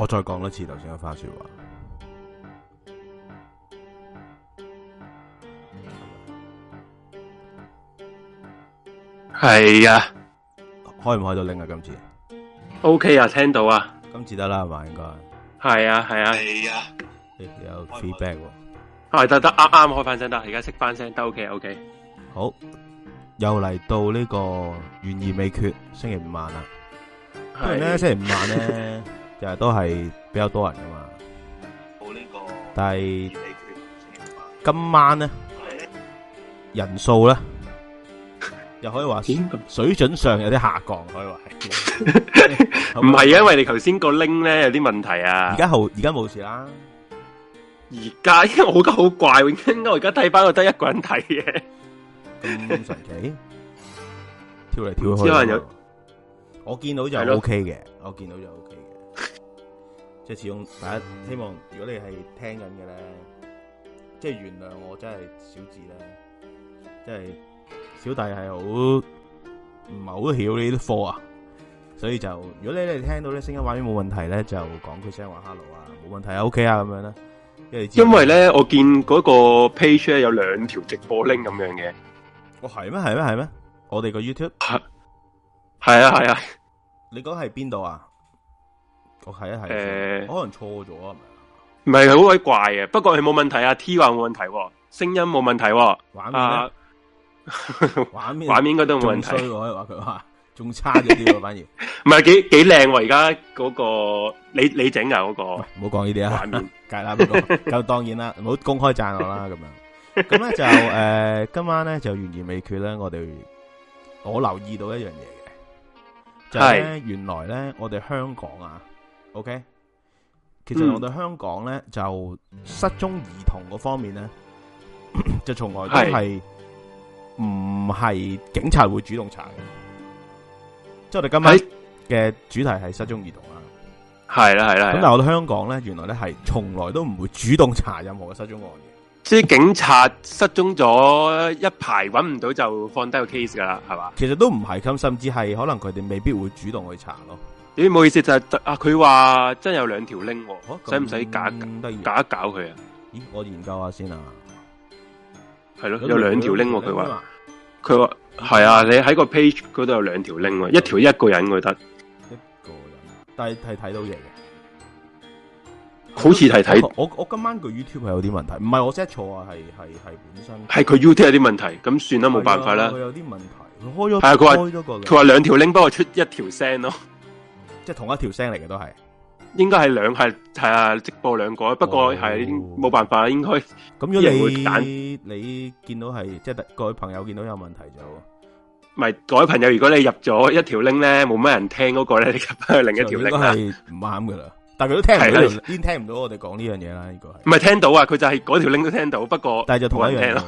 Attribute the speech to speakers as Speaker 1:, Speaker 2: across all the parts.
Speaker 1: 我再講多次頭先嗰番說話。係啊，開唔開到拎啊？今次
Speaker 2: OK 啊，聽到啊，今次得啦係嘛？應該係啊，係啊，係啊，有 feedback、啊。係得得啱啱開翻聲得，而家識翻聲得 OK OK。
Speaker 1: 好，又嚟到呢個懸疑未決，星期五晚啦。不如咧，星期五晚咧。 日都係比較多人噶嘛，但係今晚咧人數咧又可以話水準上有啲下降，可以話
Speaker 2: 唔係因為你頭先個 link 咧有啲問題啊，而家好，而家冇事啦，
Speaker 3: 而
Speaker 2: 家我覺得好怪，因為我而家睇翻我得一個人睇嘅，咁神奇
Speaker 1: 跳嚟跳去，
Speaker 2: 我見到
Speaker 3: 就 OK 嘅，
Speaker 1: 我見到就 OK。即係始終，大家希望如果你係聽緊嘅咧，即係原諒我真係少智啦，即係小弟係好唔係好曉呢啲課啊，所以就如果你你哋聽到咧聲音話有冇問題咧，就講句聲話 hello 啊，冇問題啊，OK 啊，咁樣啦，
Speaker 2: 因為因為咧我見嗰個 page 咧有兩條直播 link 咁樣嘅，
Speaker 1: 我係咩係咩係咩？
Speaker 2: 我哋個 YouTube 係啊係啊，你
Speaker 1: 講係邊度啊？我係啊，係、欸、誒，可能錯咗啊，係
Speaker 2: 咪啊？唔係好鬼怪嘅，不過係冇問題啊。T 話冇問題，聲音冇問題。畫面咧，畫
Speaker 1: 面畫面應該都冇問題。啊、 問題可
Speaker 2: 以話佢話，仲差咗啲，反而唔係幾幾靚。而家嗰個你你整啊嗰個，唔好講呢啲啊。畫面，芥
Speaker 1: 辣，就 當然啦了，唔 好公開讚我啦。咁樣咁咧就誒、呃，今晚咧就懸疑未決啦。我哋我留意到一樣嘢
Speaker 4: 嘅，就係、是、
Speaker 1: 原來咧，我哋香港啊。是 OK，其實我哋香港咧，嗯、就失蹤兒童嗰方面咧，就從來都係唔係警察會主動查嘅。即係我哋今晚嘅主題係失蹤兒童啊，
Speaker 2: 係啦係啦。咁但係我
Speaker 1: 哋香港咧，原來咧係從來都唔會主動
Speaker 2: 查任何嘅失蹤案嘅。即、就、係、是、警察失蹤咗一排揾唔到就放低個 case 噶啦，係嘛？
Speaker 1: 其實都唔係咁，甚至係可能佢哋未必會主動去查咯。
Speaker 2: 你唔好意思就係啊！佢話真有兩條 link，使唔使假假搞佢啊？咦，我研究下先啊。係咯，有兩條 link，佢話佢話係啊。你喺個 page 嗰度有兩條 link，一條一個人我覺得一個人，但係睇到嘢嘅，好似係睇我
Speaker 1: 我今晚個 YouTube 係有啲問題，唔係我 set 錯啊，係係係本身係佢 YouTube 有
Speaker 2: 啲問題，咁算啦，冇辦法啦。有啲問題，開咗係啊，佢話佢話兩條 link，不過出一條聲咯。即係同一條聲嚟嘅都係，應該係兩係係啊直播兩個，不過係冇辦法，應該咁樣你會揀你見到係即係各位朋友見到有問題就咪，各位朋友如果你入咗一條 link 咧，冇乜人聽嗰個咧，你入去另一條 link 啦，唔啱噶啦，但係佢都聽唔到，
Speaker 1: 邊聽唔到我哋講呢樣嘢啦，應該係唔係
Speaker 2: 聽到啊？佢就係嗰條 link 都聽到，不過但係就同一樣咯。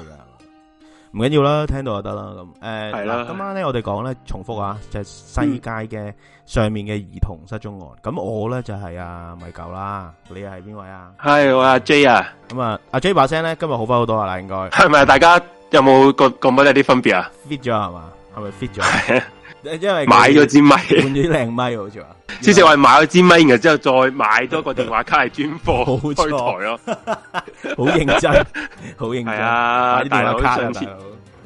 Speaker 2: 唔緊要啦，聽
Speaker 1: 到就得、嗯、啦咁。誒、嗯，嗱，今晚咧我哋講咧重複啊，就係、世界嘅、嗯、上面嘅兒童失蹤案。咁我咧就係、是、啊，咪夠啦。你係邊位啊？係我阿 J 啊。咁、嗯、啊，阿 J 把聲咧今日好翻好多啊，啦應該。係咪
Speaker 2: 大家有冇覺覺唔有啲分別啊？fit 咗啊嘛，係咪 fit 咗？是
Speaker 1: 因為買咗支咪，換咗靚咪好
Speaker 3: 似
Speaker 2: 話，之前我係買咗支咪，然後之後再買多個電話卡嚟專播開台咯， 好,認真 好認真，好認真啊電話卡！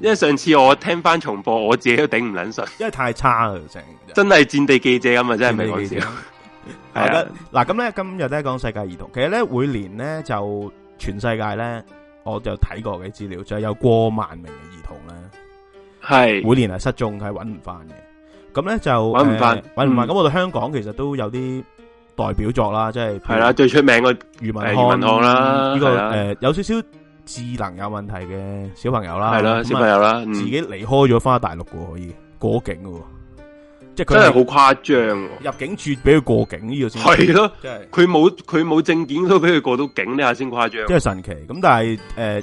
Speaker 2: 因為上次我聽翻重播，我自己都頂唔捻順，因為太差啦、就是，真真係戰地記者咁啊！真係
Speaker 4: 唔係記者。
Speaker 1: 嗱、 啊，咁咧今日咧講世界兒童，其實咧每年咧就全世界咧，我就睇過嘅資料，就係、是、有過萬名嘅兒童咧，係每年係失蹤係搵唔翻嘅。咁咧就揾唔返，揾唔返。咁、呃嗯、我哋香港其實都有啲代表作啦，即係係啦，最出名嘅庾文翰啦，呢、這個誒、呃、有少少智能有問題嘅小朋友啦，係啦，小朋友啦，嗯、自己離開咗翻大陸喎，可以過境喎，即係佢真係好
Speaker 2: 誇張，入境處俾佢過境呢、嗯這個先係咯，佢冇佢冇證件都俾佢過到境，呢下先誇張，即係神奇。
Speaker 1: 咁但係誒。呃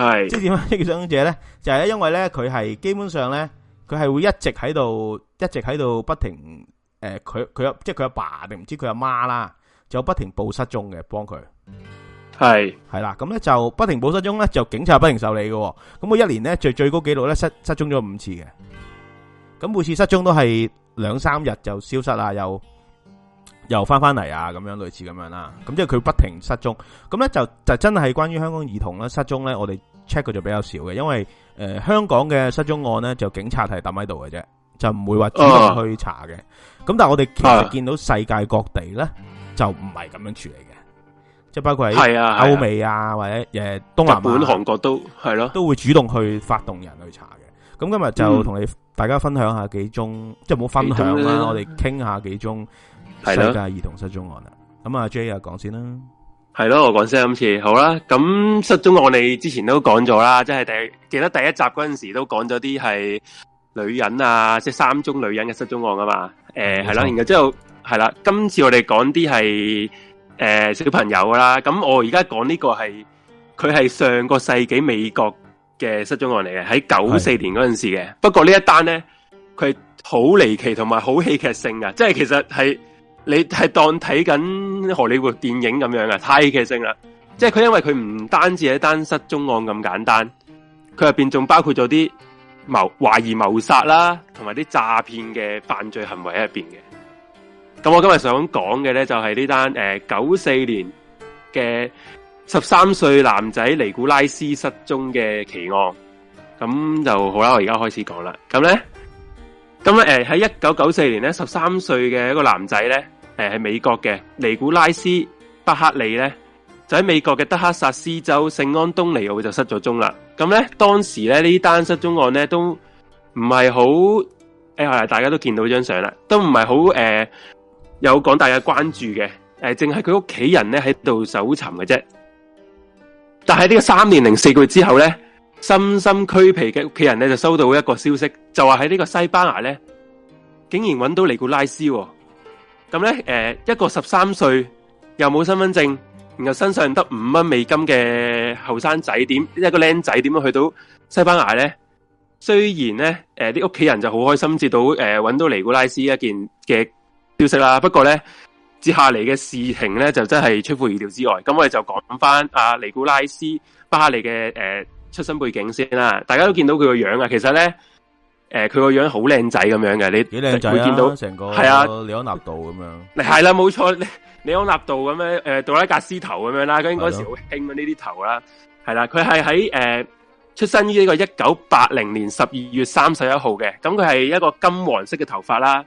Speaker 1: 係，即係點解呢個傷者咧，就係咧，因為咧，佢係基本上咧，佢係會一直喺度，一直喺度不停誒，佢佢阿即係佢阿爸定唔知佢阿媽啦，就不停報失蹤嘅，幫佢係係啦。咁咧就不停報失蹤咧，就警察不停受理嘅。咁佢一年咧最最高紀錄咧失失蹤咗五次嘅。咁每次失蹤都係兩三日就消失啦，又又翻翻嚟啊，咁樣類似咁樣啦。咁即係佢不停失蹤。咁咧就就真係關於香港兒童咧失蹤咧，我哋。check 嘅就比較少嘅，因為誒香港嘅失蹤案咧，就警察係抌喺度嘅啫，就唔會話主動去查嘅。咁但係我哋其實見到世界各地咧，就唔係
Speaker 2: 咁樣處理嘅，
Speaker 1: 即係包括喺歐美啊，或者誒東南亞、日本、韓國都係咯，都會主動去發動人去查嘅。咁今日就同你大家分享下幾宗，即係冇分享啦，我哋傾下幾宗世界兒童失蹤案啊。咁啊 J 啊講先啦。
Speaker 2: 係咯，我講聲今次好啦。咁失蹤案，我哋之前都講咗啦，即係第記得第一集嗰陣時都講咗啲係女人啊，即係三宗女人嘅失蹤案啊嘛。誒、嗯，係、欸、啦、嗯，然後之後係啦，今次我哋講啲係誒小朋友啦。咁我而家講呢個係佢係上個世紀美國嘅失蹤案嚟嘅，喺九四年嗰陣時嘅。不過一呢一單咧，佢好離奇同埋好戲劇性嘅，即係其實係。你係當睇緊荷里活電影咁樣啊，太劇性啦！即係佢因為佢唔單止係一單失蹤案咁簡單，佢入邊仲包括咗啲謀懷疑謀殺啦，同埋啲詐騙嘅犯罪行為喺入邊嘅。咁我今日想講嘅咧就係呢單誒九四年嘅十三歲男仔尼古拉斯失蹤嘅奇案。咁就好啦，我而家開始講啦。咁咧。咁誒喺一九九四年咧，十三歲嘅一個男仔咧，誒喺美國嘅尼古拉斯巴克利咧，就喺美國嘅德克薩斯州聖安東尼奧就失咗蹤啦。咁咧，當時咧呢啲單失蹤案咧都唔係好誒，大家都見到張相啦，都唔係好誒有廣大嘅關注嘅，誒淨係佢屋企人咧喺度搜尋嘅啫。但係呢個三年零四個月之後咧。深深驅皮嘅屋企人咧就收到一個消息，就話喺呢個西班牙咧，竟然揾到尼古拉斯喎、哦。咁咧，誒、呃、一個十三歲又冇身份證，然後身上得五蚊美金嘅後生仔，點一個僆仔點去到西班牙咧？雖然咧，啲屋企人就好開心知道，接到誒揾到尼古拉斯一件嘅消息啦。不過咧，接下嚟嘅事情咧就真係出乎意料之外。咁我哋就講返阿尼古拉斯巴利嘅誒。呃出身背景先啦，大家都見到佢個樣啊。其實咧，誒，佢個樣好靚仔咁樣嘅，你會見到成個係啊，李安納度咁樣。嗱，係啦，冇錯，李安納度咁樣，誒，杜拉格斯頭咁樣啦。咁嗰時好興嘅呢啲頭啦，係啦。佢係喺誒，出生於呢個一九八零年十二月三十一號嘅。咁佢係一個金黃色嘅頭髮啦。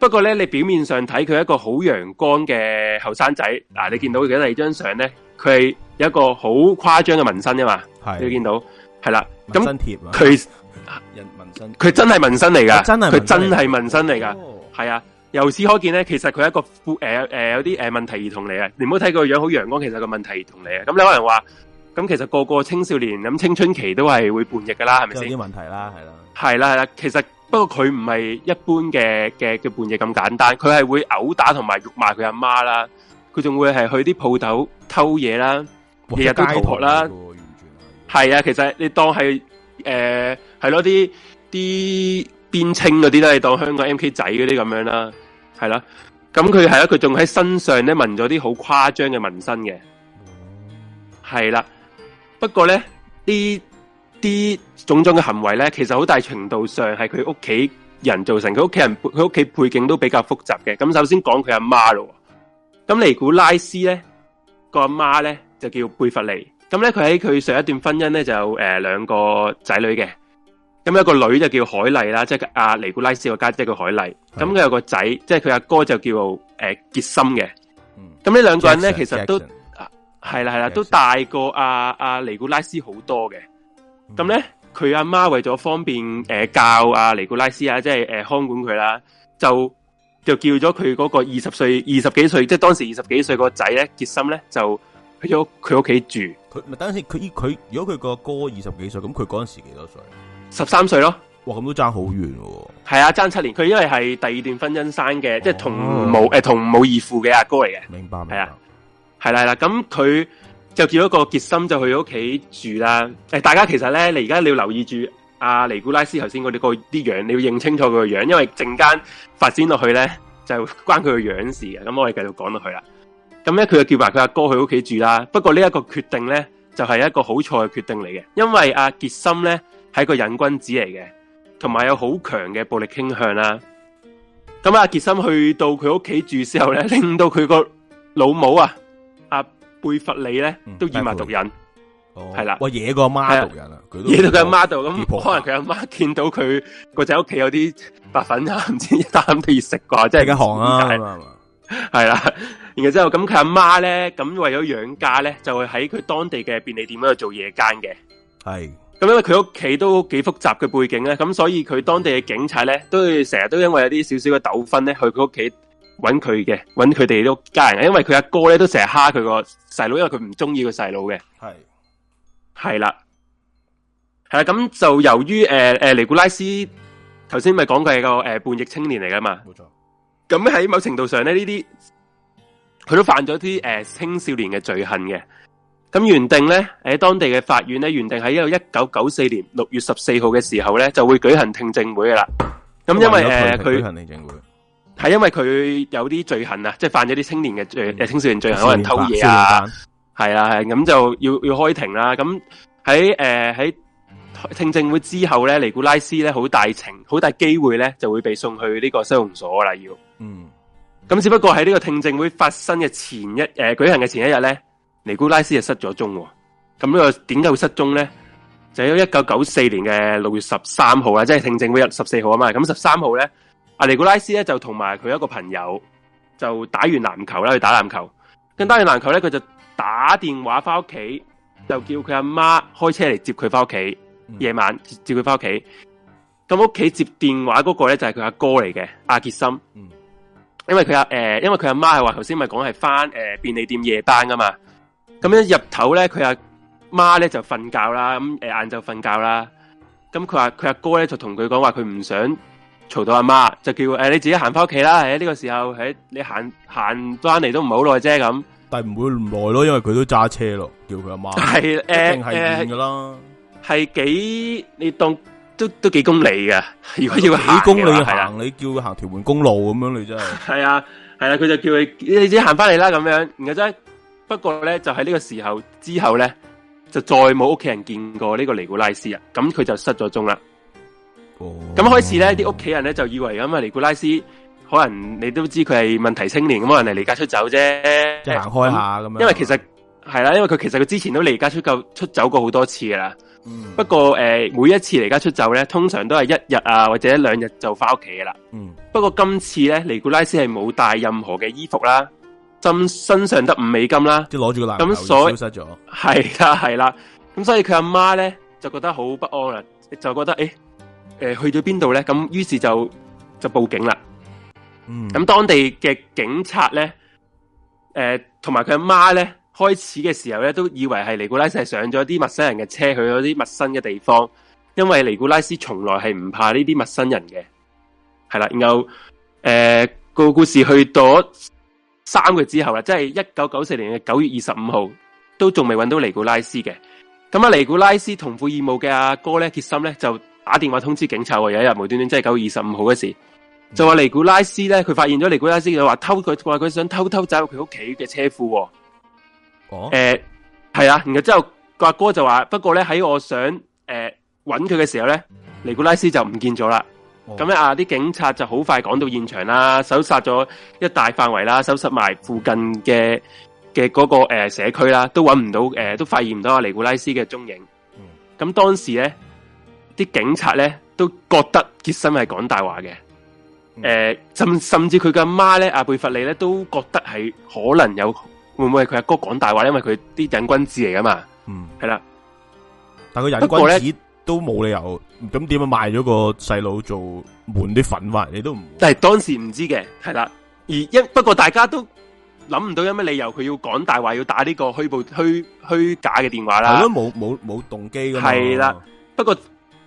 Speaker 2: 不過咧，你表面上睇佢係一個好陽光嘅後生仔。嗱，你見到佢第二張相咧。佢係有一個好誇張嘅紋身吖嘛，你見到係啦，咁貼佢紋身，佢真係紋身嚟噶、啊，真係佢真係紋身嚟噶，係、哦、啊，由此可見咧，其實佢係一個誒誒、呃呃呃、有啲誒問題兒童嚟嘅，你唔好睇佢個樣好陽光，其實個問題兒童嚟嘅。咁你可能話，咁其實個個青少年咁青春期都係會叛逆噶啦，係咪先？有啲問題啦，係啦，係啦，其實不過佢唔係一般嘅嘅嘅叛逆咁簡單，佢係會毆打同埋辱罵佢阿媽啦。佢仲會係去啲鋪頭偷嘢啦，日日都偷竊啦，係啊，啊！其實你當係誒係啲啲邊青嗰啲啦，你當香港 M K 仔嗰啲咁樣啦，係啦、啊。咁佢係啦，佢仲喺身上咧紋咗啲好誇張嘅紋身嘅，係啦、啊。不過咧，呢啲種種嘅行為咧，其實好大程度上係佢屋企人造成。佢屋企人佢屋企背景都比較複雜嘅。咁首先講佢阿媽咯。咁尼古拉斯咧個阿媽咧就叫貝弗利，咁咧佢喺佢上一段婚姻咧就誒兩、呃、個仔女嘅，咁有一個女就叫海麗啦，即係、啊、阿尼古拉斯個家姐，姐叫海麗，咁、嗯、佢有個仔，即係佢阿哥就叫做誒傑森嘅，咁呢兩個人咧其實都係啦係啦，啦 Jackson. 都大過阿、啊、阿、啊、尼古拉斯好多嘅，咁咧佢阿媽為咗方便誒、呃、教阿、啊、尼古拉斯啊，即係、啊、誒看管佢啦，就。就叫咗佢嗰個二十歲二十幾歲，即係當時二十幾歲個仔咧，傑森咧就去咗佢屋企住。
Speaker 1: 佢咪等陣佢，佢如果佢個哥，哥
Speaker 2: 二十幾歲，咁佢嗰陣時幾多歲？十三歲咯。哇，咁都爭好遠喎。係啊，爭、啊、七年。佢因為係第二段婚姻生嘅，哦，即係同母誒、哦哎，同母異父嘅阿哥嚟嘅。明白。係啊，係啦係啦。咁佢、啊啊，就叫咗個傑森就去屋企住啦。誒，大家其實咧，你而家你要留意住。阿、啊、尼古拉斯頭先嗰啲嗰啲樣，你要認清楚佢個樣，因為陣間發展落去咧就關佢個樣事嘅。咁、嗯、我哋繼續講落去啦。咁咧佢就叫埋佢阿哥去屋企住啦。不過呢一個決定咧就係、是、一個好錯嘅決定嚟嘅，因為阿傑森咧係個癮君子嚟嘅，同埋有好強嘅暴力傾向啦、啊。咁阿傑森去到佢屋企住之後咧，令到佢個老母啊阿貝弗里咧都染埋毒癮。係、oh，啦，我惹過阿媽度人啊，惹到佢阿媽度咁，可能佢阿媽見到佢個仔屋企有啲白粉啊，唔、嗯、知、嗯、一啖都要食啩，即係嘅行啊，係啦、嗯。然後之後咁佢阿媽咧，咁為咗養家咧，就會喺佢當地嘅便利店嗰度做夜更嘅。係咁，因為佢屋企都幾複雜嘅背景咧，咁所以佢當地嘅警察咧，都會成日都因為有啲少少嘅糾紛咧，去佢屋企揾佢嘅，揾佢哋都個家人。因為佢阿哥咧都成日蝦佢個細佬，因為佢唔中意個細佬嘅，係。係啦，係啦，咁就由於誒誒尼古拉斯頭先咪講佢係個誒、呃、叛逆青年嚟噶嘛，冇錯。咁喺某程度上咧，呢啲佢都犯咗啲誒青少年嘅罪行嘅。咁原定咧喺當地嘅法院咧，原定喺一九九四年六月十四號嘅時候咧，就會舉行聽證會噶啦。咁因為誒佢係因為佢、呃、有啲罪行啊，即、就、係、是、犯咗啲青年嘅罪，誒、嗯、青、青少年罪行，可能偷嘢啊。係啦，係咁就要要開庭啦。咁喺誒喺聽證會之後咧，尼古拉斯咧好大情，好大機會咧就會被送去呢個收容所啦。要嗯，咁只不過喺呢個聽證會發生嘅前一誒、呃、舉行嘅前一日咧，尼古拉斯就失咗蹤。咁呢個點解會失蹤咧？就喺一九九四年嘅六月十三號啦，即係聽證會十四號啊嘛。咁十三號咧，阿尼古拉斯咧就同埋佢一個朋友就打完籃球啦，去打籃球。跟打，打完籃球咧，佢就。打電話翻屋企，就叫佢阿媽開車嚟接佢翻屋企。夜晚接佢翻屋企，咁屋企接電話嗰個咧就係佢阿哥嚟嘅阿傑森。因為佢阿誒，因為佢阿媽係話頭先咪講係翻誒便利店夜班噶嘛。咁一入頭咧，佢阿媽咧就瞓覺啦，咁誒晏晝瞓覺啦。咁佢話佢阿哥咧就同佢講話，佢唔想嘈到阿媽，就叫誒、呃、你自己行翻屋企啦。喺、哎、呢、這個時候喺、哎、你行行翻嚟都唔好耐啫咁。
Speaker 1: 但唔會唔耐咯，因為佢都揸車咯，叫佢阿媽係，誒、呃、定係遠
Speaker 2: 噶啦，係、呃、幾你當都都幾公里嘅，如果要話是幾公里行、啊啊啊，
Speaker 1: 你叫佢行條門公路咁樣你真
Speaker 2: 係係啊，係啊，佢就叫佢你你自己行翻嚟啦咁樣，然後真，不過咧就喺呢個時候之後咧就再冇屋企人見過呢個尼古拉斯啊，咁佢就失咗蹤啦。
Speaker 3: 哦，
Speaker 2: 咁開始咧啲屋企人咧就以為咁啊尼古拉斯。可能你都知佢係問題青年，咁可能係離家出走啫，即係
Speaker 3: 行開一下咁樣、嗯。因為
Speaker 2: 其實係啦，因為佢其實佢之前都離家出夠出走過好多次噶啦、嗯。不過誒、呃，每一次離家出走咧，通常都係一日啊，或者兩日就翻屋企噶啦。嗯，不過今次咧，尼古拉斯係冇帶任何嘅衣服啦，浸身上得五美金啦，即攞住個咁，了是的是的是的所以消失咗係啦，係啦。咁所以佢阿媽咧就覺得好不安啦，就覺得誒誒、欸呃、去咗邊度咧？咁於是就就報警啦。咁當地嘅警察呢，誒、呃，同埋佢阿媽呢，開始嘅時候呢，都以為係尼古拉斯係上咗啲陌生人嘅車，去咗啲陌生嘅地方，因為尼古拉斯從來係唔怕呢啲陌生人嘅，係啦。然後誒個、呃、故事去到了三個月之後啦，即係一九九四年嘅九月二十五號，都仲未揾到尼古拉斯嘅。咁啊，尼古拉斯同父異母嘅阿哥、哥呢，傑森呢就打電話通知警察話有一日無端端即係九月二十五號嗰時。就話尼古拉斯咧，佢發現咗尼古拉斯，嘅話偷佢，話佢想偷偷走入佢屋企嘅車庫。哦，誒、欸，係啊，然後之後個阿哥就話，不過咧喺我想誒揾佢嘅時候咧，尼古拉斯就唔見咗啦。咁、哦、咧啊，啲警察就好快趕到現場啦，搜殺咗一大範圍啦，搜尋埋附近嘅嘅嗰個誒、呃、社區啦，都搵唔到誒、呃，都發現唔到阿尼古拉斯嘅蹤影。咁、嗯、當時咧，啲警察咧都覺得傑森係講大話嘅。誒、嗯呃，甚甚至佢嘅媽咧，阿貝弗利咧都覺得係可能有會唔會佢阿哥講大話，因為佢啲癮君子嚟噶嘛，嗯係啦。
Speaker 1: 但係癮君子都冇理由，咁點樣賣咗個細佬做門啲粉返，你都唔。但係當時
Speaker 2: 唔知嘅，係啦。而一不過大家都諗唔到有乜理由佢要講大話，要打呢個虛報虛虛假嘅電話啦。係咯，冇冇冇動機噶嘛。係啦，不過。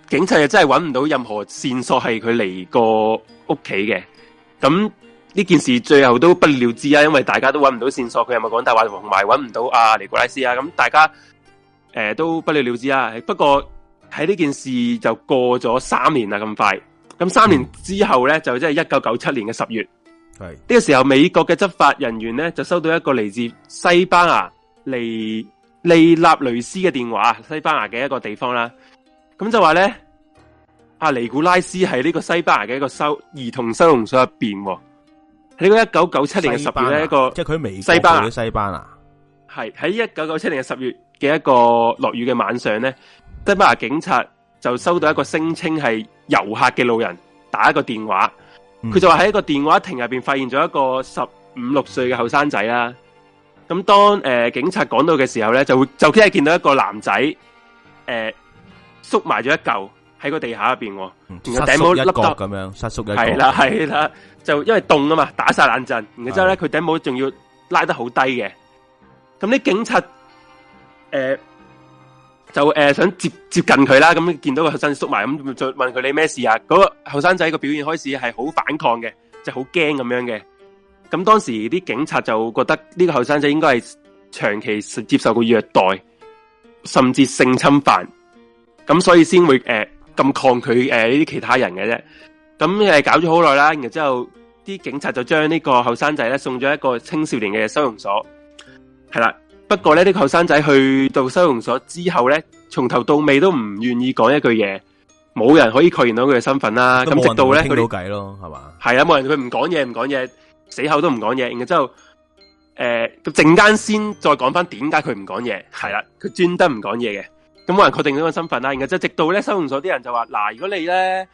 Speaker 2: 警察又真係揾唔到任何線索，係佢嚟個屋企嘅，咁呢件事最後都不了了之啊！因為大家都揾唔到線索，佢係咪講大話同埋揾唔到阿、啊、尼古拉斯啊！咁大家誒、呃、都不了了之啊！不過喺呢件事就過咗三年啦，咁快咁三年之後呢，就即係一九九七年嘅十月，係呢、這個時候美國嘅執法人員呢，就收到一個嚟自西班牙嚟利納雷斯嘅電話，西班牙嘅一個地方啦。咁就話咧，阿、啊、尼古拉斯喺呢個西班牙嘅一個收兒童收容所入邊，喺呢個一九九七年嘅十月咧一個，即係佢西班牙，西班牙係喺一九九七年嘅十月嘅一個落雨嘅晚上咧，西班牙警察就收到一個聲稱係遊客嘅路人打一個電話，
Speaker 3: 佢就話
Speaker 2: 喺一個電話亭入邊發現咗一個十五六歲嘅後生仔啦。咁當誒、呃、警察趕到嘅時候咧，就會就即係見到一個男仔，誒、呃。縮埋咗一嚿喺個地下入邊，個頂帽甩低
Speaker 1: 咁樣，縮縮一個，係啦，係啦，
Speaker 2: 就因為凍啊嘛，打晒冷震，然之後咧佢頂帽仲要拉得好低嘅。咁啲警察誒、呃、就誒、呃、想接接近佢啦，咁見到個後生縮埋，咁就問佢你咩事啊？嗰、那個後生仔個表現開始係好反抗嘅，就好驚咁樣嘅。咁當時啲警察就覺得呢個後生仔應該係長期接受過虐待，甚至性侵犯。咁所以先會誒咁、呃、抗拒誒呢啲其他人嘅啫。咁誒、呃、搞咗好耐啦，然之後，啲警察就將呢個後生仔咧送咗一個青少年嘅收容所，係啦。不過咧，呢啲後生仔去到收容所之後咧，從頭到尾都唔願意講一句嘢，冇人可以確認到佢嘅身份啦。咁直到咧，傾到
Speaker 1: 偈咯，係嘛？
Speaker 2: 係啊，冇人佢唔講嘢，唔講嘢，死口都唔講嘢。然之後，誒、呃，陣間先再講翻點解佢唔講嘢。係啦，佢專登唔講嘢嘅。咁冇人確定呢個身份啦，然後即係直到咧，收容所啲人就話，嗱，如果你咧，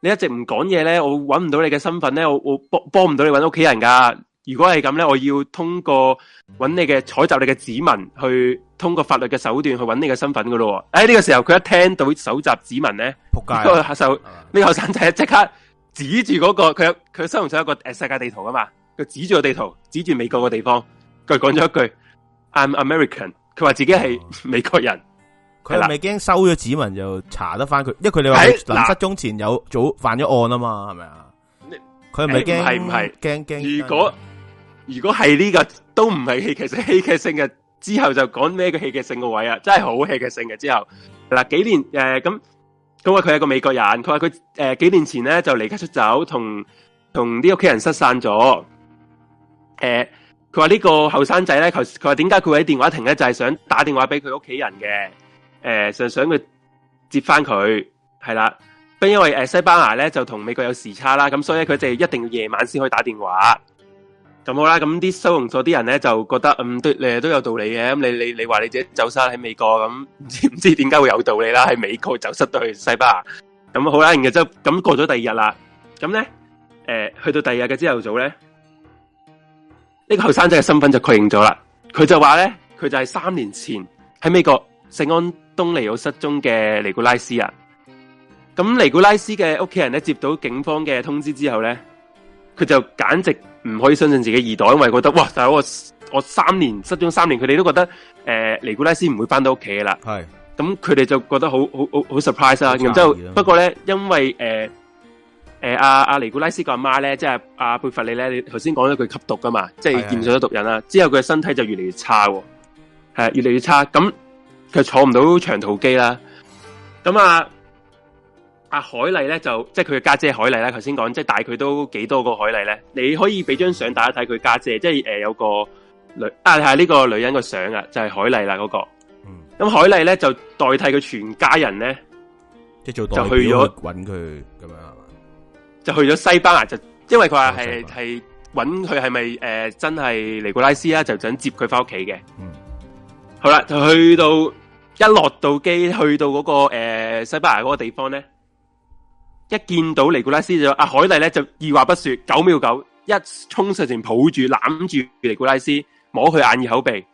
Speaker 2: 你一直唔講嘢咧，我搵唔到你嘅身份咧，我我幫幫唔到你搵屋企人噶。如果係咁咧，我要通過搵你嘅採集你嘅指紋，去通過法律嘅手段去搵你嘅身份噶咯。喺呢個時候，佢一聽到搜集指紋咧，仆街，這個客秀呢個後生仔即刻指住嗰、嗰個佢，佢收容所有一個誒世界地圖㗎嘛，佢指住個地圖，指住美國嘅地方，佢講咗一句，I'm American，佢話自己係美國人。佢係咪
Speaker 1: 驚收咗指紋就查得翻佢？因為佢哋話喺失蹤前有早犯咗案啊嘛，係咪啊？
Speaker 2: 佢係咪驚？係唔係驚驚？如果如果係呢、這個都唔係戲，其實戲劇性嘅之後就講咩個戲劇性個位啊！真係好戲劇性嘅之後嗱，幾年誒咁，咁話佢係個美國人，佢話佢誒幾年前咧就離家出走，同同啲屋企人失散咗。誒、呃，佢話呢個後生仔咧，佢佢話點解佢喺電話亭咧就係、是、想打電話俾佢屋企人嘅。誒、呃，就想佢接翻佢，係啦。咁因為誒西班牙咧就同美國有時差啦，咁所以咧佢哋一定要夜晚先可以打電話。咁好啦，咁啲收容所啲人咧就覺得嗯都你都有道理嘅。咁你你你話你自己走失喺美國咁，唔知唔知點解會有道理啦？喺美國走失到去西班牙。咁好啦，然後就咁過咗第二日啦。咁咧，誒、呃，去到第二日嘅朝頭早咧，這個，呢個後生仔嘅身份就確認咗啦。佢就話咧，佢就係三年前喺美國聖安東尼奧失蹤嘅尼古拉斯啊！咁尼古拉斯嘅屋企人咧，接到警方嘅通知之後咧，佢就簡直唔可以相信自己耳朵，因為覺得哇，但係我我三年失蹤三年，佢哋都覺得誒、呃、尼古拉斯唔會翻到屋企噶啦。係，咁佢哋就覺得好好好好 surprise 啦。咁之後，後不過咧，因為誒誒阿阿尼古拉斯個阿媽咧，即係阿佩弗里咧，你頭先講咗句吸毒噶嘛，即係染上咗毒癮啦，之後佢嘅身體就越嚟越差，啊啊、越、越差，係越嚟越差咁。佢坐唔到長途機啦，咁啊阿、啊、海麗咧就即係佢嘅家姐海麗啦。頭先講即係大概都幾多個海麗咧？你可以俾張相大家睇佢家姐，嗯、即係誒、呃、有個女啊係呢、呢個女人個相啊，就係、是、海麗啦嗰個。咁、嗯嗯、海麗咧就代替佢全家人咧，即做就去咗
Speaker 1: 搵佢咁樣係
Speaker 2: 嘛，就去咗西班牙，就因為佢話係係揾佢係咪誒真係尼古拉斯啊，就想接佢翻屋企嘅。好啦，就去到。嗯一落到機去到嗰、那個誒、呃、西班牙嗰個地方咧，一見到尼古拉斯就阿、啊、海麗咧就二話不說九秒九一衝上前抱住攬住尼古拉斯摸佢眼耳口鼻，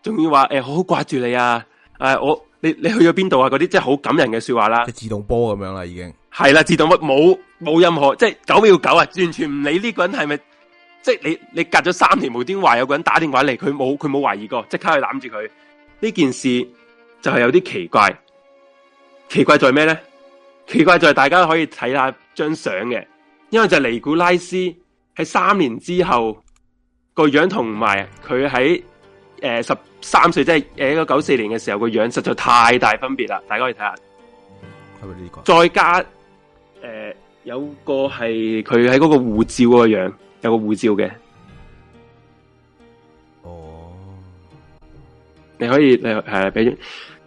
Speaker 2: 仲要話誒、欸、好好掛住你啊！誒、啊、我你你去咗邊度啊？嗰啲即係好感人嘅說話啦。即自動波咁樣啦，已經係啦，自動乜冇冇任何即係九秒九啊！完全唔理呢個人係咪即係你你隔咗三年無端端話有個人打電話嚟，佢冇佢冇懷疑過，即刻去攬住佢呢件事。就係、是、有啲奇怪，奇怪在咩咧？奇怪在大家可以睇下張相嘅，因為就係尼古拉斯喺三年之後個樣同埋佢喺誒十三歲，即係誒個九四年嘅時候個樣實在太大分別啦。大家可以睇下，係咪呢、這個、再加誒有個係佢喺嗰個護照個樣，有個護照嘅。哦，oh. 你可以你係俾。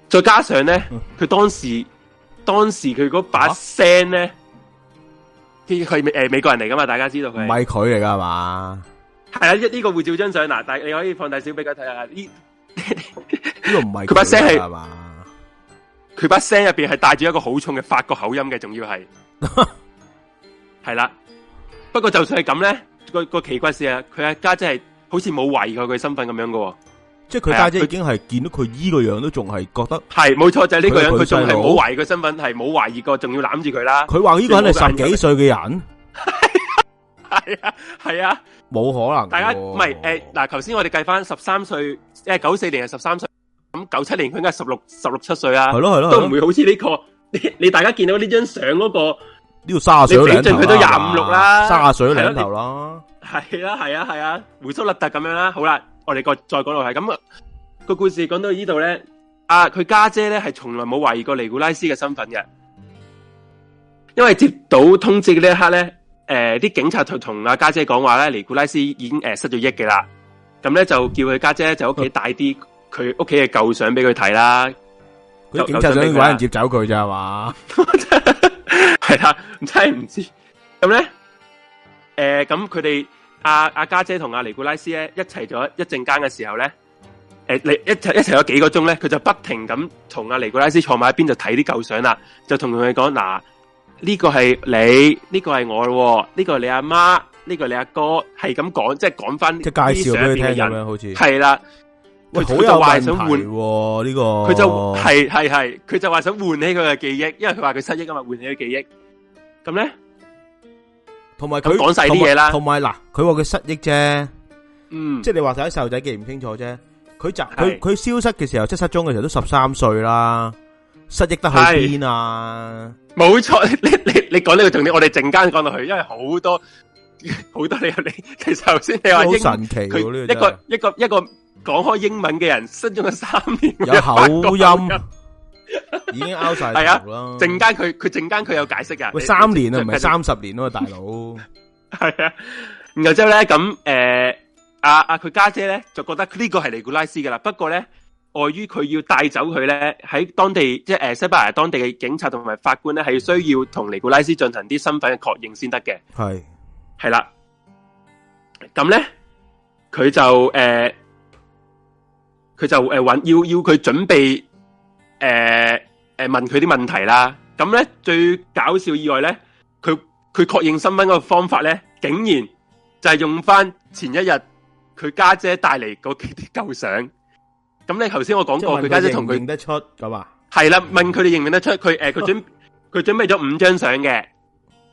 Speaker 2: 再加上咧，佢當時 當時佢嗰把聲咧，佢係誒美國人嚟噶嘛？大家知道佢唔
Speaker 1: 係佢嚟噶嘛？
Speaker 2: 係啊，一、呢、呢個護照真相嗱，但係你可以放大少俾佢睇下，呢呢 個唔係佢把聲係嘛？佢把聲入邊係帶住一個好重嘅法國口音嘅，仲要係係啦。不過就算係咁咧，個、個奇怪事啊，佢阿家姐係好似冇懷疑過佢身份咁樣噶。即係佢
Speaker 1: 家姐已經係見到佢依個樣都仲係覺得係冇錯，就係呢個人，佢仲係冇懷疑
Speaker 2: 佢身份，係冇懷疑過，仲要攬住佢啦。佢話呢個人係十幾歲嘅人，係啊係啊，
Speaker 1: 冇可能。大家唔
Speaker 2: 係誒嗱，頭先我哋計翻十三歲，誒九四年係十三歲，咁九七年佢應該係十六十六七歲啦，係咯係咯，都唔會好似呢個你你大家見到呢張相嗰個
Speaker 1: 呢度卅歲，你比盡佢都廿五六
Speaker 2: 啦，卅歲兩頭咯，係啦係啊係啊，鬍鬚立突咁樣啦，好啦。我哋再再講落係咁啊，個故事講到呢度咧，啊佢家姐咧係從來冇懷疑過尼古拉斯嘅身份嘅，因為接到通知嘅呢一刻咧，誒、呃、啲警察就同阿家姐講話咧，尼古拉斯已經誒、呃、失咗憶嘅啦，咁咧就叫佢家姐就屋企帶啲佢屋企嘅舊相俾佢睇啦。佢警察想搵人接
Speaker 1: 走佢咋係嘛？
Speaker 2: 係 啦、啊，真係唔知咁咧，誒咁佢哋。呃嗯阿阿家姐同阿、啊、尼古拉斯咧一齊咗一陣間嘅時候咧，誒、欸，一齊一齊咗幾個鐘咧，佢就不停咁同阿尼古拉斯坐埋一邊就睇啲舊相啦，就同佢講嗱，呢、啊這個係你，呢、這個係我咯、哦，呢、這個是你阿媽、媽，呢、這個是你阿哥、哥，係咁講，即係講翻，即係介紹俾佢聽咁樣，好似係啦。佢好有話呢、啊
Speaker 1: 這個佢就係
Speaker 2: 係係，佢就話想喚起佢嘅記憶，因為佢話佢失憶啊嘛，喚起佢記憶咁咧。同埋佢講晒啲嘢啦，同埋
Speaker 1: 嗱，佢話佢失憶啫，嗯，即係你話睇啲細路仔記唔清楚啫。
Speaker 2: 佢就佢佢
Speaker 1: 消失嘅時候，即失蹤嘅時候都十三歲啦，失憶得去邊
Speaker 2: 啊？冇錯，你你你講呢個重點，我哋陣間講落去，因為好多好多理由你。其實頭先你話好神奇，佢一個一個一個講開英文嘅人失蹤咗三年，有口音。 已經 out 晒係啊！陣間佢佢陣間佢有解釋噶。喂，三年啊，唔係三
Speaker 1: 十年咯，大佬。
Speaker 2: 係啊，然後之後咧，咁，誒，阿阿，佢家姐咧就覺得呢個係尼古拉斯噶啦。不過咧，礙於佢要帶走佢咧，喺當地即係誒，西班牙當地嘅警察同埋法官咧係需要同尼古拉斯進行啲身份嘅確認先得嘅。係係啦，咁咧佢就誒，佢、呃、就誒、呃、搵、要要佢準備。誒誒，問佢啲問題啦。咁咧最搞笑意外咧，佢佢確認身份嗰個方法咧，竟然就係用翻前一日佢家姐帶嚟嗰幾啲舊相。咁你頭先我講過，佢家姐同佢認得出咁啊，係啦，問佢哋認唔認得出？佢誒，佢準佢準備咗五張相嘅，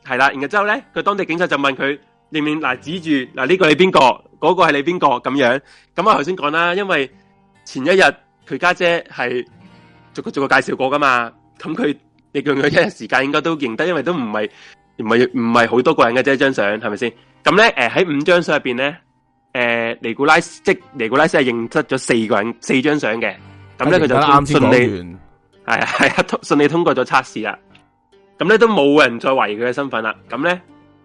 Speaker 2: 係啦。然後之後咧，佢當地警察就問佢認唔認嗱，指住嗱呢個係邊個，嗰個係你邊個咁樣。咁我頭先講啦，因為前一日佢家姐係。逐個逐個介紹過噶嘛？咁佢你佢佢一日時間應該都認得，因為都唔係唔係唔係好多個人嘅啫，一張相係咪先？咁咧，誒喺、呃、五張相入邊咧，誒、呃、尼古拉斯即尼古拉斯係認出咗四個人四張相嘅。咁咧佢就順利係係順利通過咗測試啦。咁咧都冇人再懷疑佢嘅身份啦。咁咧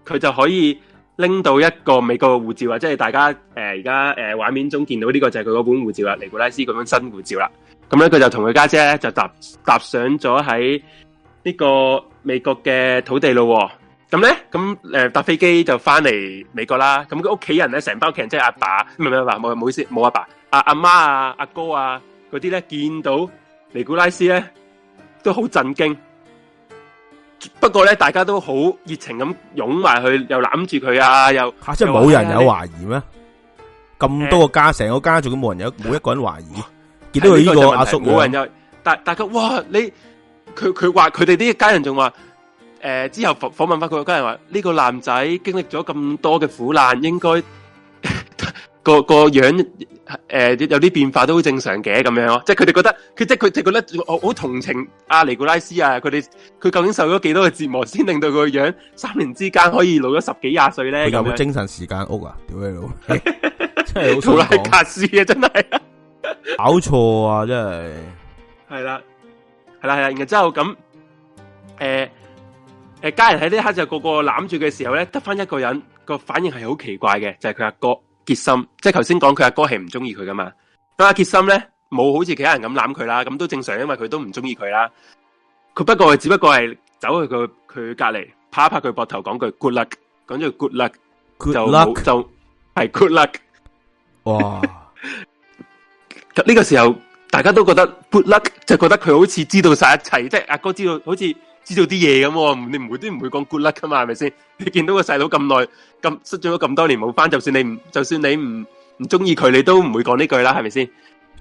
Speaker 2: 佢就可以拎到一個美國嘅護照，呀即係大家誒而家誒畫面中見到呢個就係佢嗰本護照啦，尼古拉斯咁樣新護照啦。咁咧，佢就同佢家姐咧就搭搭上咗喺呢個美國嘅土地咯。咁咧，咁誒搭飛機就翻嚟美國啦。咁佢屋企人咧，成班屋企人即係阿爸，唔係唔係阿爸，冇冇意思，冇阿爸，阿阿媽啊，阿哥啊，嗰啲咧見到尼古拉斯咧，都好震驚。不過咧，大家都好熱情咁擁埋去，又攬住佢啊，又即係冇人有懷
Speaker 1: 疑咩？咁多個家，成個家族都冇人有，冇一個人懷疑。
Speaker 2: 見到佢呢個阿叔，冇人又，大大家哇！你佢佢話佢哋啲家人仲話，誒、呃、之後訪問翻佢家人話，呢、這個男仔經歷咗咁多嘅苦難，應該 個個樣誒、呃、有啲變化都好正常嘅咁樣，即係佢哋覺得佢即係佢哋覺得我好同情阿、啊、尼古拉斯啊！佢哋佢究竟受咗幾多嘅折磨，先令到佢個樣三年之間可以老咗十幾廿歲咧？有冇精
Speaker 1: 神時間屋啊？屌你老，
Speaker 2: 真係好難講。尼古拉斯啊，真係。
Speaker 1: 搞錯啊！真
Speaker 2: 係係啦，係啦，係啦。然之後咁，誒、呃、誒、呃，家人喺呢一刻就個個攬住嘅時候咧，得翻一個人，個反應係好奇怪嘅，就係佢阿哥傑森。即係頭先講佢阿哥係唔中意佢噶嘛。咁阿傑森咧，冇好似其他人咁攬佢啦，咁都正常，因為佢都唔中意佢啦。佢不過係只不過係走去佢佢隔籬拍一拍佢膊頭，講句 good luck，講咗句 good luck，good luck 就係 good luck。
Speaker 1: 哇！
Speaker 2: 呢、個時候大家都覺得 good luck，就覺得佢好似知道晒一切，即係阿哥知道，好似知道啲嘢咁。你唔會都唔會講 good luck 噶嘛？係咪先？你見到個細佬咁耐，咁失咗咁多年冇返，就算你唔，就算你唔唔中意佢，你都唔會講呢句啦。係咪先？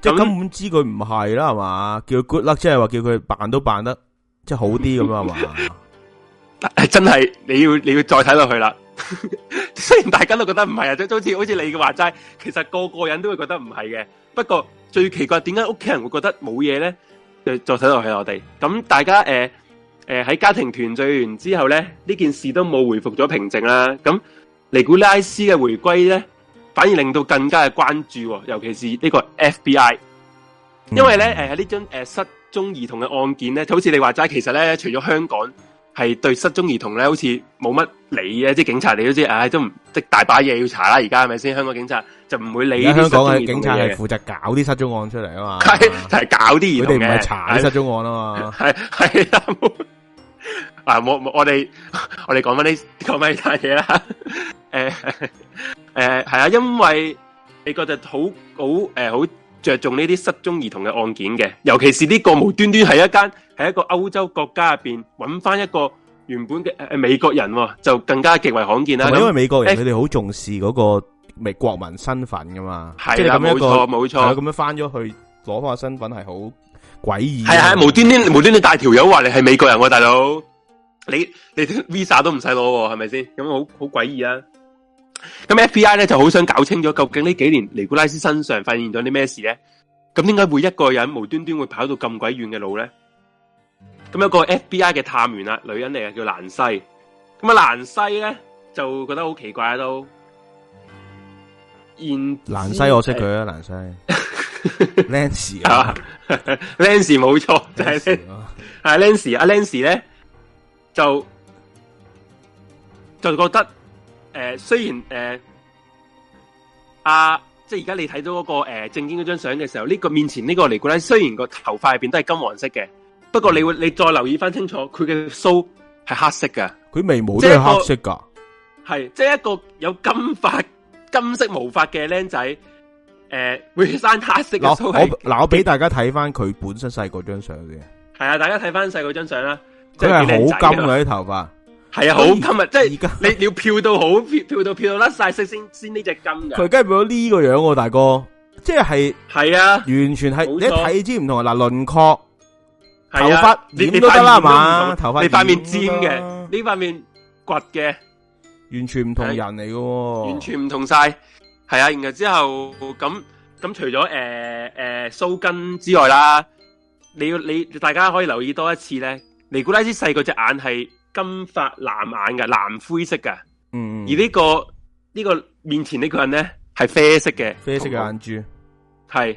Speaker 2: 就根
Speaker 1: 本知佢唔係啦，係嘛？叫佢 good luck，即係話叫佢扮都扮得即
Speaker 2: 係好啲咁啊嘛？ 真係你要你要再睇落去啦。 雖然大家都覺得唔係啊，即好似好似你嘅話齋，其實個個人都會覺得唔係嘅。不過。最奇怪點解屋企人會覺得冇嘢咧？誒，就睇落去我哋咁，大家誒誒喺家庭團聚完之後咧，呢件事都冇回復咗平靜啦。咁尼古拉斯嘅回歸咧，反而令到更加嘅關注喎，尤其是呢個 FBI，因為咧誒喺呢張誒失蹤兒童嘅案件咧，好似你話齋，其實咧除咗香港。係對失蹤兒童咧，好似冇乜理嘅，即係警察你都知道，唉、啊，都唔即大把嘢要查啦，而家係咪先？香港警察就唔會理啲失蹤嘅嘢嘅。香港嘅警察係負責
Speaker 3: 搞
Speaker 1: 啲失蹤案出嚟啊嘛，係 係搞啲嘢嘅。佢哋唔係查啲失蹤案啊嘛，係 係啊。冇、
Speaker 2: 啊啊！我我我哋我哋講翻呢講翻呢樣嘢啦。誒誒，係啊，啊，啊，因為你覺得好好誒好。着重呢啲失蹤兒童嘅案件嘅，尤其是呢個無端端喺一間喺一個歐洲國家入邊揾翻一個原本嘅誒、呃、美國人、哦，就更加極為罕見啦。因為美國人佢
Speaker 1: 哋好重視嗰個美國民身份噶嘛，即係咁一個，冇錯咁樣翻咗去攞翻個身份係好詭異。係啊，無
Speaker 2: 端端無端端大條友話你係美國人喎，啊，大佬，你你 visa 都唔使攞喎，係咪先？咁好好詭異啊！是咁 FBI 咧，就好想搞清楚，究竟呢幾年尼古拉斯身上發現咗啲咩事咧？咁點解會一個人無端端會跑到咁鬼遠嘅路咧？咁有個 FBI 嘅探員啦，女人嚟嘅叫蘭西。咁啊，蘭西咧就覺得好奇怪都。燕蘭西我識佢 Lancy 啊，蘭 西。 Lancy 啊，Lancy 冇錯，就係、是、Lancy 阿 Lancy 咧， 就就覺得。誒、呃，雖然誒，阿、呃啊、即係而家你睇到嗰、那個誒、呃、正經嗰張相嘅時候，呢、這個面前呢、這個尼古拉雖然個頭髮入邊都係金黃色嘅，不過你會你再留意翻清楚，佢嘅鬚係黑色嘅，佢眉毛都係黑色噶，係即係一,一個有金髮金色毛髮嘅僆仔，誒、呃、會生黑色嘅鬚。嗱我
Speaker 1: 嗱我俾大家睇翻佢本身細個張相嘅，
Speaker 2: 係啊，大家睇翻細個張相啦，即係好金嗰啲、啊、頭髮。係啊，好，今日即係你你要漂到好漂到漂到甩晒色先先呢隻金嘅。佢梗係
Speaker 1: 冇咗呢個樣、啊，大哥，即係係啊，完全係你一睇知唔同啊！嗱，輪廓、頭髮、啊、你都得啦嘛，頭髮你塊面尖嘅，
Speaker 2: 呢塊面掘嘅，
Speaker 1: 完全唔同人
Speaker 2: 嚟喎、啊啊，完全唔同晒。係啊，然後之後咁咁除咗誒誒鬚根之外啦，你要你大家可以留意多一次咧，尼古拉斯細個隻眼係金髮藍眼嘅，藍灰色嘅，嗯，而呢個呢個面前呢個人咧係啡色嘅，啡色嘅眼珠，係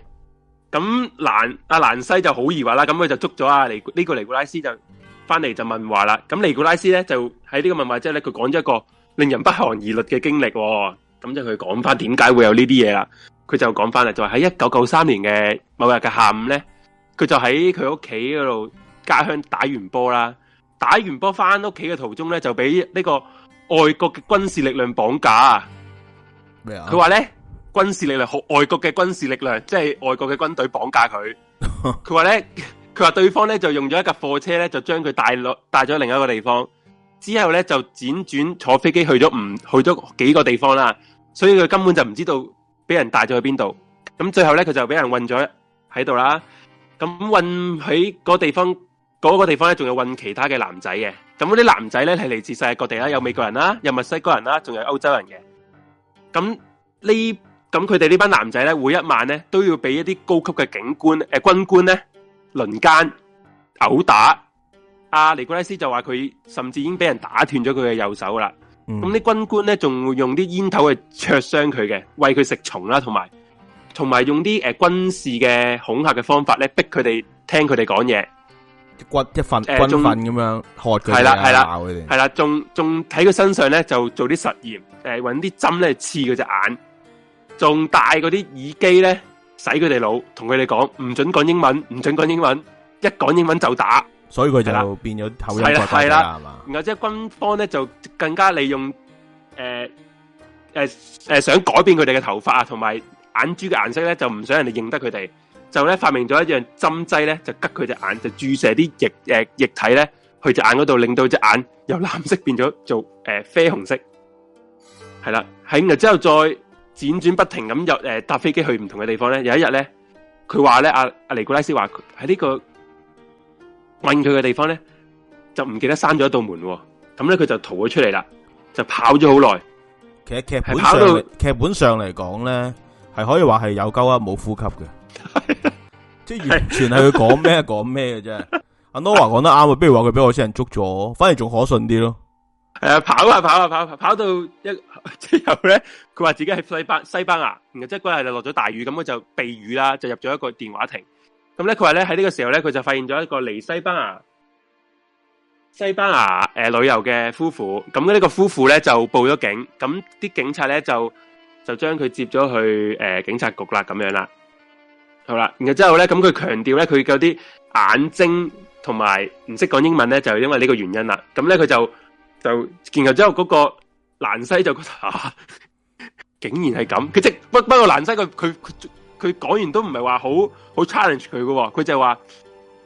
Speaker 2: 咁蘭阿蘭西就好疑惑啦，咁佢就捉咗阿尼呢個尼古拉斯就翻嚟就問話啦，咁尼古拉斯咧就喺呢個問話之後咧，佢講咗一個令人不寒而慄嘅經歷。哦，咁就佢講翻點解會有呢啲嘢啦，佢就講翻啦，就係喺一九九三年嘅某日嘅下午咧，佢就喺佢屋企嗰度家鄉打完波啦。打完波翻屋企嘅途中咧，就俾呢個外國嘅軍事力量綁架啊！
Speaker 1: 咩啊？佢
Speaker 2: 話咧，軍事力量、外國嘅軍事力量，即係外國嘅軍隊綁架佢。佢話咧，佢話對方咧就用咗一架貨車咧，就將佢帶落帶咗另一個地方。之後咧就輾轉坐飛機去咗唔去咗幾個地方啦，所以佢根本就唔知道俾人帶咗去邊度。咁最後咧，佢就俾人運咗喺度啦。咁運喺個地方。嗰、那個地方咧，仲有運其他嘅男仔嘅。咁嗰啲男仔咧，係嚟自世界各地啦，有美國人啦，有墨西哥人啦，仲有歐洲人嘅。咁呢，咁佢哋呢班男仔咧，每一晚咧都要俾一啲高級嘅警官誒、呃、軍官咧輪姦毆打。阿、啊、尼古拉斯就話佢甚至已經俾人打斷咗佢嘅右手啦。咁、嗯、啲軍官咧，仲會用啲煙頭去灼傷佢嘅，餵佢食蟲啦，同埋同埋用啲誒、呃、軍事嘅恐嚇嘅方法咧，逼佢哋聽佢哋講嘢。
Speaker 1: 骨一份、啊、軍份，咁樣害佢哋，鬧佢
Speaker 2: 哋。係啦，仲仲喺佢身上咧就做啲實驗，誒，搵啲針咧刺佢隻眼，仲戴嗰啲耳機咧洗佢哋腦，同佢哋講唔准講英文，唔准講英文，一講英文就打。
Speaker 1: 所以佢就變咗頭係啦，啦了對，然
Speaker 2: 後即係軍方咧就更加利用，誒、啊，誒、啊，誒、啊，想改變佢哋嘅頭髮啊，同埋眼珠嘅顏色咧，就唔想人哋認得佢哋。就咧發明咗一樣針劑咧，就吉佢隻眼，就注射啲液誒液體咧去隻眼嗰度，令到隻眼由藍色變咗做誒啡紅色。係啦，喺之後再輾轉不停咁入誒搭飛機去唔同嘅地方咧。有一日咧，佢話咧阿阿尼古拉斯話喺呢個問佢嘅地方咧就唔記得閂咗一道門，咁咧佢就逃咗出嚟啦，就跑咗好耐。
Speaker 1: 其實劇本上劇本上嚟講咧係可以話係有鳩、啊、沒呼吸冇呼吸嘅。
Speaker 2: 即係完全係佢講咩講咩嘅啫。
Speaker 1: 阿 Nora 講得啱啊，不如話佢俾外星人捉咗，反而仲可信啲咯。
Speaker 2: 係啊，跑啊跑啊跑、啊，跑，啊、跑到一之後咧，佢話自己喺西，西，西班牙，西班牙、呃的，然後即係嗰日就落咗大雨，咁佢就避雨啦，就入咗一個電話亭。咁咧，佢話咧喺呢個時候咧，佢就發現咗一個嚟西班牙，西班牙誒旅遊嘅夫婦。咁呢個夫婦咧就報咗警，咁啲警察咧就就將佢接咗去誒、呃、警察局啦，咁樣啦。好啦，然後之後咧，咁佢強調咧，佢有啲眼睛同埋唔識講英文咧，就係因為呢個原因啦。咁咧，佢就就然後之後嗰個蘭西就覺得啊，竟然係咁。佢即不不過蘭西佢佢佢講完都唔係話好好 challenge 佢㗎喎，佢就話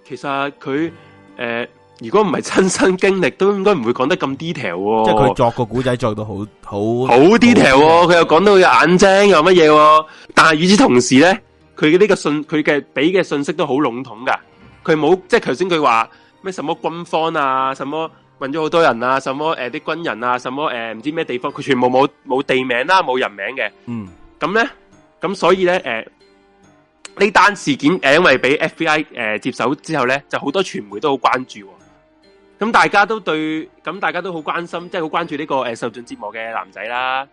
Speaker 2: 其實佢誒、呃，如果唔係親身經歷，都應該唔會講得咁 detail、哦。即係佢
Speaker 1: 作個古仔作、哦哦、到好好好 detail。
Speaker 2: 佢又講到佢眼睛又乜嘢，但係與此同時咧。佢嘅呢個信，佢嘅俾嘅信息都好籠統噶，佢冇即係頭先佢話咩什麼軍方啊，什麼問咗好多人啊，什麼誒啲、呃、軍人啊，什麼誒唔、呃、知咩地方，佢全部冇冇地名啦，冇人名嘅。嗯呢，咁咧，咁所以咧誒，呢、呃、單事件誒、呃、因為俾 FBI 誒、呃、接手之後咧，就好多傳媒都好關注、哦。咁大家都對，咁大家都好關心，即係好關注呢、這個誒、呃、受盡折磨嘅男仔啦。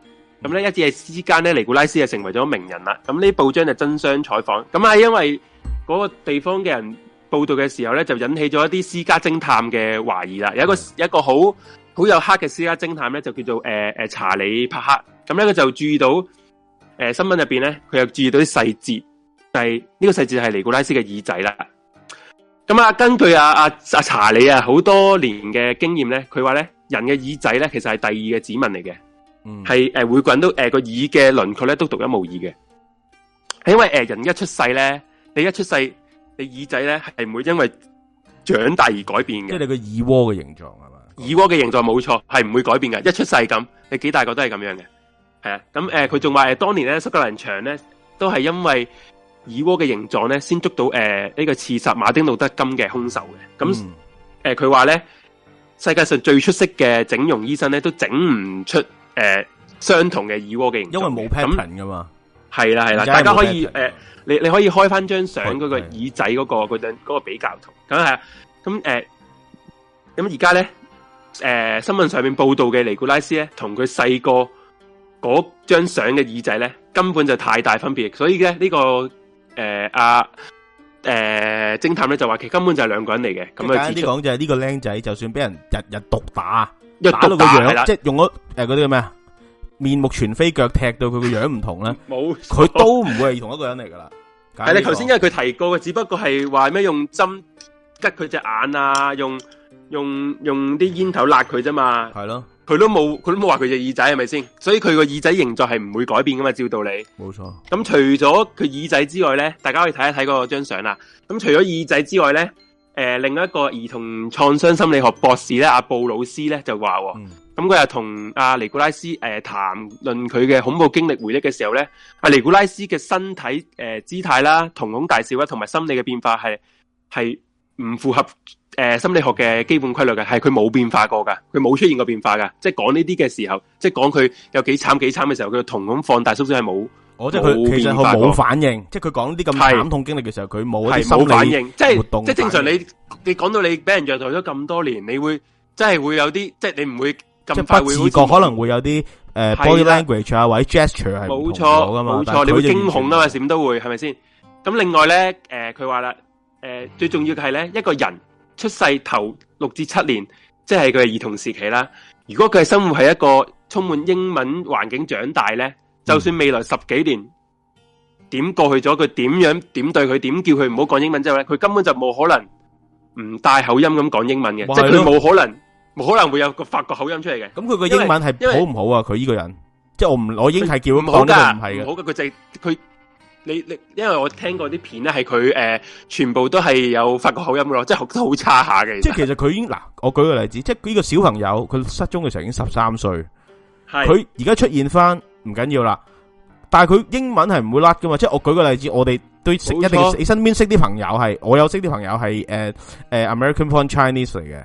Speaker 2: 咁咧一夜之間咧，尼古拉斯就成為咗名人啦。咁呢啲報章就爭相採訪。咁啊，因為嗰個地方嘅人報道嘅時候咧，就引起咗一啲私家偵探嘅懷疑啦。有一個有一個好好有黑嘅私家偵探咧，就叫做誒誒、呃、查理帕克。咁咧佢就注意到誒、呃、新聞入邊咧，佢又注意到啲細節，就係、是、呢、這個細節係尼古拉斯嘅耳仔啦。咁啊，根據啊阿阿、啊、查理啊，好多年嘅經驗咧，佢話咧人嘅耳仔咧，其實係第二嘅指紋嚟嘅。係誒、呃，每個人都誒個、呃、耳嘅輪廓咧都獨一無二嘅，係因為誒、呃、人一出世咧，你一出世你耳仔咧係唔會因為長大而改變嘅，即係你個耳窩嘅形狀係咪？耳窩嘅形狀冇錯，係唔會改變嘅。一出世咁，你幾大個都係咁樣嘅。係啊，咁誒佢仲話誒當年咧蘇格蘭場咧都係因為耳窩嘅形狀咧先捉到誒呢、呃這個刺殺馬丁路德金嘅凶手嘅。咁誒佢話咧世界上最出色嘅整容醫生咧都整唔出。誒、呃，相同嘅耳蝸嘅形狀，因為冇 pattern 噶嘛，係啦係啦，大家可以誒、呃，你你可以開翻張相嗰個耳仔嗰個嗰張嗰個比較圖，咁係啊，咁誒，咁而家咧，誒、呃、新聞上面報道嘅尼古拉斯咧，同佢細個嗰張相嘅耳仔咧，根本就太大分別，所以咧呢、這個誒阿誒偵探咧就話，其實根本就係兩個人嚟嘅，簡單啲講
Speaker 1: 就係呢個僆仔就算俾人日日毒打，打到個樣，打打即係用咗誒嗰啲叫咩啊？面目全非，腳踢到佢個樣唔同咧，冇佢都唔會係同一個
Speaker 2: 人嚟噶啦。係 咧，頭先因為佢提過嘅，只不過係話咩用針拮佢隻眼啊，用用用啲煙頭辣佢啫嘛。係咯，佢都冇，佢都冇話佢隻耳仔係咪先？所以佢個耳仔形狀係唔會改變噶嘛，照道理。冇錯。咁除咗佢耳仔之外咧，大家可以睇一睇嗰張相啦。咁除咗耳仔之外咧。誒、呃，另一個兒童創傷心理學博士咧，阿、啊、布魯斯咧就話、哦，咁佢又同阿尼古拉斯誒談論佢嘅恐怖經歷回憶嘅時候咧，阿、啊、尼古拉斯嘅身體誒、呃、姿態啦、瞳孔大小啦，同埋心理嘅變化係係唔符合誒、呃、心理學嘅基本規律嘅，係佢冇變化過噶，佢冇出現過變化噶，即係講呢啲嘅時候，即係講佢有幾慘幾慘嘅時候，佢嘅瞳孔放大縮小係冇。我即係佢，其實佢冇反，反
Speaker 1: 應，即係佢講啲咁慘痛經歷嘅時候，佢冇一啲心理活動。即係正常
Speaker 2: 你，你你講到你俾人虐待咗咁多年，你會真係會有啲，即係你唔會咁快會自覺，可能
Speaker 1: 會有啲誒、呃、body language 啊，或者 gesture 係唔同咗㗎嘛。沒錯但係你驚恐
Speaker 2: 啊嘛，點都會係咪先？咁另外咧，誒、呃，佢話啦，誒、呃嗯，最重要嘅係咧，一個人出世頭六至七年，即係佢兒童時期啦。如果佢係生活喺一個充滿英文環境長大咧。就算未來十幾年點過去咗，佢點樣點對佢點叫佢唔好講英文之後咧，佢根本就冇可能唔帶口音咁講英文嘅，即係佢冇可能冇可能會有個法國口音出嚟嘅。咁佢個英文係好唔
Speaker 1: 好啊？佢呢個人，即係我唔我英係叫，講得唔係嘅，唔好
Speaker 2: 咁佢就佢你你，因為我聽過啲片咧，係佢誒，全部都係有法國口音嘅咯，即係學得好差下嘅。即係其
Speaker 1: 實佢已經，嗱，我舉個例子，即係佢呢個小朋友佢失蹤嘅時候已經十三歲，佢而家出現翻。唔緊要啦，但係佢英文係唔會甩噶嘛，即係我舉個例子，我哋都要一識一定你身邊識啲朋友係，我有識啲朋友係誒誒 American from Chinese 嚟嘅，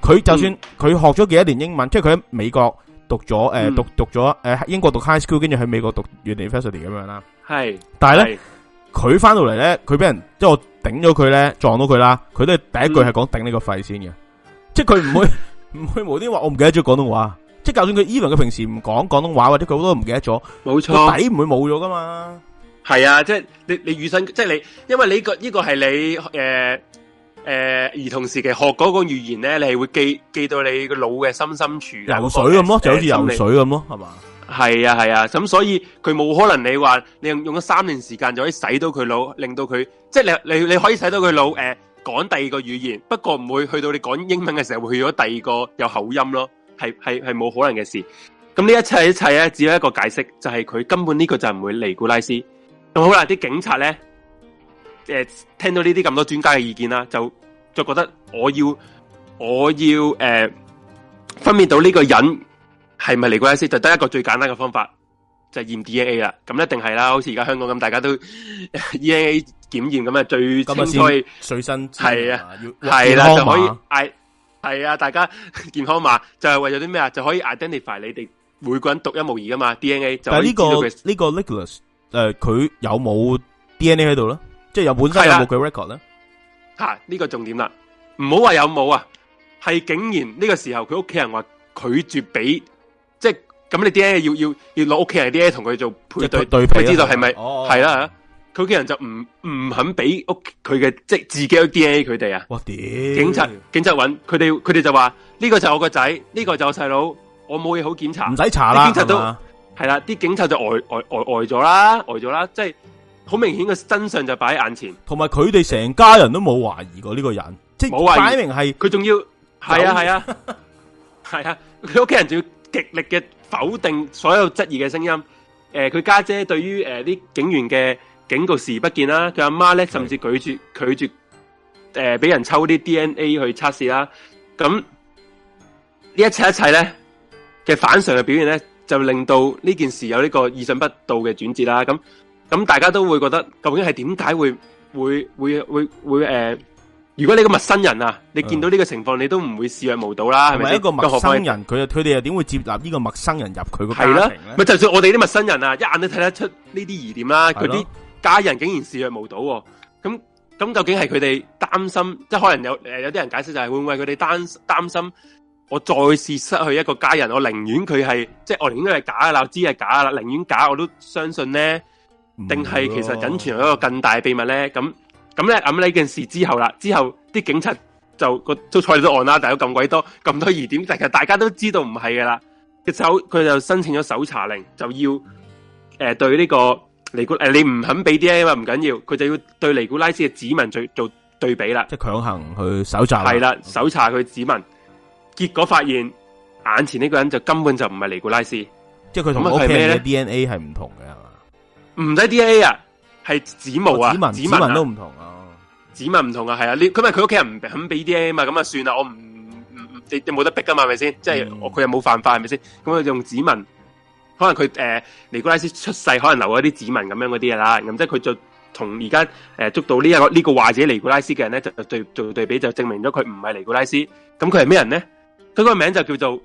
Speaker 1: 佢就算佢學咗幾多年英文，嗯、即係佢喺美國讀咗誒、呃嗯、讀讀咗誒、呃、英國讀 high school，跟住喺美國讀 University 咁樣啦，係，但係咧佢翻到嚟咧，佢俾人即係我頂咗佢咧，撞到佢啦，佢都係第一句係講頂呢個肺先嘅、嗯，即係佢唔會唔 會無啲話話我唔記得咗廣東話。即係就算佢，even 佢平時唔講廣東話或者佢好多唔記得咗，冇錯，底唔會冇咗噶嘛。
Speaker 2: 係啊，即係你你語訓，即係你，因為你個呢個係你誒誒兒童時期學嗰個語言咧，你係會記記到你個腦嘅深深處。游水咁咯，就好似游水咁咯，係嘛？係啊係啊，咁所以佢冇可能你話你用用咗三年時間就可以洗到佢腦，令到佢即係你你你可以洗到佢腦誒講第二個語言，不過唔會去到你講英文嘅時候會去咗第二個有口音咯。系系系，冇可能嘅事，咁呢一切一切咧，只有一個解釋，就係、是、佢根本呢個就唔會尼古拉斯。咁好啦，啲警察咧，誒、呃，聽到呢啲咁多專家嘅意見啦，就就覺得我要我要誒、呃，分辨到呢個人係咪尼古拉斯，就得一個最簡單嘅方法，就係驗 DNA 啦。咁一定係啦，好似而家香港咁，大家都 DNA 檢驗咁啊，最先可以水身，係啊，要係啦、啊啊、就可以。嗌。係啊，大家健康碼就係、是、為咗啲咩啊？就可以 identify 你哋每個人獨一無二㗎嘛，DNA 但、這個。但、這個呃、呢個
Speaker 1: 呢個 Nicholas 誒，佢有冇 DNA 喺度咯？即係有本身有冇佢 record 咧？吓呢、啊
Speaker 2: 啊這個重點啦，唔好話有冇啊，係竟然呢個時候佢屋企人話拒絕俾，即係咁你 DNA 要要要攞屋企人 DNA 同佢做配對、就是、對比，知道係咪？係、哦、啦、哦哦啊。佢嘅人就唔
Speaker 3: 唔
Speaker 4: 肯
Speaker 2: 俾屋佢嘅即自己 DNA 佢哋啊。我屌警察警察揾佢哋，佢哋就話呢個就我個仔，呢個就我細佬，我冇嘢好檢查，唔使查啦。警察都係啦，啲警、這個這個警，啊、警察就呆呆呆呆咗啦，呆咗啦，即係好明顯嘅真相就擺喺眼前。
Speaker 1: 同埋佢哋成家人都冇懷疑過呢、這個人，
Speaker 2: 即係冇懷疑，擺明係佢仲要係啊係啊係啊，佢屋企人仲要極力嘅否定所有質疑嘅聲音。誒、呃，佢家姐，姐對於誒啲警員嘅。警告視而不見啦！佢阿媽咧，甚至拒絕拒絕誒，俾、呃、人抽啲 DNA 去測試啦。咁、啊、呢一切一切咧嘅反常嘅表現咧，就令到呢件事有呢個意想不到嘅轉折啦。咁、啊、咁、啊啊，大家都會覺得究竟係點解會會會會會誒、呃？如果你個陌生人啊，嗯、你見到呢個情況，你都唔會視若無睹啦，係咪？一個陌生人，
Speaker 1: 佢佢哋又點會接納呢個陌生人入佢個家庭咧？咪就算我
Speaker 2: 哋啲陌生人啊，一眼都睇得出呢啲疑點啦，佢啲。家人竟然視若無睹。哦，咁咁究竟係佢哋擔心，即係可能有誒、呃、有啲人解釋就係會唔會佢哋擔擔心我再次失去一個家人，我寧願佢係即係我寧願都係假嘅，我知係假啦，寧願假我都相信呢定係其實隱存咗一個更大秘密呢。咁咁咧，咁呢件事之後啦，之後啲警察就個都坐咗案啦，大佬咁鬼多咁多疑點，其實大家都知道唔係嘅啦，其實佢就申請咗搜查令，就要誒、呃、對呢、呢個。尼古誒，你唔肯俾 D N A 嘛？唔緊要，佢就要對尼古拉斯嘅指紋做做對比啦。即係強行
Speaker 1: 去搜查。係啦，okay.
Speaker 2: 搜查佢指紋，結果發現眼前呢個人就根本就唔係尼古拉斯。
Speaker 1: 即係佢同佢屋企人嘅 D
Speaker 2: N A 係唔同嘅係嘛？唔使 D N A 啊，係指模啊、哦、啊，指紋，指紋都唔同啊，指紋唔同啊，係啊，佢咪佢屋企人唔肯俾 D N A 嘛？咁啊算啦，我唔唔你冇得逼噶嘛？係咪先？即係佢又冇犯法係咪先？咁佢用指紋。可能佢誒、呃、尼古拉斯出世，可能留咗啲指紋咁樣嗰啲嘅啦。咁、嗯、即係佢就同而家誒捉到呢、呢、一個呢、呢個壞者尼古拉斯嘅人咧，就對做對比，就證明咗佢唔係尼古拉斯。咁佢係咩人咧？佢個名就叫做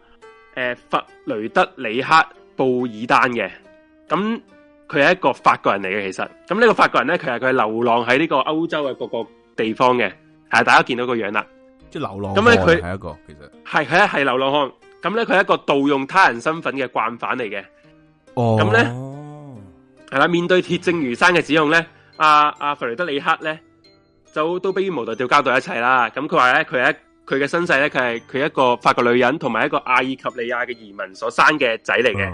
Speaker 2: 誒弗、呃、雷德里克布爾丹嘅。咁佢係一個法國人嚟嘅，其實。咁呢個法國人咧，佢係佢係流浪喺呢個歐洲嘅各個地方嘅。係大家見到個樣啦，
Speaker 1: 即係流浪。咁咧佢係一個其實
Speaker 2: 係係係流浪漢。咁咧佢係一個盜用他人身份嘅慣犯嚟嘅。咁、哦、咧，係啦，面對鐵證如山嘅指控咧，阿、啊、阿、啊、弗雷德里克咧，就都迫於無奈掉交代一切啦。咁佢話咧，佢一佢嘅身世咧，佢係佢一個法國女人同埋一個阿爾及利亞嘅移民所生嘅仔嚟嘅。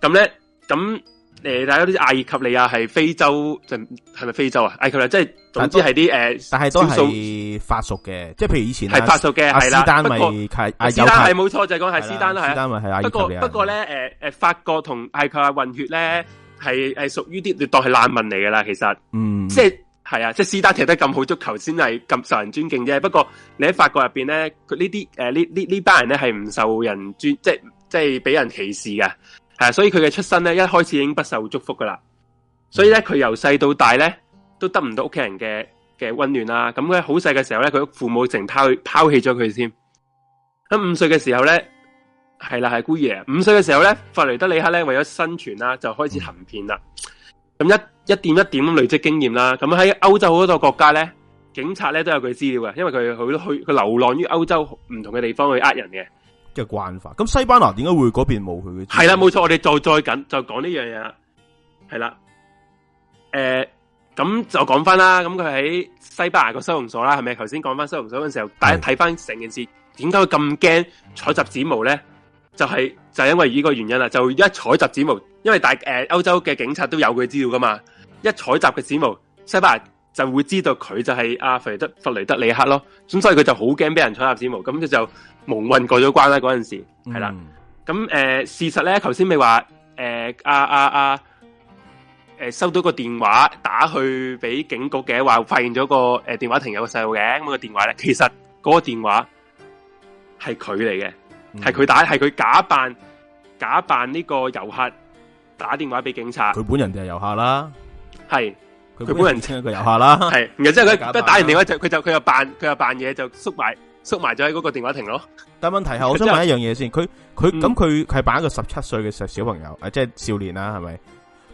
Speaker 2: 咁、哦、咧，咁。誒，大家啲阿爾及利亞係非洲，就係咪非洲啊？埃及啦，即係總之係啲誒，但係都係
Speaker 1: 法屬嘅，即係譬如以前係、啊、法屬嘅。係、啊、啦、啊啊啊啊啊啊啊，不過斯丹係冇錯，就係講係斯丹啦。係斯丹係不過不
Speaker 2: 過咧，誒、呃、誒，法國同埃及混血咧，係係屬於啲當係難民嚟噶啦。其實，嗯，即係係啊，即係斯丹踢得咁好足球，先係咁受人尊敬啫。不過你喺法國入邊咧，佢呢啲誒呢呢呢班人咧係唔受人尊，即係即係俾人歧視噶。係、啊、所以佢嘅出身咧，一開始已經不受祝福噶啦。所以咧，佢由細到大咧，都得唔到屋企人嘅嘅温暖啦。咁咧，好細嘅時候咧，佢父母成拋拋棄咗佢先。咁五歲嘅時候咧，係啦係姑爺。五歲嘅時候咧，弗雷德里克咧為咗生存啦，就開始行騙啦。咁一一點一點累積經驗啦。咁喺歐洲好多國家咧，警察咧都有佢資料嘅，因為佢去去佢流浪於歐洲唔同嘅地方去呃人嘅。
Speaker 1: 慣咁西班牙點解會嗰邊冇佢嘅？係
Speaker 2: 啦、啊，冇錯，我哋再再緊，再講啊呃、就講呢樣嘢啦。係啦，誒，咁就講翻啦。咁佢喺西班牙個收容所啦，係咪？頭先講翻收容所嘅時候，大家睇翻成件事，點解佢咁驚採集指模咧？就係、係、就因為呢個原因啦。就一採集指模，因為大誒歐、呃、洲嘅警察都有佢資料噶嘛，一採集嘅指模，西班牙。就會知道佢就係阿弗雷德弗雷德里克咯，咁所以佢就好驚俾人採納指模。咁佢就蒙混過咗關啦。嗰陣時
Speaker 3: 係啦，咁
Speaker 2: 誒、嗯呃、事實咧，頭先咪話誒阿阿阿誒收到個電話打去俾警局嘅，話發現咗個誒電話亭有個細路嘅咁個電話咧、那個，其實嗰個電話係佢嚟嘅，係、嗯、佢打，係佢假扮假扮呢個遊客打電話俾警察，佢本人
Speaker 1: 定係遊客啦，
Speaker 2: 係。佢本，本人，
Speaker 1: 佢遊客啦，係，然之後佢一打完電話
Speaker 2: 就，佢就佢又扮，佢又扮嘢，就縮埋，縮埋咗喺嗰個電話亭咯。但問題係，我想問一樣
Speaker 1: 嘢先，佢佢咁佢係扮一個十七歲嘅小朋友，誒，即係少年啦，係咪？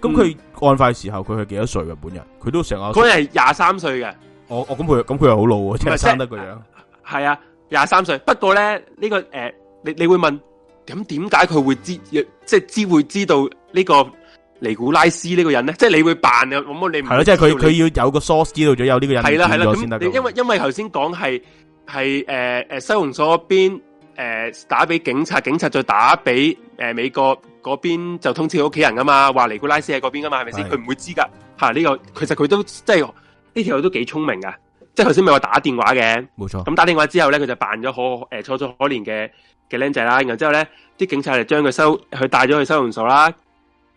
Speaker 1: 咁佢案發時候，佢係幾多歲嘅本人？佢都成個，佢係廿
Speaker 2: 三歲嘅。我我
Speaker 1: 咁佢咁佢又好老喎，真係生得
Speaker 2: 個樣。係啊，廿三歲。不過咧，呢個誒，你你會問，咁點解佢會知，即係知會知道呢個？尼古拉斯呢個人咧，即係你會扮嘅，咁你唔係咯，即係佢佢要
Speaker 1: 有個 source 知道咗有呢個人存在先得。因為
Speaker 2: 因為頭先講係係誒誒收容所嗰邊、呃、打俾警察，警察再打俾誒、呃、美國嗰邊就通知佢屋企人噶嘛，話尼古拉斯喺嗰邊噶嘛，係咪先？佢唔會知噶嚇呢個。其實佢都即係呢條路都幾聰明噶，即係頭先咪話打電話嘅，冇錯。咁打電話之後咧，佢就扮咗可誒、呃、楚楚可憐嘅嘅僆仔啦。然後之後咧，啲警察就將佢收，佢帶咗去收容所啦。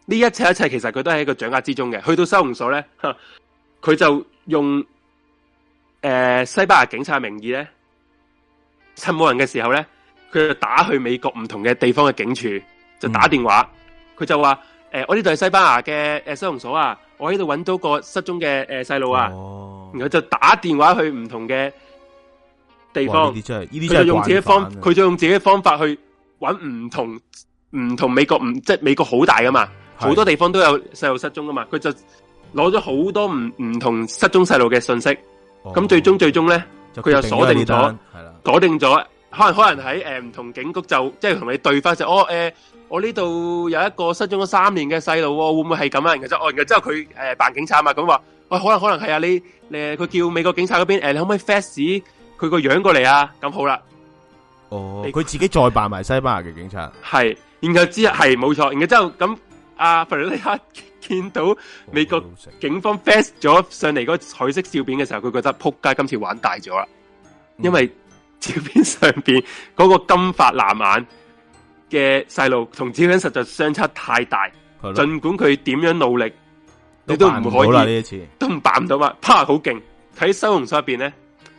Speaker 2: 呢一切一切其實佢都喺一個掌握之中嘅。去到收容所咧，佢就用誒、呃、西班牙警察名義咧，趁冇人嘅時候咧，佢就打去美國唔同嘅地方嘅警署，就打電話，佢、嗯、就話：誒、呃，我呢度係西班牙嘅、誒收容所啊，我喺度搵到個失蹤嘅誒細路啊。然後就打電話去唔同嘅地方。呢啲真係呢啲真係用自己方，佢就用自己方，佢就用自己方法去搵唔同唔同美國唔即係美國好大噶嘛。好多地方都有細路失蹤噶嘛，佢就攞咗好多唔唔同失蹤細路嘅信息，咁、哦、最終最終咧，佢又鎖定咗，係啦，定咗，可能可能喺誒唔同警局就即係同你對翻就是，哦、呃，我誒我呢度有一個失蹤咗三年嘅細路喎，會唔會係咁啊？然後就哦，然之後佢誒扮警察嘛，咁話，我、哦、可能可能係啊，你誒佢、呃、叫美國警察嗰邊，誒、呃、你可唔可以 fax 佢個樣過嚟啊？咁好啦，哦，佢自己
Speaker 1: 再扮埋西班牙嘅警察，
Speaker 2: 係， 然後之後係冇錯，然之後咁。阿弗洛里克見到美國警方 fast 咗上嚟嗰彩色照片嘅時候，佢覺得撲街，今次玩大咗啦！因為、嗯、照片上邊嗰、那個金髮藍眼嘅細路，同照片實在相差太大。儘管佢點樣努力，
Speaker 3: 都你都唔可以，次都唔
Speaker 2: 扮唔到嘛！啪，好勁！喺收容所入邊咧，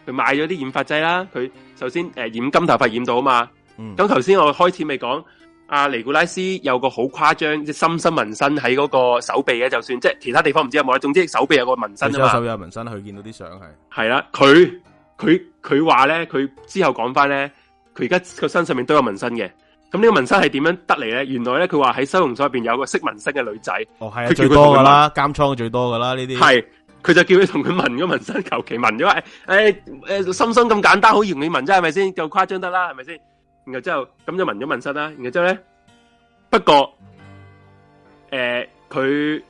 Speaker 2: 佢買咗啲染髮劑啦。佢首先誒、呃、染金頭髮染到啊嘛。咁頭先我開始未講。阿、啊、尼古拉斯有個好誇張，即係深深紋身喺嗰個手臂嘅，就算即係其他地方唔知有冇啦。總之手臂有個紋身啦嘛。佢之後手有紋身，佢見到啲相係。係啦，佢佢佢話咧，佢之後講翻咧，佢而家個身上面都有紋身嘅。咁呢個紋身係點樣得嚟咧？原來咧，佢話喺收容所入邊有個識紋身嘅女仔。哦，係啊，最多噶啦，監倉最多噶啦呢啲。係，佢就叫佢同佢紋個紋身，求其紋咗。誒誒誒，深深咁簡單，好容易紋啫，係咪先？夠誇張得啦，係咪先？然後之後咁就問咗問失啦，然後之後咧，不過誒佢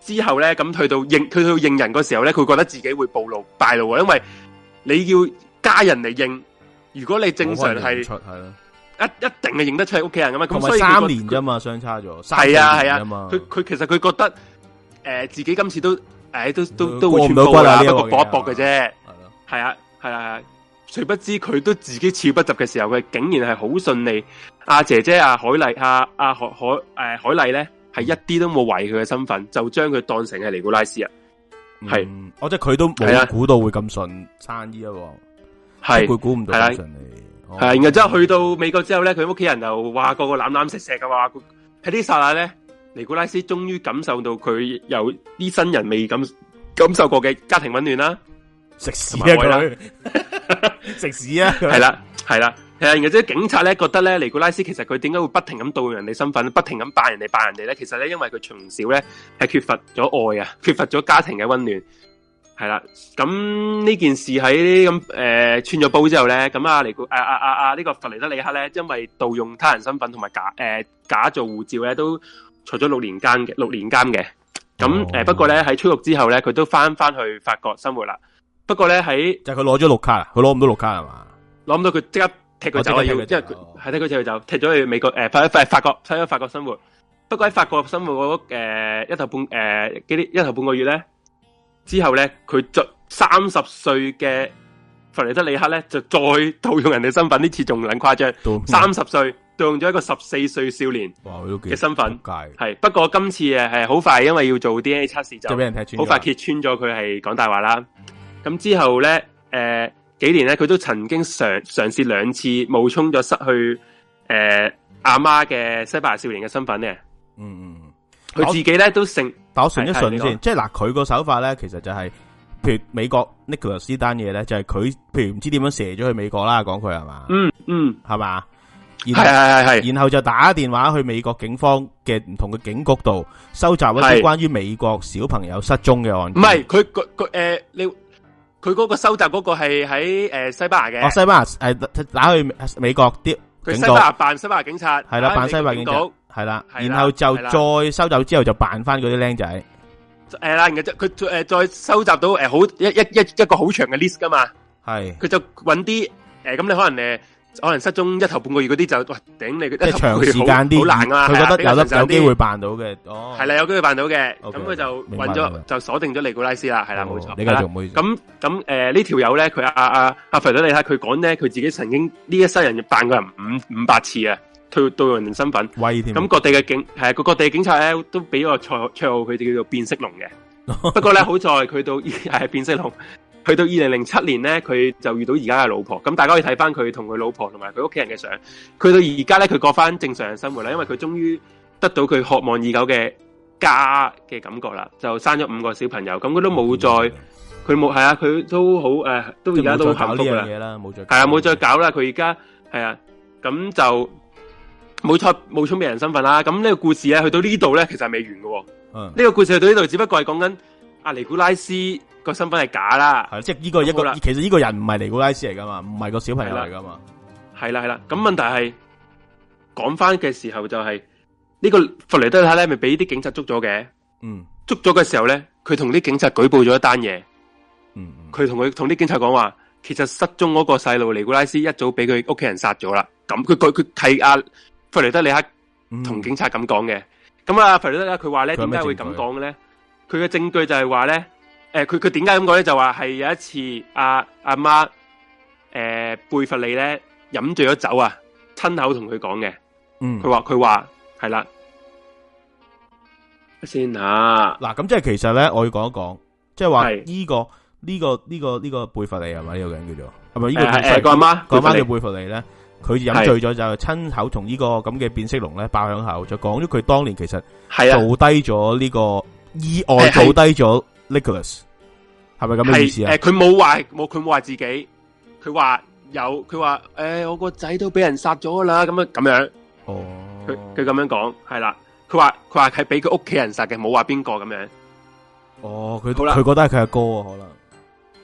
Speaker 2: 之後咧，咁去到認佢去到認人個時候咧，佢覺得自己會暴露、敗露啊，因為你要家人嚟認，如果你正常係
Speaker 1: 一一
Speaker 2: 定係認得出屋企人噶嘛，同埋三年啊
Speaker 1: 嘛相差咗，係啊係
Speaker 2: 啊，佢佢其實佢覺得誒自己今次都誒都都都會冇關係，都搏一搏嘅啫，係咯，係啊係啊係啊。誰不知佢都自己措不及嘅時候，佢竟然係好順利。阿姐姐、阿、啊、海麗、阿、啊、阿、啊、海、誒海麗咧，係、啊、一啲都冇懷疑佢嘅身份，就將佢當成係尼古拉斯、嗯嗯、啊。係，
Speaker 1: 我即係佢都冇估到會咁順
Speaker 2: 生意啊！
Speaker 1: 係、哦，佢估唔到係順
Speaker 2: 利。係、啊，然後之後去到美國之後咧，佢屋企人又話個個攬攬錫錫嘅話，喺呢剎那咧，尼古拉斯終於感受到佢有啲新人未感感受過嘅家庭溫暖啦。食屎啊佢！食屎啊！係啦，係 啦、啊，係啊！ 然後即係警察咧，覺得咧尼古拉斯其實佢點解會不停咁盜用人哋身份，不停咁扮人哋扮人哋咧？其實咧，因為佢從小咧係缺乏咗愛啊，缺乏咗家庭嘅溫暖。係啦，咁、嗯、呢件事喺咁誒穿咗煲之後咧，咁啊尼古誒啊啊啊呢、啊這個弗尼德里克咧，因為盜用他人身份同埋假誒、呃、假造護照咧，都坐咗六年監嘅六年監嘅。咁、嗯、誒、哦呃、不過咧喺出獄之後咧，佢都翻翻去法國生活啦。不過咧喺
Speaker 1: 就佢攞咗六卡，佢攞唔到六卡係嘛？
Speaker 2: 攞唔到佢即刻踢佢走，因為佢係踢佢走就踢咗去、哦、美國誒，法、呃、法法國，喺咗法國生活。不過喺法國生活嗰誒、呃、一頭半誒嗰啲一頭半個月咧，之後咧佢就三十歲嘅弗雷德里克咧就再套用人哋身份，呢次仲撚誇張。三十歲套用咗一個十四歲少年嘅身份，係。不過今次誒係好快，因為要做 DNA 測試就俾人好快揭穿咗佢係講大話啦。嗯咁之後咧，誒、呃、幾年咧，佢都曾經嘗嘗試兩次冒充咗失去誒阿媽嘅西班牙少年嘅身份咧。嗯嗯，
Speaker 1: 佢自己咧
Speaker 2: 都成，但我順一順先，即係
Speaker 1: 嗱佢個手法咧，其實就係、是、譬如美國尼克遜斯單嘢咧，就係、是、佢譬如唔知點樣射咗去美國啦，講佢係嘛？嗯嗯，係嘛？係係，然後就打電話去美國警方嘅唔同嘅警局度收集一啲關於美國小朋友失蹤嘅案件。唔係
Speaker 2: 佢佢佢誒你。佢嗰個收集嗰個係喺誒西班牙嘅。哦，西
Speaker 1: 班牙係打去美國啲，佢西班牙
Speaker 2: 扮西班牙警察。係啦，扮西班牙警察，
Speaker 1: 係啦，然後就再收集之後就扮翻嗰啲僆仔，
Speaker 2: 誒啦，然後即佢誒再收集到誒好一一一一個好長嘅 list 噶嘛，係，佢就揾啲誒咁你可能誒。可能失蹤一頭半個月嗰啲就喂，頂你，即係長時間啲好難噶啦佢覺得有得有機會辦到嘅，係啦，有機會辦到嘅，咁佢就搵咗就鎖定咗尼古拉斯啦，係啦，冇錯啦。咁咁誒呢條友咧，佢阿阿阿弗里，你睇佢講咧，佢自己曾經呢一世人扮過人五五百次啊，退盜用人身份威添。咁各地嘅警係啊，各各地警察咧都俾個綽綽號佢哋叫做變色龍嘅。不過咧，好在佢到係變色龍。去到二零零七年咧，佢就遇到而家嘅老婆。咁大家可以睇翻佢同佢老婆同埋佢屋企人嘅相。佢到而家咧，佢過翻正常嘅生活啦，因為佢終於得到佢渴望已久嘅家嘅感覺啦，就生咗五個小朋友。咁佢都冇再，佢冇係啊，佢都好誒、呃，都而家都幸福噶啦。係冇再搞
Speaker 1: 呢啲嘢啦，冇再係
Speaker 2: 啊，冇再搞啦。佢而家係啊，咁就冇錯，冒充別人身份啦。咁呢個故事咧，去到呢度咧，其實係未完噶、哦。嗯，呢、這個故事去到呢度，只不過係講緊阿、啊、尼古拉斯。個身份係假啦，即係呢個一個，其
Speaker 1: 實呢個人唔係尼古拉斯嚟噶嘛，唔係個小朋友嚟噶
Speaker 2: 嘛，係啦係啦。咁問題係講翻嘅時候就係呢個弗雷德里克咧，咪俾啲警察捉咗嘅，
Speaker 3: 嗯，
Speaker 2: 捉咗嘅時候咧，佢同啲警察舉報咗一單嘢，嗯，佢同佢同啲警察講話，其實失蹤嗰個細路尼古拉斯一早俾佢屋企人殺咗啦，咁佢佢佢係阿弗雷德里克同警察咁講嘅，咁、嗯、啊弗雷德里克佢話咧點解會咁講嘅咧？佢嘅證據就係話咧。誒、呃，佢佢點解咁講咧？就話係有一次阿阿媽誒貝弗利咧，飲醉咗酒啊，親口同佢講嘅。嗯，佢話佢話係啦。先啊，
Speaker 1: 嗱咁即係其實咧，我要講一講，即係話呢個
Speaker 2: 呢、這個呢、
Speaker 1: 這個呢、這個貝弗利係咪呢個人叫做係咪？呢個個阿媽個阿媽叫貝弗利咧，佢飲醉咗就親口同呢個咁嘅變色龍咧爆響口，就講咗佢當年其實係啊做低咗呢個意外，做低咗。Nicholas 係咪咁嘅意思誒，佢冇
Speaker 2: 話冇，佢冇話自己，佢話有，佢話誒，我個仔都俾人殺咗啦，咁啊，咁樣哦，佢佢咁樣講係啦，佢話佢話係俾佢屋企人殺嘅，冇話邊個咁樣哦，佢好啦，佢
Speaker 1: 覺得係佢阿哥、啊、可能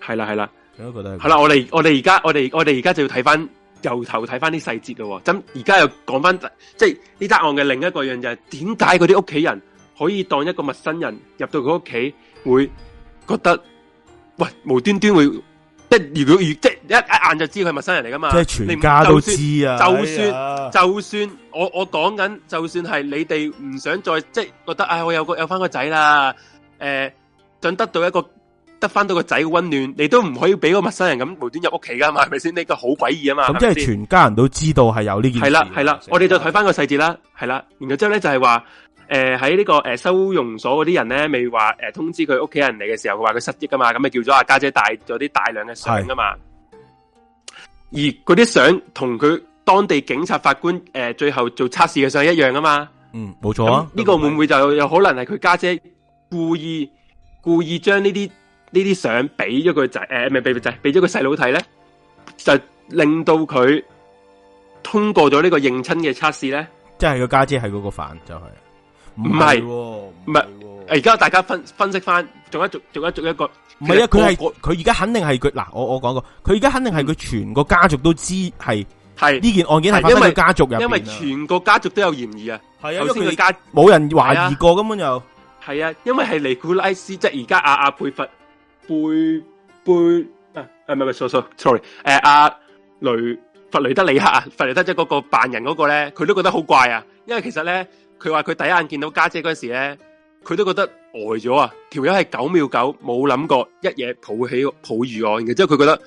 Speaker 1: 係啦係啦，佢都覺得
Speaker 2: 係啦。我哋我哋而家我哋我哋而家就要睇翻由頭睇翻啲細節咯。咁而家又講翻即係呢單案嘅另一個樣就係點解嗰啲屋企人可以當一個陌生人入到佢屋企？會覺得喂，無端端會即如果即係一一眼就知佢係陌生人嚟噶嘛？即係全家都知道，都知道啊、哎就！就算就算我我講緊，就算係你哋唔想再即係覺得唉、哎，我有個有翻個仔啦，誒、呃、想得到一個得翻到個仔嘅溫暖，你都唔可以俾個陌生人咁無端入屋企噶嘛？係咪先呢個好詭異啊嘛？咁即係全
Speaker 1: 家人都知道係有呢件事。係啦
Speaker 2: 係啦，我哋就睇翻個細節啦。係啦，然之後咧就係、是、話。誒、呃，喺呢、這個誒、呃、收容所嗰啲人咧，未話誒通知佢屋企人嚟嘅時候，佢話佢失憶啊嘛，咁咪叫咗阿家姐帶咗啲大量嘅相啊嘛，而嗰啲相同佢當地警察法官誒、呃、最後做測試嘅相一樣啊嘛，嗯，冇錯啊，呢個會唔會就有可能係佢家姐故意故意將、呃、呢啲呢啲相俾咗個仔誒，唔係俾個仔，俾咗個細佬睇咧，就令到佢通過咗呢個認親嘅測試咧，
Speaker 1: 即係個家姐係嗰個犯就係、是。
Speaker 2: 唔係，唔係，誒，而家大家分分析翻，逐一逐逐一逐一個，唔係、那個、啊，佢係
Speaker 1: 佢而家肯定係佢嗱，我我講過，佢而家肯定係佢全個家族都知係，係呢件案件係發生喺家族入邊啊，因為全
Speaker 2: 個家族都有嫌疑啊，係啊，啊，啊，因為佢家冇人懷疑過根本就，係啊，因為係尼古拉斯即係而家阿阿佩弗貝貝啊，誒唔係 sorry sorry，誒阿雷弗雷德里克，啊，弗雷德即係嗰個扮人嗰個咧，佢都覺得好怪啊，因為其實咧。佢話佢第一眼見到家姐嗰時咧，佢都覺得呆咗啊！條友係九秒九，冇諗過一嘢抱起抱住我，然之後佢覺得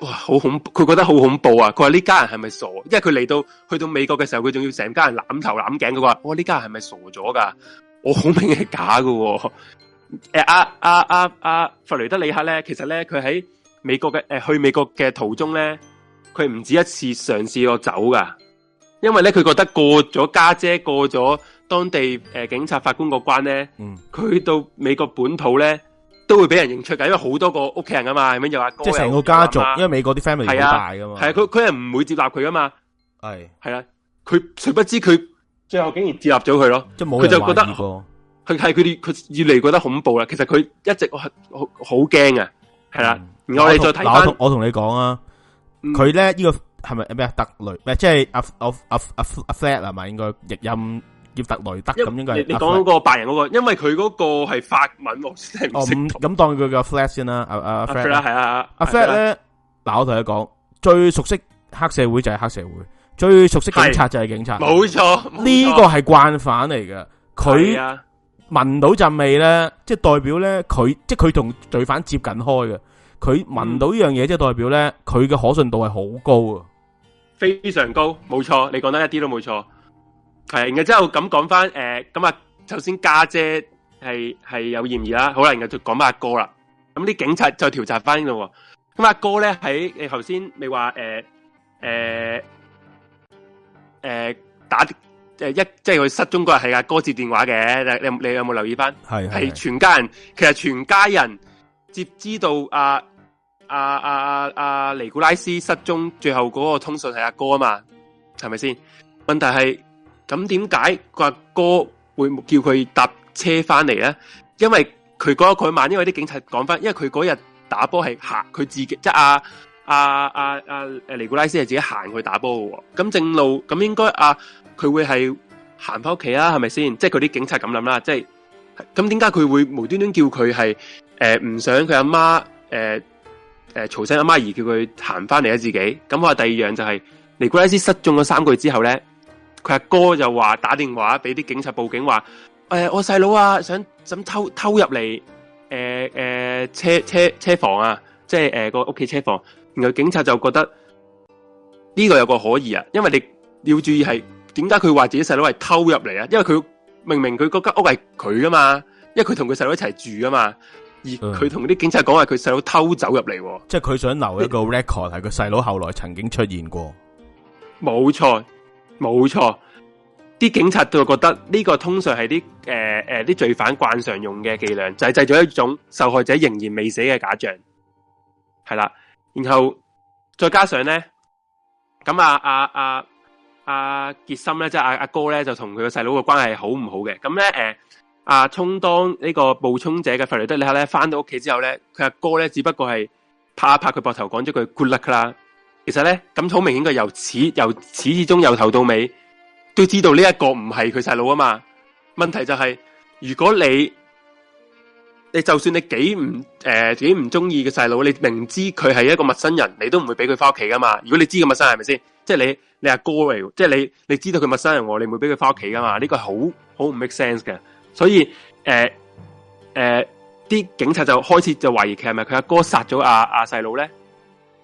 Speaker 2: 哇，好恐怖！佢覺得好恐怖啊！佢話呢家人係咪傻？因為佢嚟到去到美國嘅時候，佢仲要成家人攬頭攬頸，佢話：，哇！呢家人係咪傻咗噶？我好明顯係假噶，哦！誒、哎，阿阿阿阿弗雷德里克咧，其實咧，佢喺美國嘅誒去美國嘅途中咧，佢唔止一次嘗試過走噶。因為咧佢覺得過咗家姐，姐，過咗當地誒、呃、警察、法官個關咧，佢、嗯、到美國本土咧都會俾人認出噶，因為好多個屋企人噶嘛，係咪？又話哥，哥，即係成個家族媽媽。因為美國啲 family 係大噶嘛、啊啊、嘛。係佢佢係唔會接納佢㗎嘛。係係啦，佢誰不知佢最後竟然接納咗佢咯。即係冇人懷疑過。佢就覺得佢係佢哋越嚟越覺得恐怖啦。其實佢一直好好驚啊。係、嗯、啦，我哋再睇我同
Speaker 1: 我同你講啊，佢、嗯、咧呢、這個。係咪咩特雷？唔係，即係阿阿阿阿 flat 係咪？應該譯音叫特雷德咁樣。你你講嗰
Speaker 2: 個白人嗰個，因為佢嗰個係法文，我真係唔識讀。
Speaker 1: 咁當佢叫 flat 先啦。阿阿 flat 啦，係啊。阿 flat 咧，嗱我同你講，最熟悉黑社會就係黑社會，最熟悉警察就係警察。冇錯，呢個係慣犯嚟嘅。佢聞到陣味咧，即係代表咧佢，即係佢同罪犯接近開嘅。佢聞到呢樣嘢，即係代表咧佢嘅可信度係好高啊！
Speaker 2: 非常高，冇錯，你講得一啲都冇錯，係。然之後咁講翻，誒、呃，咁啊，首先家姐係係有嫌疑啦，可能又再講翻阿哥啦。咁啲警察就調查翻咯。咁阿哥咧，喺頭先你話誒誒誒打誒、呃、一，即係佢失蹤嗰日係阿哥接電話嘅，你你有冇留意翻？係係全家人，是是是其實全家人接知道阿、啊。阿阿阿阿尼古拉斯失蹤，最後嗰個通訊係阿哥啊嘛，係咪先？問題係咁點解個阿哥會叫佢搭車翻嚟咧？因為佢嗰個嗰晚，因為啲警察講翻，因為佢嗰日打波係行，佢自己即係阿阿阿阿誒尼古拉斯係自己行去打波喎。咁正路咁應該阿佢會係行翻屋企啦，係咪先？即係佢啲警察咁諗啦。即係咁點解佢會無端端叫佢係誒唔想佢阿媽誒？呃誒，吵醒阿媽而叫佢行翻嚟啊自己。咁我話第二樣就係、是、尼古拉斯失蹤咗三個月之後咧，佢阿哥，哥就話打電話俾啲警察報警話，誒、哎，我細佬啊，想想偷偷入嚟，誒、呃、誒車車車房啊，即係誒個屋企車房。然後警察就覺得呢、這個有個可疑啊，因為你要注意係點解佢話自己細佬係偷入嚟啊？因為佢明明佢個間屋係佢噶嘛，因為佢同佢細佬一齊住㗎嘛。而佢同啲警察講話佢細佬偷走入嚟，嗯，
Speaker 1: 即係佢想留一個 record，係佢細佬後來曾經出現過。
Speaker 2: 冇錯，冇錯，啲警察都覺得呢個通常係啲誒誒啲罪犯慣常用嘅伎倆，就係、是、製造一種受害者仍然未死嘅假象。係啦，然後再加上咧，咁阿啊啊阿傑森咧，即係阿阿哥咧，就同佢個細佬嘅關係好唔好嘅，咁咧誒。呃啊！充當呢個冒充者嘅弗雷德利克咧，翻到屋企之後咧，佢阿哥咧只不過係拍一拍佢膊頭，講咗句 good luck 啦。其實咧，咁好明顯佢由始由始至終，由頭到尾都知道呢一個唔係佢細佬啊嘛。問題就係，如果你你就算你幾唔誒幾唔中意嘅細佬，你明知佢係一個陌生人，你都唔會俾佢翻屋企噶嘛。如果你知個陌生人，係咪先？即係你你阿哥嚟，即係你你知道佢陌生人喎，你唔會俾佢翻屋企噶嘛。呢個好好唔 make sense 嘅。所以，誒、呃、誒，啲、呃、警察就開始就懷疑其實係咪佢阿哥殺咗阿阿細佬咧？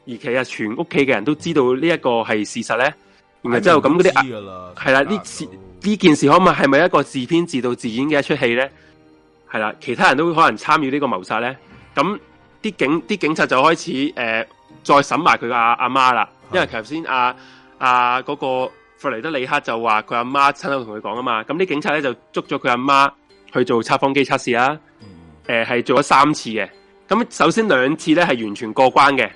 Speaker 2: 而其實全屋企嘅人都知道呢一個係事實咧。然之後咁嗰啲係啦，呢事呢件事可唔可以係咪一個自編自導自演嘅一出戲咧？係啦，其他人都可能參與呢個謀殺咧。咁啲警啲警察就開始誒、呃、再審埋佢阿阿媽啦。因為頭先阿阿嗰個弗雷德里克就話佢阿媽親口同佢講啊嘛。咁啲警察咧就捉咗佢阿媽。去做測謊機測試啊，誒、嗯、係、呃、做咗三次嘅。咁首先兩次咧係完全過關嘅，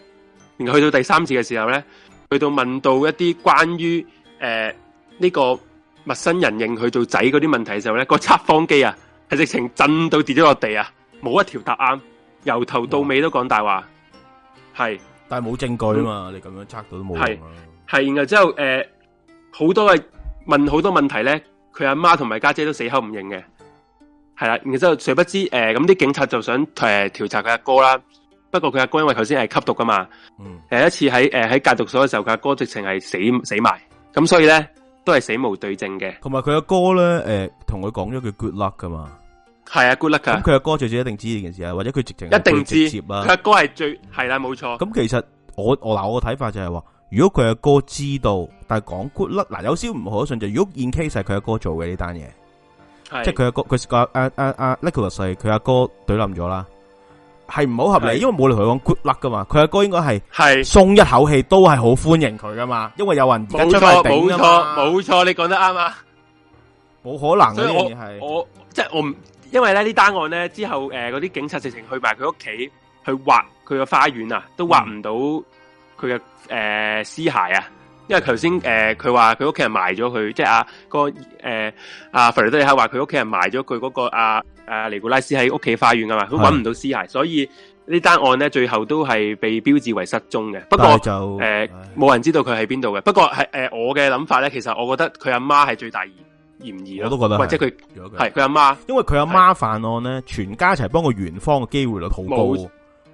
Speaker 2: 然後去到第三次嘅時候咧，去到問到一啲關於誒呢、呃這個陌生人認佢做仔嗰啲問題嘅時候咧，嗯、個測謊機啊係直情震到跌咗落地啊，冇一條答啱，由頭到尾都講大話，係，
Speaker 1: 但係冇證據啊嘛，嗯、
Speaker 2: 你咁樣測到都冇用啊，係，然後之後誒好、呃、多嘅問好多問題咧，佢阿媽同埋家姐都死口唔認嘅。係啦，然之後誰不知誒，咁、呃、啲警察就想誒調查佢阿哥啦。不過佢阿哥因為頭先係吸毒噶嘛，誒、嗯呃、一次喺誒喺戒毒所嘅時候，佢阿哥直情係死死埋，咁所以咧都係死無對證嘅。
Speaker 1: 同埋佢阿哥咧，誒同佢講咗句 good luck 噶嘛。
Speaker 2: 係啊，good luck。咁佢
Speaker 1: 阿哥最少一定知呢件事啊，或者佢直情、啊、一定知佢阿
Speaker 2: 哥係最係啦，冇錯。咁其
Speaker 1: 實我我嗱我嘅睇法就係話，如果佢阿哥知道，但係講 good luck，嗱、呃、有少唔可信就，如果 in case 係佢阿哥做嘅呢單嘢。即係佢阿哥，佢個阿阿阿 little 細，佢阿哥懟冧咗啦，係唔好合理，因為冇理由講 good luck 噶嘛，佢阿哥應該係係鬆一口氣都係好歡迎佢噶嘛，因為有人而家出嚟頂噶嘛。冇錯，
Speaker 2: 冇錯，你講得啱啊，冇可能呢樣嘢係我即係我唔，因為咧呢單案咧之後，誒嗰啲警察直情去埋佢屋企去挖佢個花園啊，都挖唔到佢嘅誒屍骸啊。因為頭先誒，佢話佢屋企人埋咗佢，即係阿個誒阿、呃、弗雷德利克話佢屋企人埋咗佢嗰個阿、啊、阿、啊、尼古拉斯喺屋企花園啊嘛，佢搵唔到屍骸，所以呢單案咧最後都係被標誌為失蹤嘅。不過誒，冇、呃、人知道佢喺邊度嘅。不過係誒、呃，我嘅諗法咧，其實我覺得佢阿媽係最大嫌疑。我都覺得，或者佢係佢阿媽，
Speaker 1: 因為佢阿媽犯案咧，全家齊幫個元芳嘅機會率好高。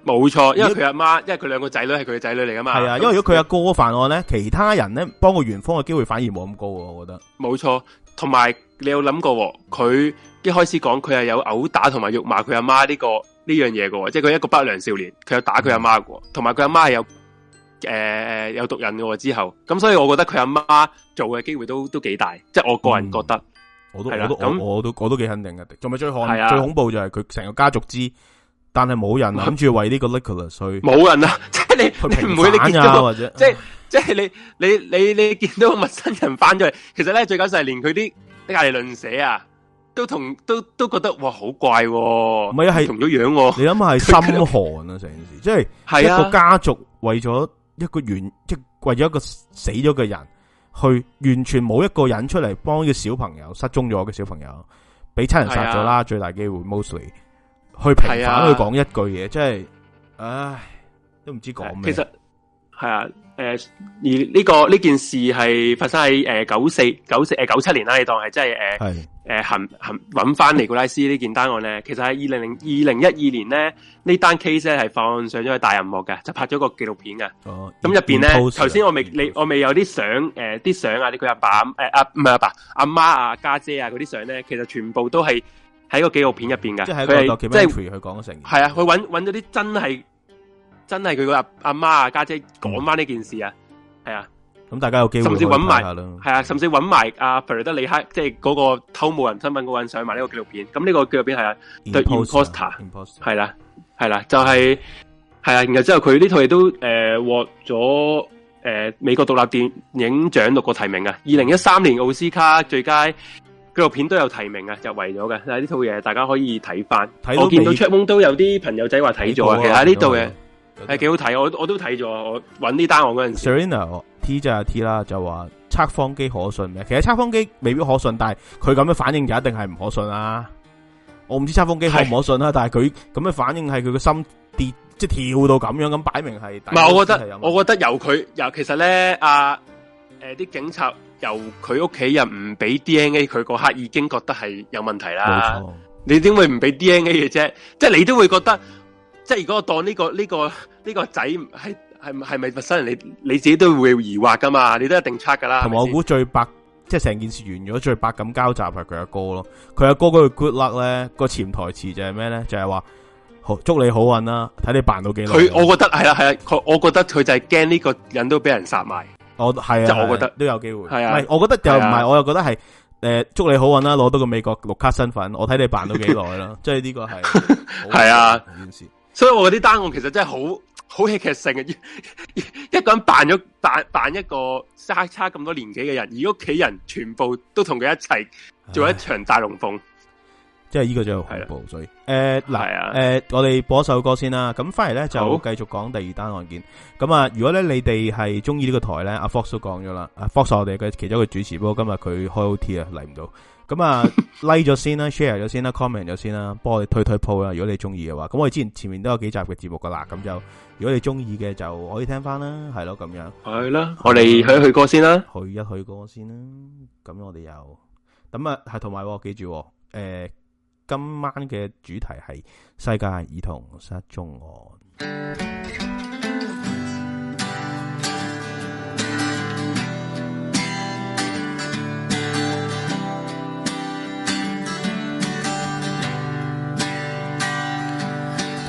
Speaker 1: 冇錯，因為佢阿
Speaker 2: 媽，因為佢兩個仔女係佢嘅仔女嚟噶嘛。係啊，因為如果佢阿
Speaker 1: 哥,哥犯案咧，其他人咧幫個元芳
Speaker 2: 嘅機會反而冇咁高啊，我覺得。冇錯，同埋你有諗過佢一開始講佢係有毆打同埋辱罵佢阿媽呢個呢樣嘢嘅，即係佢一個不良少年，佢有打佢阿媽，同埋佢阿媽係有誒有,、呃、有毒癮嘅之後，咁所以我覺得佢阿媽做嘅機會都都幾大，即、就、係、是、我個人覺得。嗯、我都、啊、我都、啊、我
Speaker 1: 都我都幾肯定嘅，仲咪最恐、啊、最恐怖就係佢成個家族之。但係冇人諗住為呢個 liquid 稅，
Speaker 2: 冇人啊！即係你，你唔會你見到或者，即係即係你你你你見到個陌生人翻咗嚟，其實咧最搞笑係連佢啲隔籬鄰舍啊，都同都都覺得哇好怪，唔係係同咗樣，
Speaker 1: 你諗下係心寒啦，成件事，即係一個家族爲咗一個完，即係爲咗一個死咗嘅人，去完全冇一個人出嚟幫個小朋友失蹤咗嘅小朋友，俾親人殺咗啦，最大機會 mostly。去評反、啊、去講一句嘢，
Speaker 2: 即係，唉，都唔知講咩、啊呃這個呃呃呃呃。其實係啊 20,，誒，而呢個呢件事係發生喺誒九四九四誒九七年啦，你當係真係誒，係誒，尋尋揾翻尼古拉斯呢件單案咧。其實喺二零零二零一二年咧，呢單 case 咧係放上咗去大銀幕嘅，就拍咗個紀錄片嘅。咁入邊咧，頭、哦、先、呃、我未、呃、你我未有啲相誒，啲、呃、相啊，你佢阿爸誒唔係阿爸阿媽啊，家、啊啊啊啊、姐，姐啊嗰啲相咧、啊，其實全部都係。喺個紀錄片入邊嘅，佢係即係佢講成，係、就是、啊，佢揾咗啲真係真係佢個阿阿媽啊家姐講翻呢件事啊，係啊，
Speaker 1: 咁大家有機會甚至揾
Speaker 2: 埋，係啊，甚至揾埋阿弗雷德里克即係嗰個偷墓人身份嗰個人上埋呢個紀錄片，咁呢個紀錄片係啊，The Imposter 係啦係啦，就係、是、係啊，然後之後佢呢套嘢都誒獲咗誒美國獨立電影獎六個提名啊，二零一三年奧斯卡最佳，紀錄片都有提名嘅，入圍咗嘅，但係呢套嘢大家可以睇翻。我見到 c h a c k 都有啲朋友仔話睇咗啊，其實呢度嘅係幾好睇，我我都睇咗。我揾呢單案嗰陣
Speaker 1: Serena T 就係 T 啦，就話測謊機可信咩？其實測謊機未必可信，但係佢咁嘅反應就一定係唔可信啊！我唔知測謊機可唔可信啦，但係佢咁嘅反應係佢嘅心跌，即係跳到咁樣咁，擺明係。唔係，我覺得，
Speaker 2: 我覺得由佢由其實咧，阿誒啲警察。由佢屋企人唔俾 DNA，佢嗰刻已經覺得係有問題啦。你點會唔俾 DNA 嘅啫？即係你都會覺得，即係如果我當呢、這個呢、這個呢、這個仔係係係咪陌生人，你你自己都會疑惑噶嘛？你都一定 check 㗎噶啦。同埋我估最
Speaker 1: 白，是是即係成件事完咗最白咁交集係佢阿哥咯。佢阿哥嗰句 good luck 咧，個潛台詞就係咩咧？就係、是、話祝你好運啦，睇你辦到幾耐。佢我
Speaker 2: 覺得係啦係啦，佢、啊啊、我覺得佢就係驚呢個人都俾人殺埋。
Speaker 1: 我係啊，我啊，我覺得都有機會。係，唔係？我就覺得又唔係，我又覺得係。誒，祝你好運啦，啊！攞到個美國綠卡身份，我睇你辦到幾耐啦。
Speaker 2: 即係呢個係、啊，係啊件事。所以我嗰啲單案其實真係好好戲劇性嘅。 一個人扮咗扮扮一個差差咁多年紀嘅人，而屋企人全部都同佢一齊做一場大龍鳳。
Speaker 1: 即係呢個就係恐怖，所以誒嗱，誒、呃呃呃、我哋播首歌先啦，咁翻嚟咧就繼續講第二單案件。咁啊，如果咧你哋係中意呢個台咧，阿、啊、Fox 都講咗啦，阿、啊、Fox 我哋嘅其中一個主持，不過今日佢開 OT 啊，嚟唔到。咁啊 ，like 咗先啦，share 咗先啦，comment 咗先啦，幫 我哋推推鋪啦。如果你中意嘅話，咁我哋之前前面都有幾集嘅節目噶啦，咁就如果你中意嘅就可以聽翻啦，係咯咁樣。係啦、嗯，我哋去一去歌先啦，去一去歌先啦。咁我哋又咁啊，係同埋記住誒。呃今晚嘅主題係世界兒童失蹤案。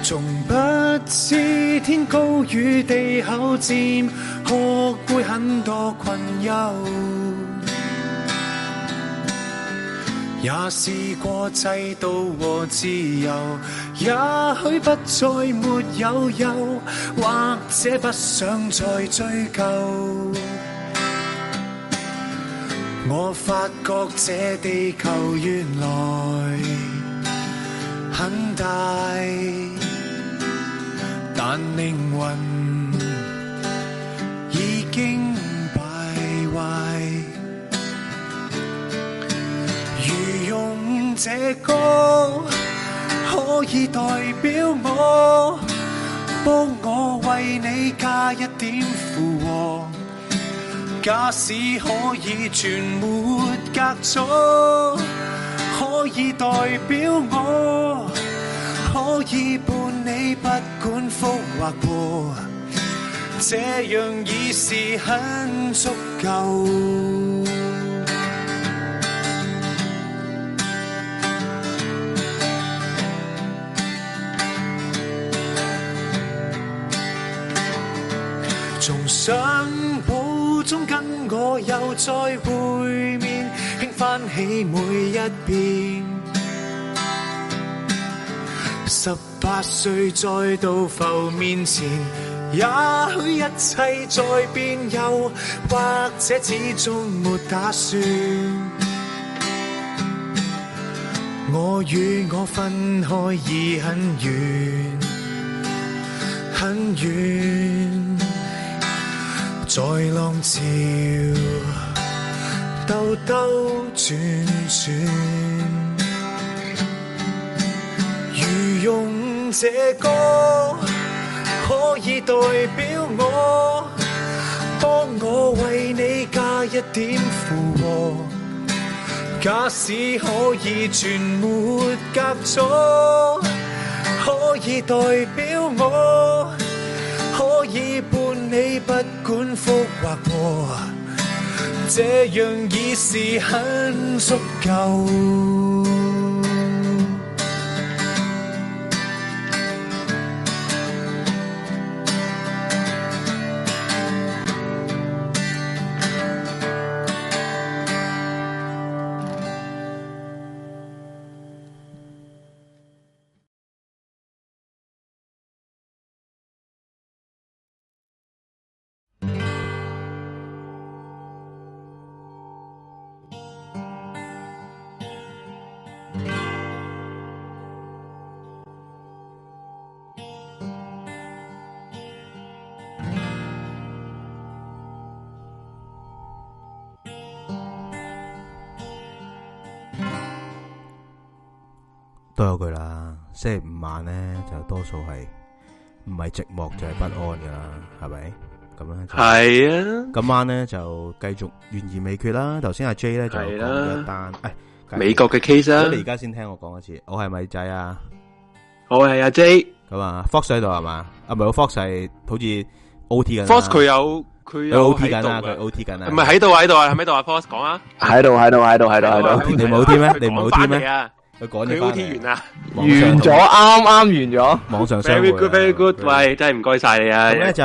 Speaker 4: 從不知天高與地厚，漸學會很多困憂。也試過制度和自由，也許不再沒有憂，或者不想再追究。我發覺這地球原來很大，但靈魂。這歌可以代表我，幫我為你加一點附和。假使可以全沒隔阻，可以代表我，可以伴你不管福或禍，這樣已是很足夠。相互中跟我又再會面，輕翻起每一遍。十八歲再到浮面前，也許一切在變又，或者始終沒打算。我與我分開已很遠，很遠。在浪潮兜兜轉轉，如用這歌可以代表我，幫我為你加一點負荷。假使可以全沒隔阻，可以代表我。可以伴你，不管福或禍，這樣已是很足夠。
Speaker 1: 都有句啦，星期五晚咧，就多數係唔係寂寞就係不安噶啦，係咪咁樣？係啊，今晚咧，就繼續懸疑未決啦。頭先阿 J 咧，就講咗一單，誒，美國嘅 case 啊。你而家先聽我講一次，我係咪仔啊？我係阿 J 咁啊，Fox 喺度係嘛？啊，唔係，Fox 係
Speaker 5: 好似 OT 緊。Fox 佢
Speaker 2: 有佢有 OT 緊啊，佢 OT 緊啊。唔係喺度啊，喺度
Speaker 5: 啊，喺度啊，Fox 講啊。喺度，喺度，喺度，喺度，喺度。你冇添咩？你冇添咩？
Speaker 2: 佢講啲好天然啊，完咗啱啱，
Speaker 5: 完咗，網上商。Very
Speaker 2: good, very good，喂，真係唔該晒你啊！咁咧就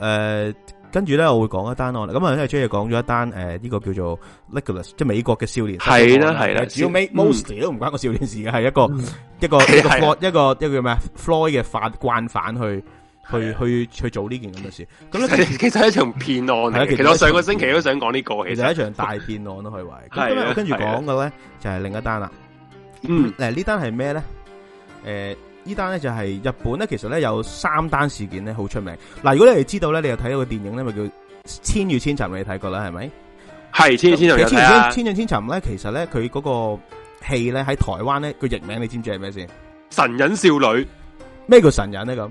Speaker 1: 誒，跟住咧我會講一單案啦。咁啊，即係今日講咗一單誒，呢個叫做 Nicholas，即係美國嘅少年。係啦係啦，只要 make mostly 都唔關個少年事嘅，係一個一個一個 fly 一個一個叫咩 Floyd 嘅法慣犯去去去去做呢件咁嘅事。咁咧其實係一場騙案嚟嘅。其實我上個星期
Speaker 2: 都想講呢個，其實係一場大騙案咯，可以話。係。咁咧我跟住講
Speaker 1: 嘅咧就係另一單啦。嗯,嗯，嗱呢、呃、單係咩咧？誒，呢單咧就係日本咧，其實咧有三單事件咧好出名。嗱、啊，如果你哋知道咧，你又睇一個電影咧咪叫《千與千尋》？你睇過啦，係咪？
Speaker 3: 係《千與千尋》。《千與、
Speaker 1: 嗯、千尋》咧，其實咧佢嗰個戲咧喺台灣咧
Speaker 2: 個譯名，你知唔知係咩先？神隱少女，咩叫神隱咧？咁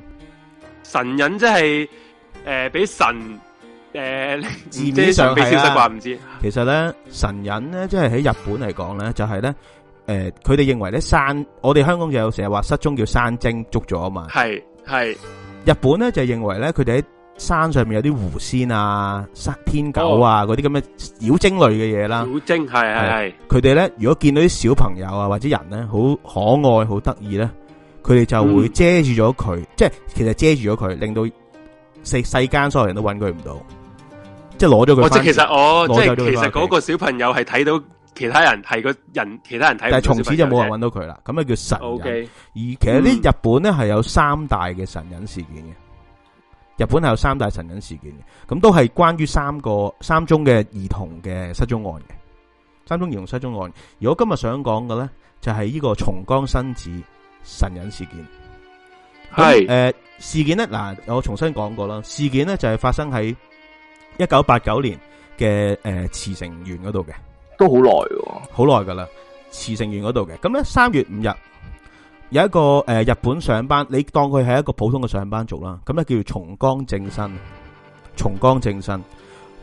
Speaker 2: 神隱即係誒，俾、呃、神誒、呃、字面上、啊、消失啩？唔知。
Speaker 1: 其實咧，神隱咧，即係喺日本嚟講咧，就係、是、咧。誒、欸，佢哋認為咧山，我哋香港就有成日話失蹤叫山精捉咗啊嘛。係係，日本咧就認為咧，佢哋喺山上面有啲狐仙啊、塞天狗啊嗰啲咁嘅妖精類嘅嘢啦。妖精係係，佢哋咧如果見到啲小朋友啊或者人咧好可愛、好得意咧，佢哋就會遮住咗佢、嗯，即係其實遮住咗佢，令到世世間所有人都搵佢唔到他，即係攞咗佢翻。即係其實我即係其實嗰
Speaker 2: 個小朋友係睇到。其他人係個人，其他人睇，但係從此就冇人揾
Speaker 1: 到佢啦。咁啊叫神隱，okay. 而其實呢，日本咧係有三大嘅神隱事件嘅。嗯、日本係有三大神隱事件嘅，咁都係關於三個三宗嘅兒童嘅失蹤案嘅。三宗兒童失蹤案，如果今日想講嘅咧，就係、是、呢個松岡伸矢神隱事件。係誒、呃、事件咧嗱、呃，我重新講過啦。事件咧就係發生喺一九八九年嘅誒、呃、慈城縣嗰度嘅。都好耐，好耐噶啦，慈城縣嗰度嘅。咁咧三月五日有一個誒、呃、日本上班，你當佢係一個普通嘅上班族啦。咁咧叫松岡正新，松岡正新，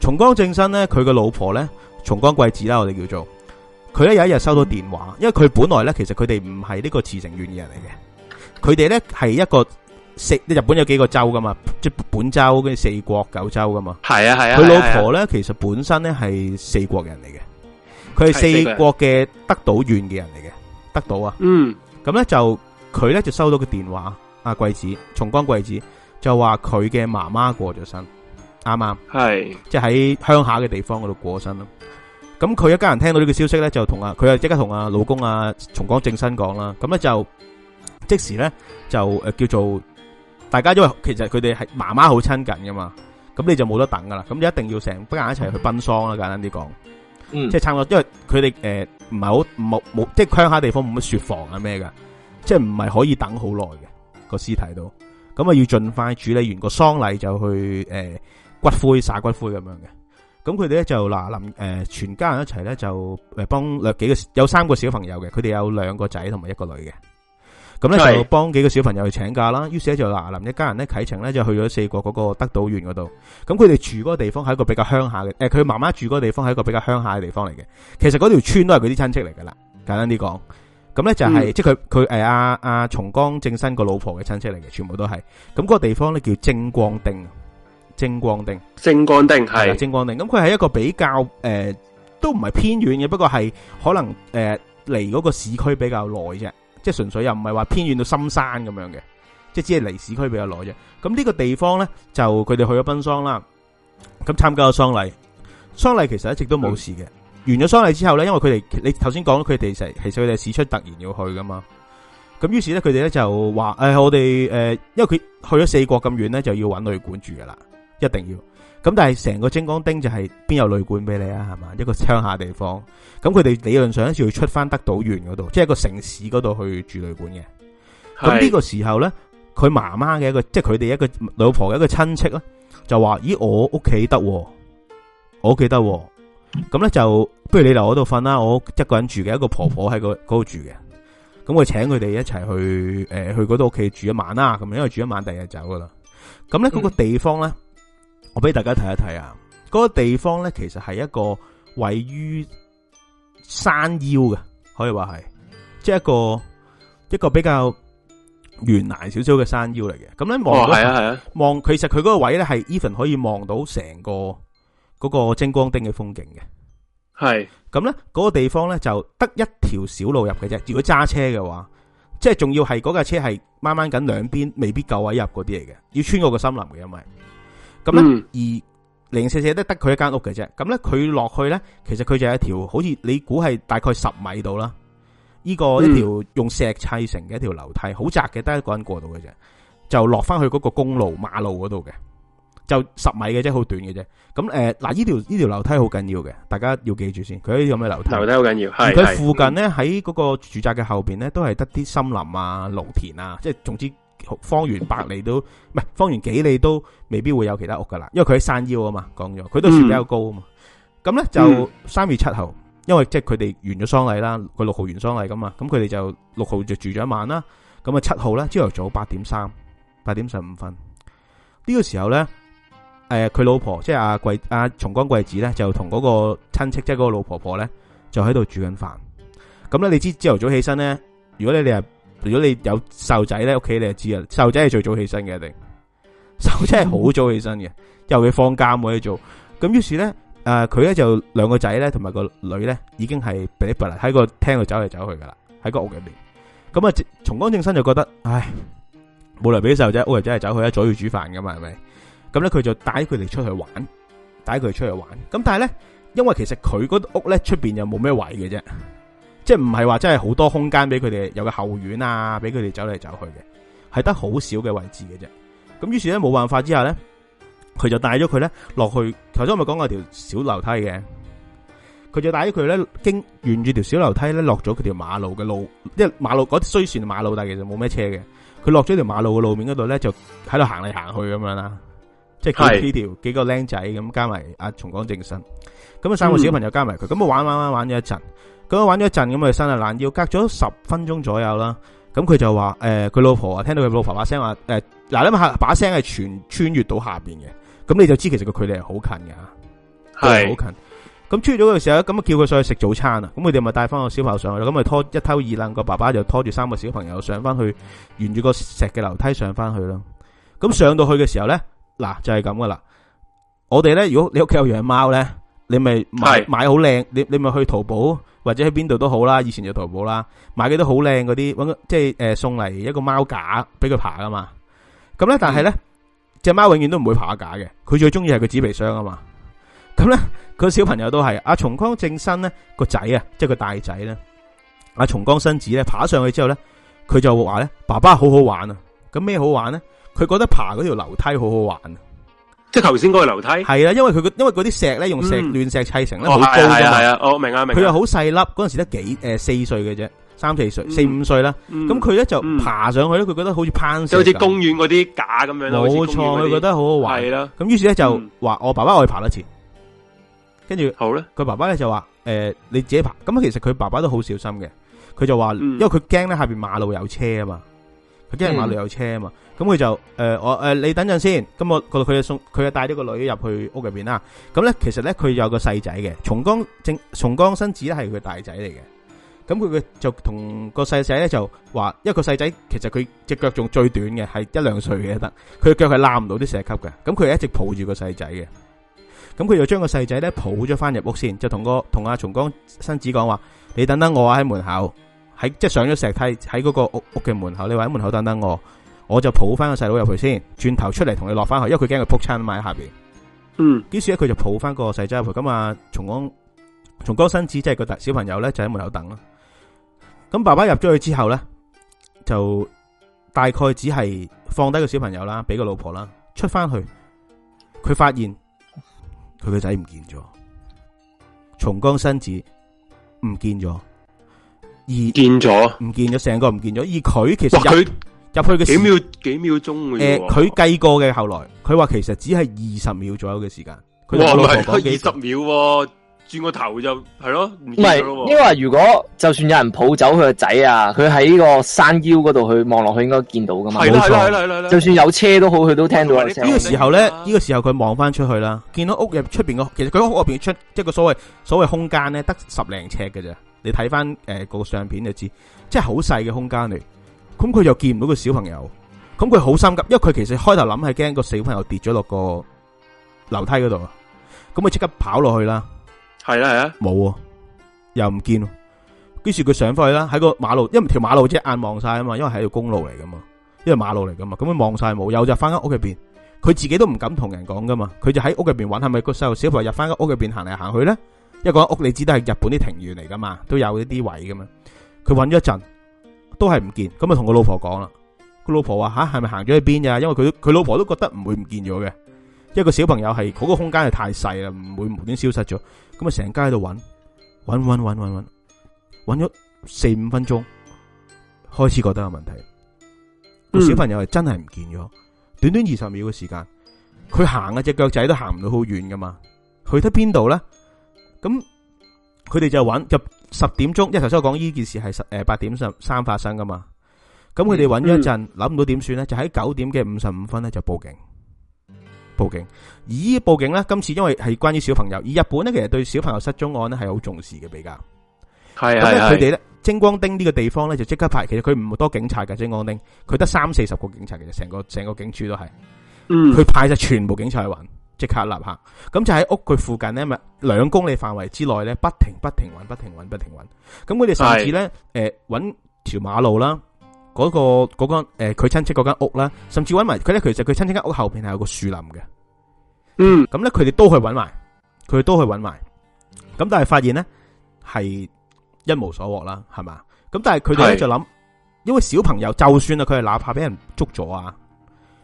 Speaker 1: 松岡正新咧佢嘅老婆咧松岡貴子啦，我哋叫做佢咧有一日收到電話，因為佢本來咧其實佢哋唔係呢個慈城縣嘅人嚟嘅，佢哋咧係一個四日本有幾個州噶嘛，即係本州跟四國九州噶嘛，係啊係啊。佢、啊、老婆咧、啊啊、其實本身咧係四國人嚟嘅。佢係四國嘅德島縣嘅人嚟嘅，德島啊，嗯，咁咧就佢咧就收到個電話，阿、啊、貴子松岡貴子就話佢嘅媽媽過咗身，啱啱？係，即係喺鄉下嘅地方嗰度過身咯。咁佢一家人聽到呢個消息咧，就同啊，佢啊即刻同阿老公啊松岡正新講啦。咁咧就即時咧就誒、呃、叫做大家因為其實佢哋係媽媽好親近噶嘛，咁你就冇得等噶啦，咁就一定要成班人一齊去奔喪啦、嗯，簡單啲講。即係撐落，因為佢哋誒，唔係好冇冇，即係鄉下地方冇乜雪房啊咩噶即係唔係可以等好耐嘅，個屍體到咁啊，要盡快處理完個喪禮就去誒、呃、骨灰撒骨灰咁樣嘅，咁佢哋咧就嗱臨誒全家人一齊咧就誒幫掠幾個有三個小朋友嘅，佢哋有兩個仔同埋一個女嘅。咁咧就幫幾個小朋友去請假啦，於是咧就牙林一家人咧啟程咧就去咗四國嗰個德島縣嗰度。咁佢哋住嗰個地方係一個比較鄉下嘅，誒、呃，佢媽媽住嗰個地方係一個比較鄉下嘅地方嚟嘅。其實嗰條村都係佢啲親戚嚟噶啦，簡單啲講。咁咧就係、是嗯、即係佢佢誒阿阿松岡正新個老婆嘅親戚嚟嘅，全部都係。咁、那、嗰個地方咧叫貞光町，貞光町，
Speaker 2: 貞光町係貞
Speaker 1: 光町。咁佢係一個比較誒、呃、都唔係偏遠嘅，不過係可能誒離、呃、個市區比較耐啫。即係純粹又唔係話偏遠到深山咁樣嘅，即係只係離市區比較耐啫。咁呢個地方咧，就佢哋去咗奔喪啦。咁參加咗喪禮，喪禮其實一直都冇事嘅。完咗喪禮之後咧，因為佢哋你頭先講咗佢哋其實其實佢哋係市出突然要去噶嘛。咁於是咧，佢哋咧就話誒、哎，我哋誒、哎，因為佢去咗四國咁遠咧，就要揾旅館住噶啦，一定要。咁但係成個精光丁就係邊有旅館俾你啊？係嘛，一個鄉下地方。咁佢哋理論上一次要出翻德島縣嗰度，即係一個城市嗰度去住旅館嘅。咁呢個時候咧，佢媽媽嘅一個，即係佢哋一個老婆嘅一個親戚咧，就話咦，我屋企得，我屋企得。咁咧就不如你留我度瞓啦，我一個人住嘅，一個婆婆喺嗰度住嘅。咁我請佢哋一齊去誒、呃、去嗰度屋企住一晚啦。咁因為住一晚第二日走噶啦。咁咧嗰個地方咧。嗯我俾大家睇一睇啊！嗰、嗰個地方咧，其實係一個位於山腰嘅，可以話係即係一個一個比較懸崖少少嘅山腰嚟嘅。咁咧望，係啊係啊，望、啊、其實佢嗰個位咧係 even 可以望到成個嗰個晶光丁嘅風景嘅。係咁咧，嗰、嗰個地方咧就得一條小路入嘅啫。如果揸車嘅話，即係仲要係嗰架車係掹掹緊兩邊，未必夠位入嗰啲嚟嘅，要穿過個森林嘅，因為。咁、嗯、咧，而零四四都得佢一間屋嘅啫。咁咧，佢落去咧，其實佢就一條好似你估係大概十米度啦。依、這個一條用石砌成嘅一條樓梯，好窄嘅，得一個人過到嘅啫。就落翻去嗰個公路馬路嗰度嘅，就十米嘅啫，好短嘅啫。咁誒、嗱、呃，依條依條樓梯好緊要嘅，大家要記住先。佢呢有咩樓梯？樓梯好緊要，係。而佢附近咧喺嗰個住宅嘅後邊咧，都係得啲森林啊、農田啊，即、就、係、是、總之。方圓百里都唔係，方圓幾里都未必會有其他屋噶啦，因為佢喺山腰啊嘛，講咗，佢都算比較高啊嘛。咁、嗯、咧就三月七號，因為即係佢哋完咗喪禮啦，佢六號完喪禮噶嘛，咁佢哋就六號就住咗一晚啦，咁啊七號啦朝頭早八點三八點十五分呢、這個時候咧，誒、呃、佢老婆即係阿貴阿松江貴子咧就同嗰個親戚即係嗰個老婆婆咧就喺度煮緊飯。咁咧你知朝頭早起身咧，如果你係。如果你有細路仔咧，屋企你就知啦。細路仔係最早起身嘅，一定。細路仔係好早起身嘅，又佢放假冇嘢做。咁於是咧，誒佢咧就兩個仔咧同埋個女咧已經係噼里啪啦喺個廳度走嚟走去噶啦，喺個屋入面。咁啊，從江正生就覺得，唉，冇嚟俾細路仔屋企走嚟走去啦，早要煮飯噶嘛，係咪？咁咧佢就帶佢哋出去玩，帶佢哋出去玩。咁但係咧，因為其實佢嗰屋咧出邊又冇咩位嘅啫。即係唔係話真係好多空間俾佢哋有個後院啊，俾佢哋走嚟走去嘅，係得好少嘅位置嘅啫。咁於是咧，冇辦法之下咧，佢就帶咗佢咧落去。頭先我咪講過條小樓梯嘅，佢就帶咗佢咧經沿住條小樓梯咧落咗佢條馬路嘅路，即係馬路嗰啲雖然馬路，但其實冇咩車嘅。佢落咗一條馬路嘅路面嗰度咧，就喺度行嚟行去咁樣啦。即係呢條幾個僆仔咁加埋阿松岡伸矢咁啊三個小朋友加埋佢，咁、嗯、啊玩玩玩玩咗一陣。咁玩咗一陣，咁佢伸下懶腰，隔咗十分鐘左右啦。咁佢就話：誒、呃，佢老婆啊，聽到佢老婆把聲話，誒、呃，嗱、那個，咁下把聲係全穿越到下邊嘅。咁你就知其實個距離係好近嘅吓，係好近。咁穿越咗嗰時候，咁啊叫佢上去食早餐啊。咁佢哋咪帶翻個小朋友上去，咁咪拖一偷二楞個爸爸就拖住三個小朋友上翻去，沿住個石嘅樓梯上翻去啦。咁上到去嘅時候咧，嗱就係咁噶啦。我哋咧，如果你屋企有養貓咧，你咪買買好靚，你你咪去淘寶。或者喺邊度都好啦，以前有淘寶啦，買幾多好靚嗰啲，即係誒送嚟一個貓架俾佢爬㗎嘛，咁咧但係咧隻貓永遠都唔會爬架嘅，佢最中意係個紙皮箱啊嘛，咁咧佢小朋友都係阿松岡正新咧個仔啊，即係個大仔咧，阿松岡伸矢咧爬上去之後咧，佢就會話咧爸爸好好玩啊，咁咩好玩咧？佢覺得爬嗰條樓梯好好玩。
Speaker 2: 即係頭先嗰個樓梯
Speaker 1: 係啊，因為佢因為嗰啲石咧用石亂、嗯、石砌成咧好高啫嘛。我、哦啊啊啊哦、明白啊，
Speaker 2: 明白啊。佢又好
Speaker 1: 細粒，嗰陣時得幾誒四歲嘅啫，三四歲四五歲啦。咁佢咧就爬上去咧，佢、嗯、覺得好似攀石，好似公
Speaker 2: 園嗰啲架咁樣。冇錯，佢覺得
Speaker 1: 好好玩。係咁於是咧、啊、就話「我爸爸我以爬得前。」跟住好咧。佢爸爸咧就話誒、呃、你自己爬。咁其實佢爸爸都好小心嘅，佢就話、嗯、因為佢驚咧下邊馬路有車啊嘛。佢驚係馬路有車啊嘛，咁佢就誒、呃，我誒、呃，你等陣先，咁我佢就送，佢就帶咗個女入去屋入邊啦。咁咧，其實咧佢有個細仔嘅，松岡正松岡伸矢係佢大仔嚟嘅。咁佢就同個細仔咧就話，因為個細仔其實佢隻腳仲最短嘅，係一兩歲嘅得，佢嘅腳係攬唔到啲石級嘅。咁佢一直抱住個細仔嘅，咁佢就將個細仔咧抱咗翻入屋先，就同、個同阿松岡伸矢講話：，你等等我喺門口。喺即係上咗石梯，喺嗰個屋屋嘅門口，你話喺門口等等我，我就抱翻個細佬入去先，轉頭出嚟同你落翻去，因為佢驚佢仆親埋喺下邊。嗯，於是咧佢就抱翻個細仔入去，咁啊，松岡松岡伸矢即係、就是、個小朋友咧就喺門口等啦。咁爸爸入咗去之後咧，就大概只係放低個小朋友啦，俾個老婆啦，出翻去，佢發現佢個仔唔見咗，松岡伸矢唔見咗。而見咗，唔見咗，成個唔見咗。而佢其實入入去嘅幾秒幾
Speaker 2: 秒鐘佢、啊
Speaker 1: 呃、計過嘅後來，
Speaker 5: 佢話其實只係二十秒左右嘅時間。哇，佢二十
Speaker 2: 秒，轉個頭就係咯，唔見咗。唔係，因為
Speaker 5: 如果就算有人抱走佢個仔啊，佢喺呢個山腰嗰度去望落去，應該見到噶嘛。係啦，係啦，係啦，就算有車都好，佢都聽到呢、呢個時候咧，呢、呢個時候佢望翻出去啦，
Speaker 1: 見到屋入出面個，其實佢屋外面出即係個所謂所謂空間咧，得十零尺嘅啫。你睇翻誒個相片就知，即係好細嘅空間嚟，咁佢就見唔到個小朋友，咁佢好心急，因為佢其實開頭諗係驚個小朋友跌咗落個樓梯嗰度啊，咁佢即刻跑落去啦，
Speaker 2: 係啦係啊，
Speaker 1: 冇啊，又唔見，跟住佢上翻去啦，喺個馬路，因為條馬路即係眼望晒啊嘛，因為係條公路嚟噶嘛，因為馬路嚟噶嘛，咁佢望晒冇有，就翻間屋入邊，佢自己都唔敢同人講噶嘛，佢就喺屋入邊揾係咪個細路小朋友入翻間屋入邊行嚟行去咧。一個屋你知都係日本啲庭園嚟噶嘛，都有一啲位噶嘛。佢揾咗一陣，都係唔見。咁啊，同個老婆講啦，個老婆話吓係咪行咗去邊呀？因為佢佢老婆都覺得唔會唔見咗嘅，因為一個小朋友係嗰、那個空間係太細啦，唔會無端消失咗。咁啊，成街喺度揾，揾揾揾揾揾，揾咗四五分鐘，開始覺得有問題。個、嗯、小朋友係真係唔見咗，短短二十秒嘅時間，佢行啊隻腳仔都行唔到好遠噶嘛，去得邊度咧？咁佢哋就揾入十點鐘，因為頭先我講呢件事係十誒八點十三發生噶嘛。咁佢哋揾咗一陣諗唔到點算咧，就喺九點嘅五十五分咧就報警。報警而呢報警咧，今次因為係關於小朋友，而日本咧其實對小朋友失蹤案咧係好重視嘅比較。係啊，咁咧佢哋咧，貞光町呢個地方咧就即刻派，其實佢唔多警察嘅貞光町，佢得三四十個警察，其實成個成個警署都係，嗯，佢派晒全部警察去揾。即刻立下，咁就喺屋佢附近咧，咪兩公里範圍之內咧，不停不停搵，不停搵，不停搵。咁佢哋甚至咧，誒搵條馬路啦，嗰個嗰間誒佢親戚嗰間屋啦，甚至搵埋佢咧。其實佢親戚間屋後邊係有個樹林嘅，嗯呢，咁咧佢哋都去搵埋，佢哋都去搵埋。咁但係發現咧，係一無所獲啦，係嘛？咁但係佢哋咧就諗，因為小朋友就算啊，佢係哪怕俾人捉咗啊。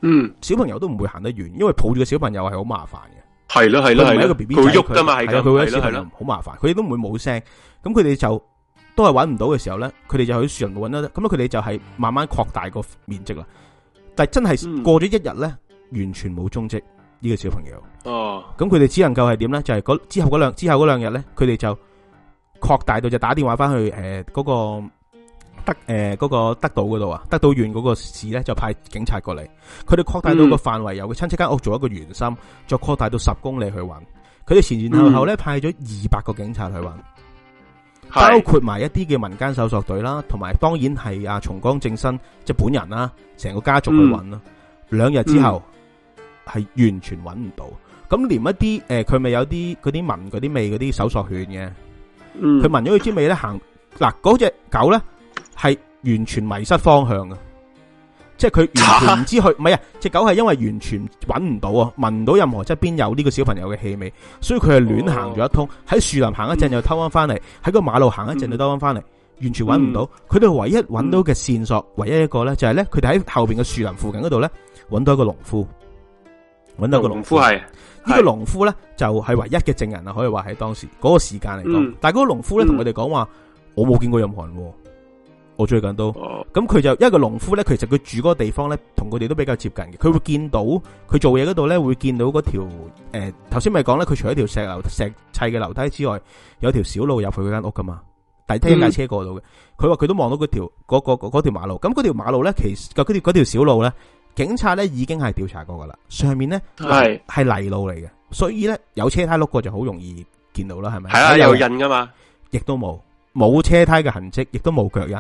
Speaker 1: 嗯，小朋友都唔會行得遠，因為抱住個小朋友係好麻煩嘅，
Speaker 2: 係咯，係咯，係一個 BB，佢會喐噶嘛係啊，佢喺樹上好
Speaker 1: 麻煩，佢哋都唔會冇聲，咁佢哋就都係揾唔到嘅時候咧，佢哋就喺樹上冇揾得，咁佢哋就係慢慢擴大個面積啦，但係真係過咗一日咧，完全冇蹤跡呢個小朋友哦，咁佢哋只能夠係點咧，就係之後嗰兩之後兩日咧，佢哋就擴大到就打電話翻去誒嗰個。得誒，嗰、呃那個德島嗰度啊，德島縣個市咧就派警察過嚟，佢哋擴大到個範圍由佢親戚間屋做一個圓心，再擴大到十公里去揾。佢哋前前後後咧、嗯、派咗二百個警察去揾，
Speaker 4: 包括
Speaker 1: 埋一啲嘅民間搜索隊啦，同埋當然係阿松岡伸矢即係本人啦，成個家族去揾啦。兩、嗯、日之後係、嗯、完全揾唔到，咁連一啲誒，佢、呃、咪有啲嗰啲聞嗰啲味嗰啲搜索犬嘅，佢聞咗佢啲味咧行嗱嗰隻狗咧。係完全迷失方向的是他啊，即係佢完全唔知去唔係啊！隻狗係因為完全搵唔到啊，聞唔到任何側邊有呢個小朋友嘅氣味，所以佢係亂行咗一通，喺、哦、樹林行一陣、嗯、又偷翻翻嚟，喺個馬路行一陣、嗯、又偷翻翻嚟，完全搵唔到。佢、嗯、哋唯一搵到嘅線索、嗯，唯一一個咧就係咧，佢哋喺後邊嘅樹林附近嗰度咧搵到一個農夫，搵到一個農夫係。呢、這個農夫咧就係唯一嘅證人啊！可以話喺當時嗰、那個時間嚟講，但係嗰個農夫咧同佢哋講話，我冇見過任何人。我最近都，咁佢就一個農夫咧，其實佢住嗰個地方咧，同佢哋都比較接近嘅。佢會見到佢做嘢嗰度咧，會見到嗰條誒，頭先咪講咧，佢除咗條石樓石砌嘅樓梯之外，有條小路入去佢間屋噶嘛。但係聽架車過、嗯、他他到嘅，佢話佢都望到嗰條嗰條馬路。咁嗰條馬路咧，其實嗰條嗰條小路咧，警察咧已經係調查過噶啦。上面咧係係泥路嚟嘅，所以咧有車胎碌過就好容易見到啦，係咪？係啊，有印噶嘛？亦都冇冇車胎嘅痕跡，亦都冇腳印。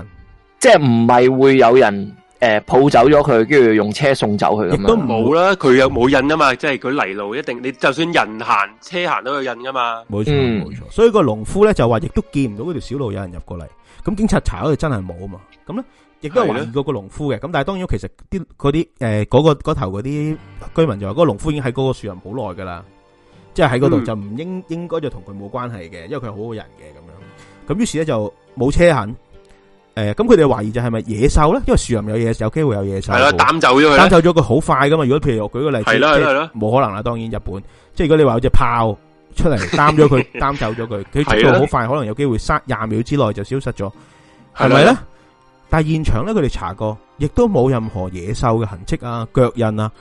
Speaker 5: 即係唔係會有人誒抱走咗佢，跟住用車送走佢咁樣？亦都冇啦，佢又冇印啊嘛？即係佢嚟路一定，你就算人行、
Speaker 2: 車行都有印噶嘛？冇錯，冇錯。
Speaker 5: 所以
Speaker 1: 個農夫咧就話，亦都見唔到嗰條小路有人入過嚟。咁警察查到真係冇啊嘛？咁咧亦都懷疑過個農夫嘅。咁但係當然，其實啲嗰啲誒嗰個嗰頭嗰啲居民就話，嗰個農夫已經喺嗰個樹林好耐噶啦，即係喺嗰度就唔應應該就同佢冇關係嘅，因為佢係好好人嘅咁樣。咁於是咧就冇車痕。誒、嗯，咁佢哋懷疑就係咪野獸咧？因為樹林有野獸，有機會有野獸。係啦，擔走咗佢，擔走咗佢好快噶嘛？如果譬如我舉個例子啦，係啦，冇可能啦，當然日本。即係如果你話有隻豹出嚟擔咗佢，擔 走咗佢，佢速度好快，可能有機會三廿秒之內就消失咗，係咪咧？但係現場咧，佢哋查過，亦都冇任何野獸嘅痕跡啊、腳印啊，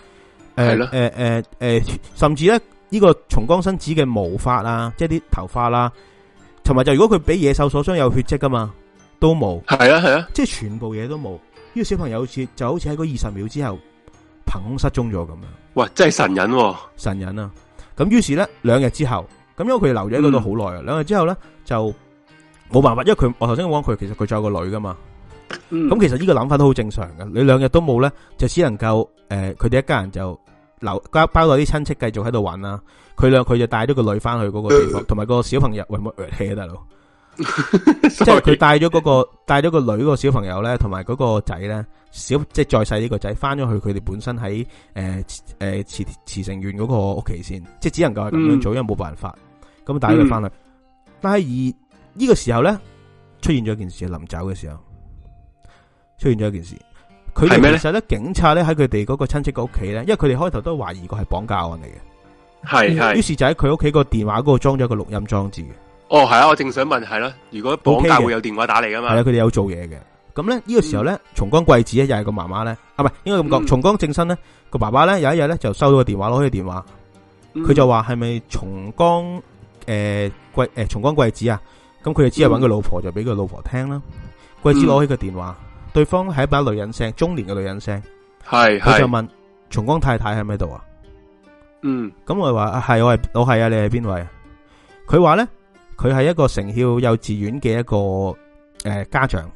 Speaker 1: 誒誒誒甚至咧呢、這個松岡伸矢嘅毛髮啊，即係啲頭髮啦、啊，同埋就如果佢俾野獸所傷有血跡噶嘛？都冇，係啊係啊，即係全部嘢都冇。呢、這個小朋友似就好似喺個二十秒之後憑空失蹤咗咁樣。
Speaker 2: 喂，真係神隱、哦，
Speaker 1: 神隱啊！咁於是咧，兩日之後，咁因為佢留咗喺嗰度好耐啊。兩、嗯、日之後咧，就冇辦法，因為佢我頭先講佢其實佢仲有個女噶嘛。
Speaker 3: 咁、嗯、其
Speaker 1: 實呢個諗法都好正常嘅。你兩日都冇咧，就只能夠誒，佢、呃、哋一家人就留包包落啲親戚繼續喺度揾啦。佢兩佢就帶咗個女翻去嗰個地方，同、呃、埋個小朋友為乜越起啊大佬？ 即係佢帶咗嗰個帶咗 個女個小朋友咧，同埋嗰個仔咧，小即係再細呢個仔翻咗去佢哋本身喺誒誒慈慈城縣嗰個屋企先，即係只能夠係咁樣做，因為冇辦法，咁帶佢翻去。嗯、但係而呢個時候咧，出現咗一件事，臨走嘅時候出現咗一件事，佢哋其實咧警察咧喺佢哋嗰個親戚個屋企咧，因為佢哋開頭都懷疑過係綁架案嚟
Speaker 3: 嘅，係係，於是
Speaker 1: 就喺佢屋企個電話嗰度裝咗個錄音裝置嘅。
Speaker 2: 哦，係啊！我正想問，係咯，如果綁架會有電話打嚟噶嘛？係啊，佢哋
Speaker 1: 有做嘢嘅。咁咧呢、這個時候咧，松、嗯、岡貴子咧又係個媽媽咧。啊，唔係，應該咁講，松、嗯、岡正新咧個爸爸咧有一日咧就收到個電話，攞起，嗯呃呃啊嗯、起個電話，佢就話係咪松岡誒貴誒松岡貴子啊？咁佢就只係搵佢老婆，就俾佢老婆聽啦。貴子攞起個電話，對方係一把女人聲，中年嘅女人聲，
Speaker 3: 係佢就
Speaker 1: 問松岡太太喺唔喺度啊？嗯，咁我哋話係我係老係啊，你係邊位、啊？佢話咧。佢係一個成曉幼稚園嘅一個誒、呃、家長，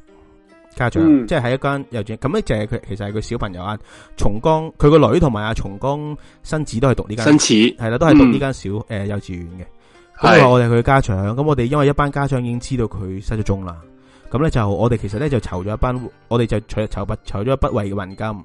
Speaker 1: 家長、嗯、即係喺一間幼稚園咁咧，就係佢其實係佢小朋友啊，松岡佢個女同埋阿松岡伸矢都係讀呢間，伸矢係啦，都係讀呢間小誒、嗯呃、幼稚園嘅。咁我哋佢家長，咁我哋因為一班家長已經知道佢失咗蹤啦，咁咧就我哋其實咧就籌咗一班，我哋就取籌筆籌咗一筆位嘅慰問金。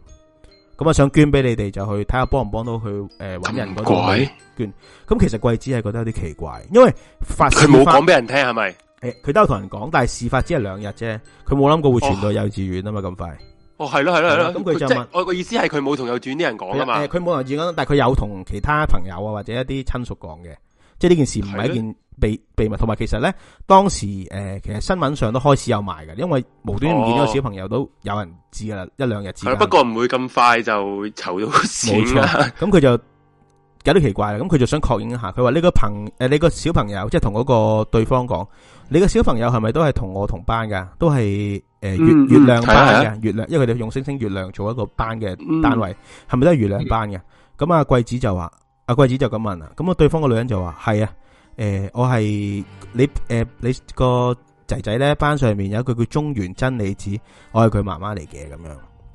Speaker 1: 咁啊，想捐俾你哋就去睇下，幫唔幫到去誒揾人嗰度捐。咁其實貴子係覺得有啲奇怪，因為
Speaker 3: 發佢冇講
Speaker 1: 俾人聽係咪？誒，佢、欸、都有同人講，但係事發只係兩日啫，佢冇諗過會傳到幼稚園啊嘛，咁、哦、快。
Speaker 2: 哦，係咯，係咯，係咯。咁佢就問，我個意思係佢冇同幼稚園啲人講啊嘛。誒，佢冇同幼稚園，但係佢有
Speaker 1: 同其他朋友啊或者一啲親屬講嘅。即係呢件事唔係一件秘密秘密，同埋其實咧，當時誒、呃，其實新聞上都開始有埋嘅，因為無端端唔見呢個小朋友都有人知噶啦、哦，一兩日之間。不
Speaker 2: 過唔會咁快就籌到錢啦。冇錯，咁佢
Speaker 1: 就有啲奇怪啦，咁佢就想確認一下，佢話呢個朋誒，呢個小朋友即係同嗰個對方講，你個小朋友係咪都係同我同班噶？都係誒月、嗯、月亮班嘅月亮，因為佢哋用星星月亮做一個班嘅單位，係咪都係月亮班嘅？咁、嗯、啊，貴子就話。阿貴子就咁問啦，咁啊，對方個女人就話係啊，誒，我係你誒，你個仔仔咧班上面有一句叫中原真理子，我係佢媽媽嚟嘅咁樣。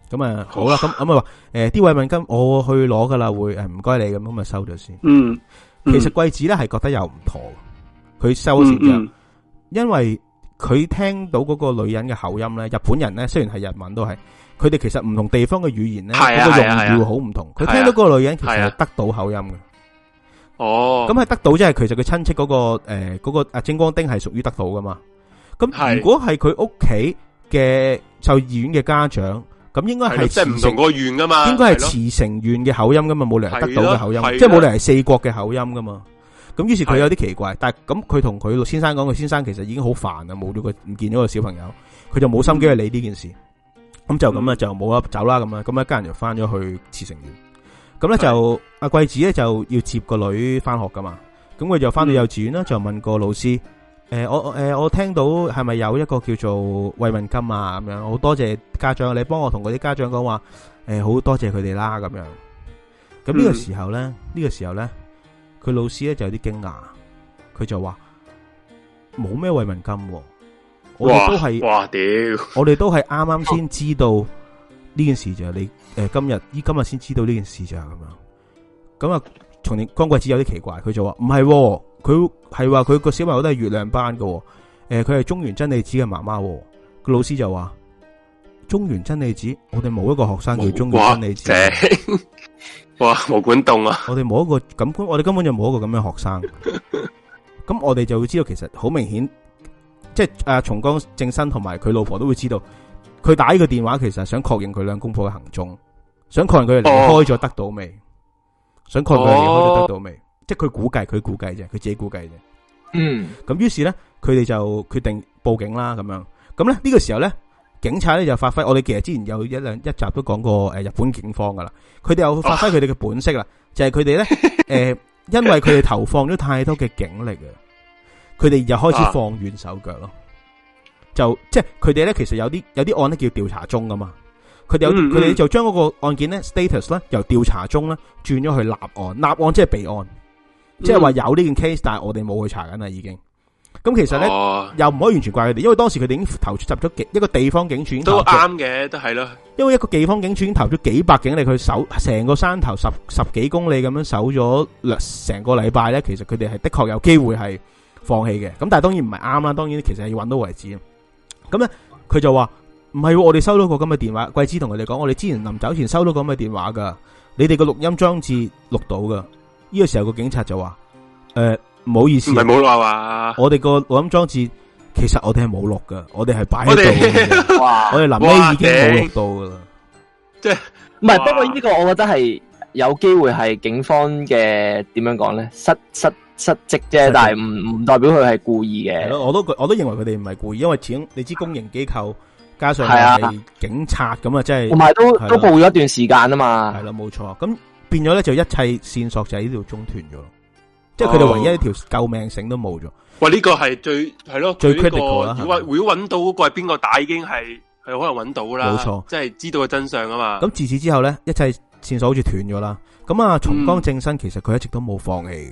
Speaker 1: 咁啊好啦，咁咁啊話誒啲慰問金我去攞噶啦，會誒唔該你咁咁啊收咗先。嗯，其實貴子咧係覺得又唔妥，佢收咗之後，因為佢聽到嗰個女人嘅口音咧，日本人咧雖然係日文都係，佢哋其實唔同地方嘅語言咧，個用語好唔同，佢聽到個女人其實係得到口音嘅。哦，咁係得到即係其實佢親戚嗰、嗰個誒嗰、呃嗰個阿精光丁係屬於得到噶嘛？咁如果係佢屋企嘅就醫院嘅家長，咁應該係即係唔同個院噶嘛？應該係慈城院嘅口音噶嘛？冇理由得到嘅口音，即係冇理由係四國嘅口音噶嘛？咁於是佢有啲奇怪，但係咁佢同佢先生講，佢先生其實已經好煩啦，冇咗個唔見咗個小朋友，佢就冇心機去理呢件事。咁、嗯、就咁啊，就冇啦走啦咁啊，咁一家人就翻咗去慈城院。咁咧就阿貴子咧就要接個女翻學噶嘛，咁佢就翻到幼稚園啦、嗯，就問個老師，誒、欸、我誒、欸、我聽到係咪有一個叫做慰問金啊咁樣，好多謝家長，你幫我同嗰啲家長講話，誒好多謝佢哋啦咁樣。咁呢個時候咧，呢、嗯這個時候咧，佢老師咧就有啲驚訝，佢就話冇咩慰問金、啊，我哋都係，哇
Speaker 2: 屌，我
Speaker 1: 哋都係啱啱先知道呢件事就係你。誒，今日依今日先知道呢件事就咁樣，咁、嗯、啊，松田光貴子有啲奇怪，佢就話唔係，佢係話佢個小朋友都係月亮班噶、哦，誒、嗯，佢係中原真理子嘅媽媽，個老師就話中原真理子，我哋冇一個學生叫中原真理子，
Speaker 2: 哇，毛管戙啊！
Speaker 1: 我哋冇一個感官，我哋根本就冇一個咁樣嘅學生，咁我哋就會知道其實好明顯，即係阿松江正生同埋佢老婆都會知道，佢打呢個電話其實想確認佢兩公婆嘅行蹤。想確認佢離開咗得到未？想確認佢離開咗得到未，哦？即係佢估計，佢估計啫，佢自己估計啫。嗯。咁於是咧，佢哋就決定報警啦。咁樣，咁咧呢個時候咧，警察咧就發揮，我哋其實之前有一兩一集都講過誒、呃，日本警方噶啦，佢哋又發揮佢哋嘅本色啦，哦，就係佢哋咧誒，因為佢哋投放咗太多嘅警力啊，佢 哋就開始放軟手腳咯，就即係佢哋咧，其實有啲有啲案咧叫調查中噶嘛。
Speaker 4: 佢哋有佢哋就
Speaker 1: 將嗰個案件咧 status 咧由調查中咧轉咗去立案，立案即係備案，即係話有呢件 case，但係我哋冇去查緊啦已經。咁其實咧又唔可以完全怪佢哋，因為當時佢哋已經投入咗一個地方警署，都啱
Speaker 2: 嘅，都係咯。
Speaker 1: 因為一個地方警署已經投咗幾百警力去守，成個山頭十十幾公里咁樣守咗成個禮拜咧，其實佢哋係的確有機會係放棄嘅。咁但係當然唔係啱啦，當然其實係要揾到為止。咁咧佢就話。唔係、啊，我哋收到個咁嘅電話。桂之同佢哋講，我哋之前臨走前收到咁嘅電話噶。你哋個錄音裝置錄到噶。呢、這個時候個警察就話，誒、呃，唔好意思，唔係冇錄啊嘛。我哋個錄音裝置其實我哋係冇錄噶，我哋係擺喺度。
Speaker 5: 我哋臨尾已經冇錄到噶啦。即係唔係？不過呢個我覺得係有機會係警方嘅點樣講咧？失失失職啫，但係唔唔代表佢係故意嘅。係咯，我
Speaker 1: 都我都認為佢哋唔係故意，因為錢你知公營機構。加上係警察
Speaker 5: 咁啊，真係同埋都都報咗一段時間啊嘛，
Speaker 1: 係啦，冇錯。咁變咗咧，就一切線索就喺呢度中斷咗、哦，即係佢哋唯一一條救命繩都冇咗。
Speaker 5: 喂，呢、這個係
Speaker 2: 最係咯，最 critical 啦。如果揾到嗰個係邊個打，已經係係可能揾到啦。冇錯，即係知道個真相啊嘛。咁
Speaker 1: 自此之後咧，一切線索好似斷咗啦。咁啊，松岡伸矢其實佢一直都冇放棄嘅，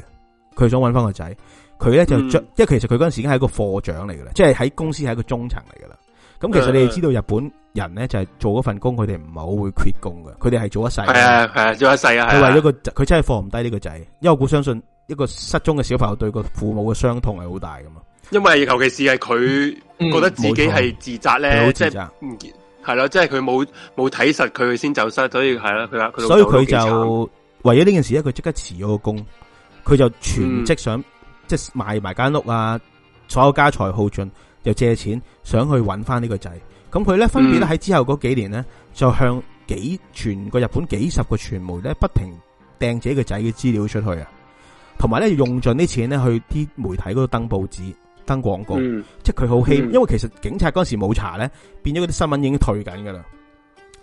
Speaker 1: 佢、嗯、想揾翻個仔。佢咧就即、嗯、因其實佢嗰陣時已經係一個課長嚟噶啦，即係喺公司係一個中層嚟噶啦。咁、嗯嗯、其實你哋知道日本人咧就係、是、做一份工，佢哋唔係好會缺工嘅，佢哋係做一世，係係、啊
Speaker 2: 啊、做一世啊！佢為咗
Speaker 1: 個佢真係放唔低呢個仔，因為我相信一個失蹤嘅小朋友對個父母嘅傷痛係好大噶嘛。
Speaker 2: 因為尤其是係佢覺得自己係自責咧，即係係即係佢冇冇睇實佢先走失，所以係啦，佢佢、啊、所以佢就
Speaker 1: 為咗呢件事咧，佢即刻辭咗個工，佢就全職想、嗯、即係賣埋間屋啊，所有家財耗盡。又借錢想去揾翻呢個仔，咁佢呢，分別咧喺之後嗰幾年呢，就向幾全個日本幾十個傳媒呢不停掟自己個仔嘅資料出去啊，同埋呢用盡啲錢呢去啲媒體嗰度登報紙、登廣告，嗯、即係佢好希，因為其實警察嗰時冇查呢，變咗嗰啲新聞已經退緊噶啦，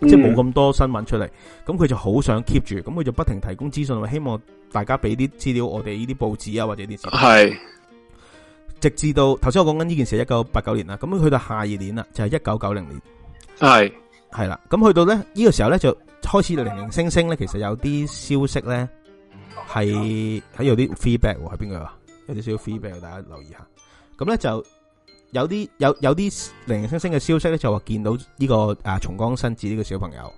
Speaker 1: 即係冇咁多新聞出嚟，咁佢就好想 keep 住，咁佢就不停提供資訊，希望大家俾啲資料我哋呢啲報紙啊，或者啲直至到頭先，剛才我講緊呢件事1989，一九八九年啦，咁去到下二年啦，就係一九九零年，係係啦，咁去到咧呢個時候咧就開始零零星星咧，其實有啲消息咧係喺有啲 feedback 喎，係邊個啊？有啲少 feedback，大家留意下。咁咧就有啲有有啲零零星星嘅消息咧，就話見到呢，這個啊松岡伸矢呢個小朋友，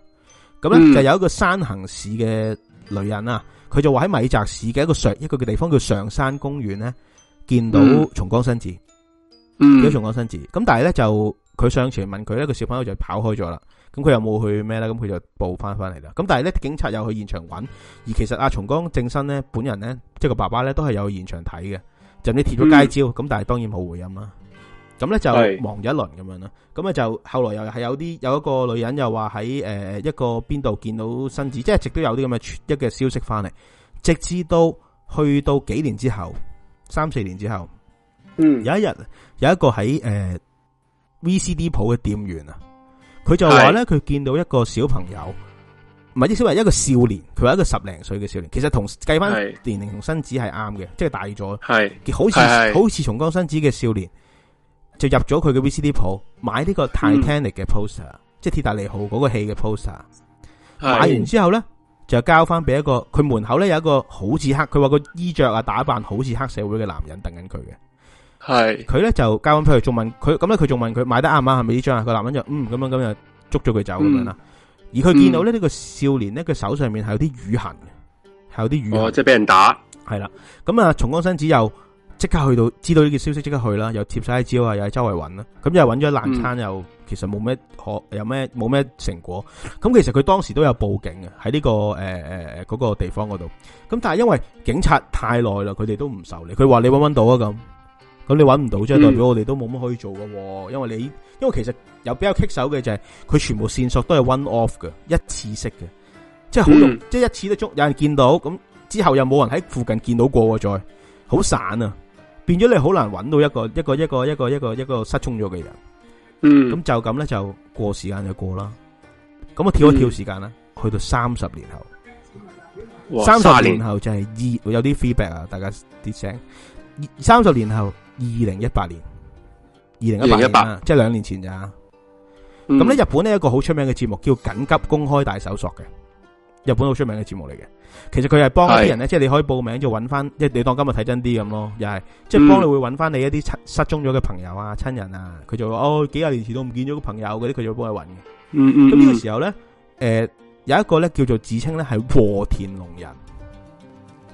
Speaker 1: 咁咧就有一個山行市嘅女人啊，佢，嗯、就話喺米澤市嘅一個上一個嘅地方叫上山公園咧。見到松岡伸矢、嗯，見到松岡伸矢咁、嗯，但係咧就佢上前問佢呢個小朋友就跑開咗啦。咁佢又冇去咩咧，咁佢就報翻翻嚟啦。咁但係咧，警察又去現場揾，而其實阿松岡正身咧本人咧，即係個爸爸咧，都係有現場睇嘅，就你貼咗街招。咁、嗯、但係當然冇回音啦。咁、嗯、咧就忙一輪咁樣啦。咁啊就後來又係有啲有一個女人又話喺誒一個邊度見到伸矢，即係直都有啲咁嘅一嘅消息翻嚟，直至到去到幾年之後。三四年之後，嗯，有一，有一日有一個喺誒、呃、VCD 鋪嘅店員啊，佢就話咧佢見到一個小朋友，唔係啲小朋友，一個少年，佢係一個十零歲嘅少年，其實同計翻年齡同身子係啱嘅，即、就、係、是、大咗，係好似好似松岡伸矢嘅少年，就入咗佢嘅 VCD 鋪買呢個 Titanic 嘅 poster，、嗯、即係鐵達尼號嗰個戲嘅 poster，是是買完之後咧。就交翻俾一個佢門口咧有一個好似黑，佢話個衣着啊打扮好似黑社會嘅男人等緊佢嘅，係佢咧就交翻俾佢，仲問佢咁咧佢仲問佢買得啱唔啱？係咪呢張啊？個男人就嗯咁樣咁樣捉咗佢走咁樣啦。而佢見到咧呢個少年咧，佢、嗯、手上面係有啲瘀痕，係有啲瘀，哦，即係俾人打係啦。咁啊，松岡伸矢又。即刻去到，知道呢個消息即刻去啦，又貼晒招啊，又喺周圍揾啦，咁又係揾咗爛餐，又其實冇咩可，有咩冇咩成果。咁其實佢當時都有報警嘅，喺呢、這個誒誒嗰個地方嗰度。咁但係因為警察太耐啦，佢哋都唔受理。佢話你揾唔揾到啊？咁咁你揾唔到，即、嗯、係代表我哋都冇乜可以做噶。因為你因為其實有比較棘手嘅就係、是、佢全部線索都係 one off 嘅，一次式嘅，即係好容易，嗯、即係一次都捉有人見到，咁之後又冇人喺附近見到過再，好散啊。變咗你好難揾到一個一個一個一個一個一個，一個，一個，一個失蹤咗嘅人、嗯呢，咁就咁咧就過時間就過啦。咁我跳一跳時間啦，嗯、去到三十年後，30年三十年後就係二有啲 feedback 啊，大家啲聲。三十年後二零一八年，二零一八年即係兩年前咋。
Speaker 4: 咁、嗯、咧日
Speaker 1: 本呢一個好出名嘅節目叫緊急公開大搜索嘅，日本好出名嘅節目嚟嘅。其實佢係幫啲人咧，即係你可以報名，就係搵翻，即係你當今日睇真啲咁咯，又係即係幫你會搵翻你一啲失失蹤咗嘅朋友啊、親、嗯、人啊，佢就話哦，幾廿年前都唔見咗個朋友嗰啲，佢就會幫你搵嘅。
Speaker 3: 咁、嗯、
Speaker 1: 呢、嗯、個時候咧，誒、呃，有一個咧，叫做自稱咧係和田龍人，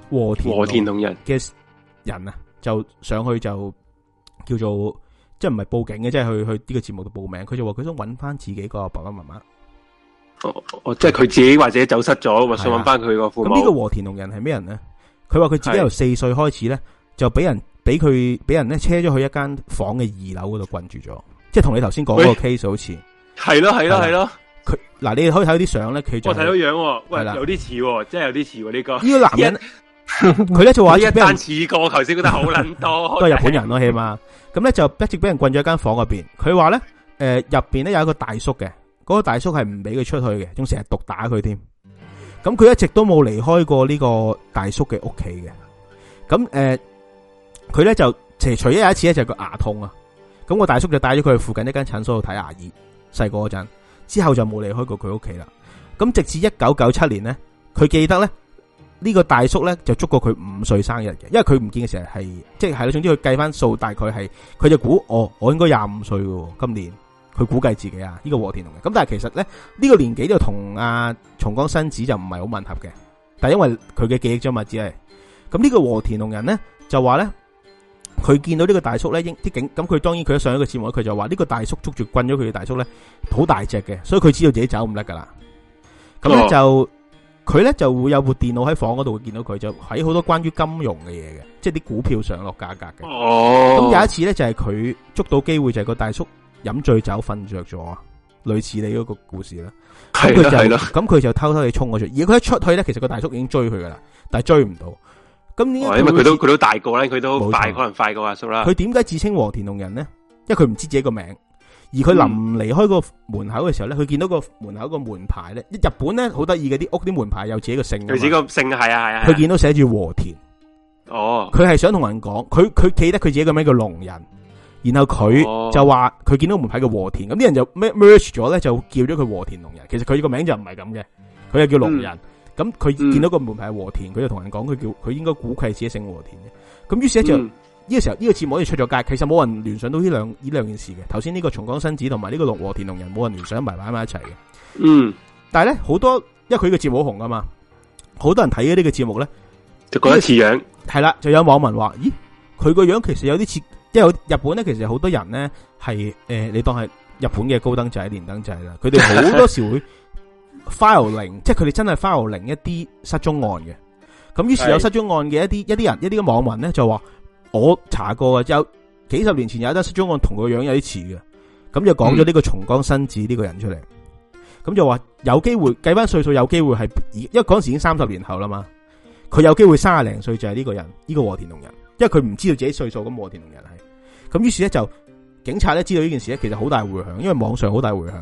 Speaker 1: 和田和田龍人嘅人啊，就上去就叫做即係唔係報警嘅，即、就、係、是、去去呢個節目度報名，佢就話佢想搵翻自己個爸爸媽媽。
Speaker 2: 哦，哦即係佢自己或者走失咗，或想揾翻佢個父母。咁呢個和田龍人係咩人
Speaker 1: 咧？佢話佢自己由四歲開始咧，就俾人俾佢俾人咧車咗去一間房嘅二樓嗰度困住咗，即係同你頭先講嗰個 case 好似。
Speaker 2: 係咯係咯係咯，
Speaker 1: 佢。嗱，你可以睇啲相咧，企，就是，我睇到樣，
Speaker 2: 哦，喂，有啲似，哦，真係有啲似呢個呢、這個男人。
Speaker 1: 佢咧就話一單似過頭先嗰單好捻多， 被 都係日本人咯、啊、起碼。咁咧就一直俾人困咗一間房入邊。佢話咧，誒、呃，入邊咧有一個大叔嘅。嗰、那個大叔係唔俾佢出去嘅，仲成日毒打佢添。咁佢一直都冇離開過呢個大叔嘅屋企嘅。咁誒，佢、呃、咧就，除除咗有一次咧就係個牙痛啊。咁、那、我、個、大叔就帶咗佢去附近一間診所度睇牙醫。細個嗰陣之後就冇離開過佢屋企啦。咁直至一九九七年咧，佢記得咧呢個大叔咧就捉過佢五歲生日嘅。因為佢唔見嘅時候係，即、就、係、是，係總之佢計翻數，大概係，佢就估，哦，我應該廿五歲嘅，今年。佢估計自己啊，呢、這個和田龍人。咁，但係其實咧呢、這個年紀就同阿松岡伸矢就唔係好吻合嘅。但係因為佢嘅記憶障物只係，咁呢個和田龍人咧就話咧，佢見到呢個大叔咧，應啲警咁佢當然佢都上咗個節目，佢就話呢個大叔捉住棍咗佢嘅大叔咧，好大隻嘅，所以佢知道自己走唔甩噶啦。
Speaker 4: 咁咧就
Speaker 1: 佢咧、啊、就會有部電腦喺房嗰度，會見到佢就喺好多關於金融嘅嘢嘅，即係啲股票上落價格嘅。哦、啊，咁有一次咧就係、是、佢捉到機會就係、是、個大叔。飲醉酒瞓着咗啊，類似你嗰個故事啦。
Speaker 2: 係啦，係啦。
Speaker 1: 咁佢就偷偷哋衝咗出，而佢一出去咧，其實個大叔已經追佢噶啦，但係追唔
Speaker 2: 到。咁呢因為佢都佢都大個啦，佢都好快可能快過阿叔啦。佢點
Speaker 1: 解自稱和田龍人呢？因為佢唔知自己個名，而佢臨離開個門口嘅時候咧，佢、嗯、見到個門口個門牌咧，日本咧好得意嘅啲屋啲門牌有自己姓個姓。佢
Speaker 2: 自己個姓係啊係啊。佢見到
Speaker 1: 寫住和田，哦，佢係想同人講，佢佢記得佢自己個名叫龍人。然後佢就話佢見到門牌嘅和田，咁、哦、啲人就 merge 咗咧，就叫咗佢和田龍人。其實佢個名就唔係咁嘅，佢係叫龍人。咁佢見到個門牌係和田，佢、嗯、就同人講佢叫佢應該估計自己姓和田嘅。咁於是咧就呢、嗯、個時候呢個節目可以出咗街，其實冇人聯想到呢兩呢兩件事嘅。頭先呢個松岡伸矢同埋呢個龍和田龍人冇人聯想埋擺埋一齊嘅。嗯，但呢，但係咧好多因為佢個節目好紅啊嘛，好多人睇呢啲嘅節目咧
Speaker 2: 就覺得似樣，
Speaker 1: 係啦、這個，就有網民話咦，佢個樣其實有啲似。因為日本咧，其實好多人咧係誒，你當係日本嘅高登仔、連登仔啦。佢哋好多時會 filing， 即係佢哋真係 filing 一啲失蹤案嘅。咁於是有失蹤案嘅一啲一啲人，一啲嘅網民咧就話，我查過嘅有幾十年前有一單失蹤案同個樣有啲似嘅，咁就講咗呢個松岡伸矢呢個人出嚟。咁、嗯、就話有機會計翻歲數，計一歲數，有機會係，因為嗰陣時已經三十年後啦嘛，佢有機會卅零歲就係呢個人，呢、這個和田隆人。因為佢唔知道自己歲數咁，我哋同人係咁，於是咧就警察咧知道呢件事咧，其實好大回響，因為網上好大回響。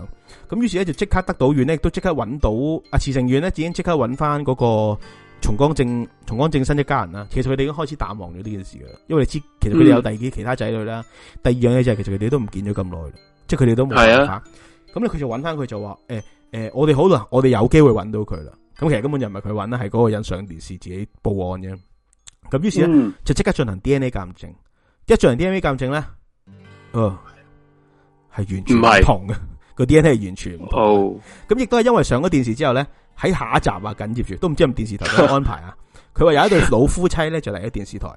Speaker 1: 咁於是咧就即刻得到院咧，都即刻揾到阿慈善院咧，已經即刻揾翻嗰個松岡伸矢松岡伸矢一家人啦。其實佢哋已經開始淡忘咗呢件事噶啦，因為你知其實佢哋有第二其他仔女啦。嗯、第二樣嘢就係其實佢哋都唔見咗咁耐，即係佢哋都冇吓。咁咧佢就揾翻佢就話誒誒，我哋好啦，我哋有機會揾到佢啦。咁其實根本就唔係佢揾啦，係嗰個人上電視自己報案嘅。咁於是咧、嗯，就即刻進行 DNA 鑑證。一進行 DNA 鑑證咧，誒、哦，係完全唔同嘅，個 DNA 係完全唔同。咁亦都係因為上咗電視之後咧，喺下一集啊，緊接住都唔知係電視台點安排啊。佢 話有一對老夫妻咧，就嚟咗電視台，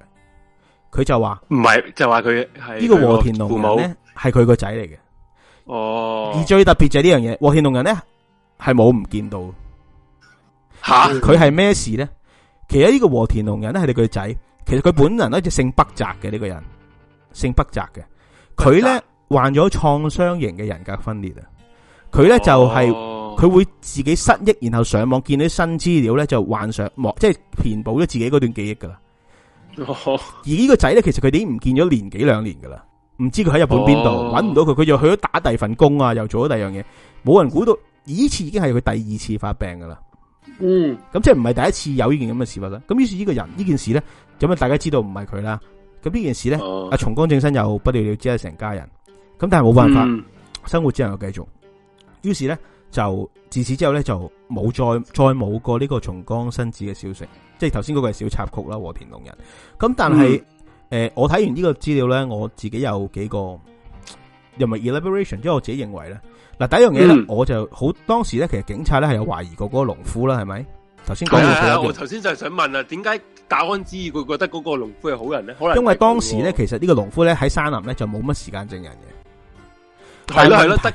Speaker 1: 佢就話
Speaker 2: 唔係，就話佢係呢個和田龍人咧，
Speaker 1: 係佢個仔嚟嘅。
Speaker 2: 哦，而
Speaker 1: 最特別就係呢樣嘢，和田龍人咧係冇唔見到，吓佢係咩事咧？其實呢個和田龍人咧係佢個仔，其實佢本人咧就姓北澤嘅呢個人，姓北澤嘅，佢咧患咗創傷型嘅人格分裂啊！佢、哦、咧就係佢會自己失憶，然後上網見到新資料咧就幻想，即係填補咗自己嗰段記憶噶啦、
Speaker 2: 哦。
Speaker 1: 而呢個仔咧，其實佢已經唔見咗年幾兩年噶啦，唔知佢喺日本邊度，揾、哦、唔到佢，佢就去咗打第二份工啊，又做咗第二樣嘢，冇人估到，呢次已經係佢第二次發病噶啦。嗯，咁即係唔係第一次有呢件咁嘅事發生，咁於是呢個人呢件事咧，咁啊大家知道唔係佢啦，咁呢件事咧，阿松岡正新又不了了之成家人，咁但係冇辦法，嗯、生活只能夠繼續，於是咧就自此之後咧就冇再再冇過呢個松岡新子嘅消息，即係頭先嗰個係小插曲啦，和田龍人，咁但係誒、嗯呃、我睇完個資呢個資料咧，我自己有幾個又唔係 elaboration，即係我自己認為咧。嗱，第一樣嘢咧，我就好當時咧，其實警察咧係有懷疑過嗰個農夫啦，係咪？頭先講，係我頭
Speaker 2: 先就係想問啊，點解打安之佢覺得嗰個農夫係好人咧？因為當
Speaker 1: 時咧，其實呢個農夫咧喺山林咧就冇乜時間證人嘅，
Speaker 2: 係咯係咯得。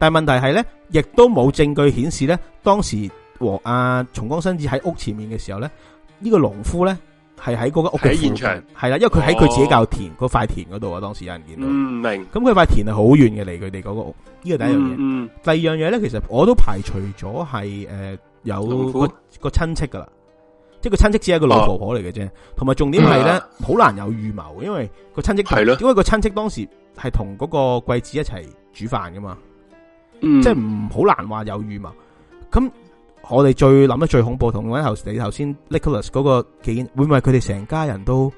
Speaker 1: 但係問題係咧，亦都冇證據顯示咧，當時和阿松岡伸矢喺屋前面嘅時候咧，這個、農夫呢個農夫咧。係喺嗰間屋企現場係啦，因為佢喺佢自己教田嗰塊、哦、田嗰度啊。當時有人見到，嗯明。咁佢塊田係好遠嘅，離佢哋嗰個屋。呢個第一樣嘢、嗯。嗯，第二樣嘢咧，其實我都排除咗係誒有、個親戚噶啦，即係個親戚只係個老婆婆嚟嘅啫。同、哦、埋重點係咧，好、啊、難有預謀，因為個親戚係咯，因為個親戚當時係同嗰個貴子一齊煮飯噶嘛，嗯，即係唔好難話有預謀，咁。我哋最諗得最恐怖，同埋頭你頭先 Nicholas 嗰個件，會唔會佢哋成家人都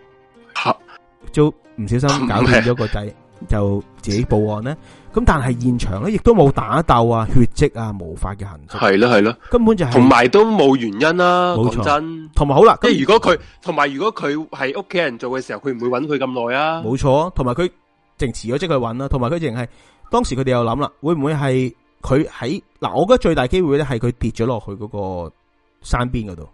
Speaker 1: 做唔小心搞掂咗個仔，就自己報案咧？咁但係現場咧，亦都冇打鬥啊、血迹啊、毛髮嘅痕
Speaker 2: 迹，係咯，係咯，根
Speaker 1: 本就係同埋都
Speaker 2: 冇原因啦。講真，同埋好啦，即係如果佢，同埋如果佢係屋企人做嘅時候，佢唔會揾佢咁耐啊。冇
Speaker 1: 錯，同埋佢淨遲咗即去揾啦，同埋佢淨係當時佢哋又諗啦，會唔會係？佢喺嗱，我覺得最大機會咧係佢跌咗落去嗰個山邊嗰度。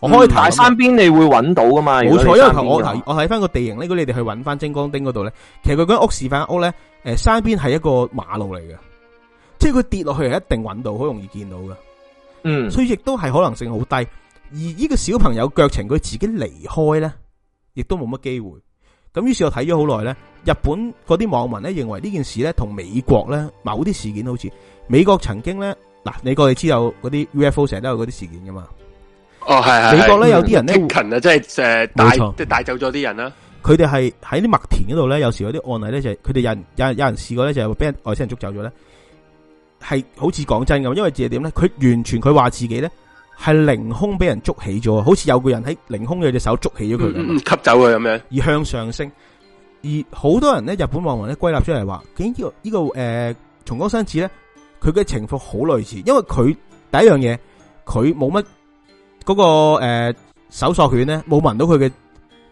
Speaker 1: 嗯，
Speaker 3: 我可以睇山邊
Speaker 5: 你會搵到噶嘛？冇錯，因為我頭我
Speaker 1: 睇翻個地形呢，果你哋去搵翻晶光丁嗰度咧，其實佢間屋示範屋咧，誒山邊係一個馬路嚟嘅，即係佢跌落去係一定搵到，好容易見到噶。嗯，所以亦都係可能性好低。而呢個小朋友腳程佢自己離開咧，亦都冇乜機會。咁於是我睇咗好耐咧，日本嗰啲網民咧認為呢件事咧同美國咧某啲事件好似，美國曾經咧嗱，你過嚟知道嗰啲 UFO 成日都有嗰啲事件噶嘛？哦係啊，美國咧有啲人咧
Speaker 2: 接啊，即係誒帶即係帶走咗啲人啦。
Speaker 1: 佢哋係喺啲麥田嗰度咧，有時有啲案例咧就係佢哋人有人有人試過咧就係俾人外星人捉走咗咧，係好似講真咁，因為就係點咧，佢完全佢話自己咧。係凌空俾人捉起咗，好似有個人喺凌空有隻手捉起咗佢咁，吸走佢咁樣，而向上升。而好多人咧，日本網民咧歸納出嚟話，竟、這個這個呃、呢個呢個誒，松岡伸矢咧，佢嘅情況好類似，因為佢第一樣嘢，佢冇乜嗰個誒搜、呃、索犬咧，冇聞到佢嘅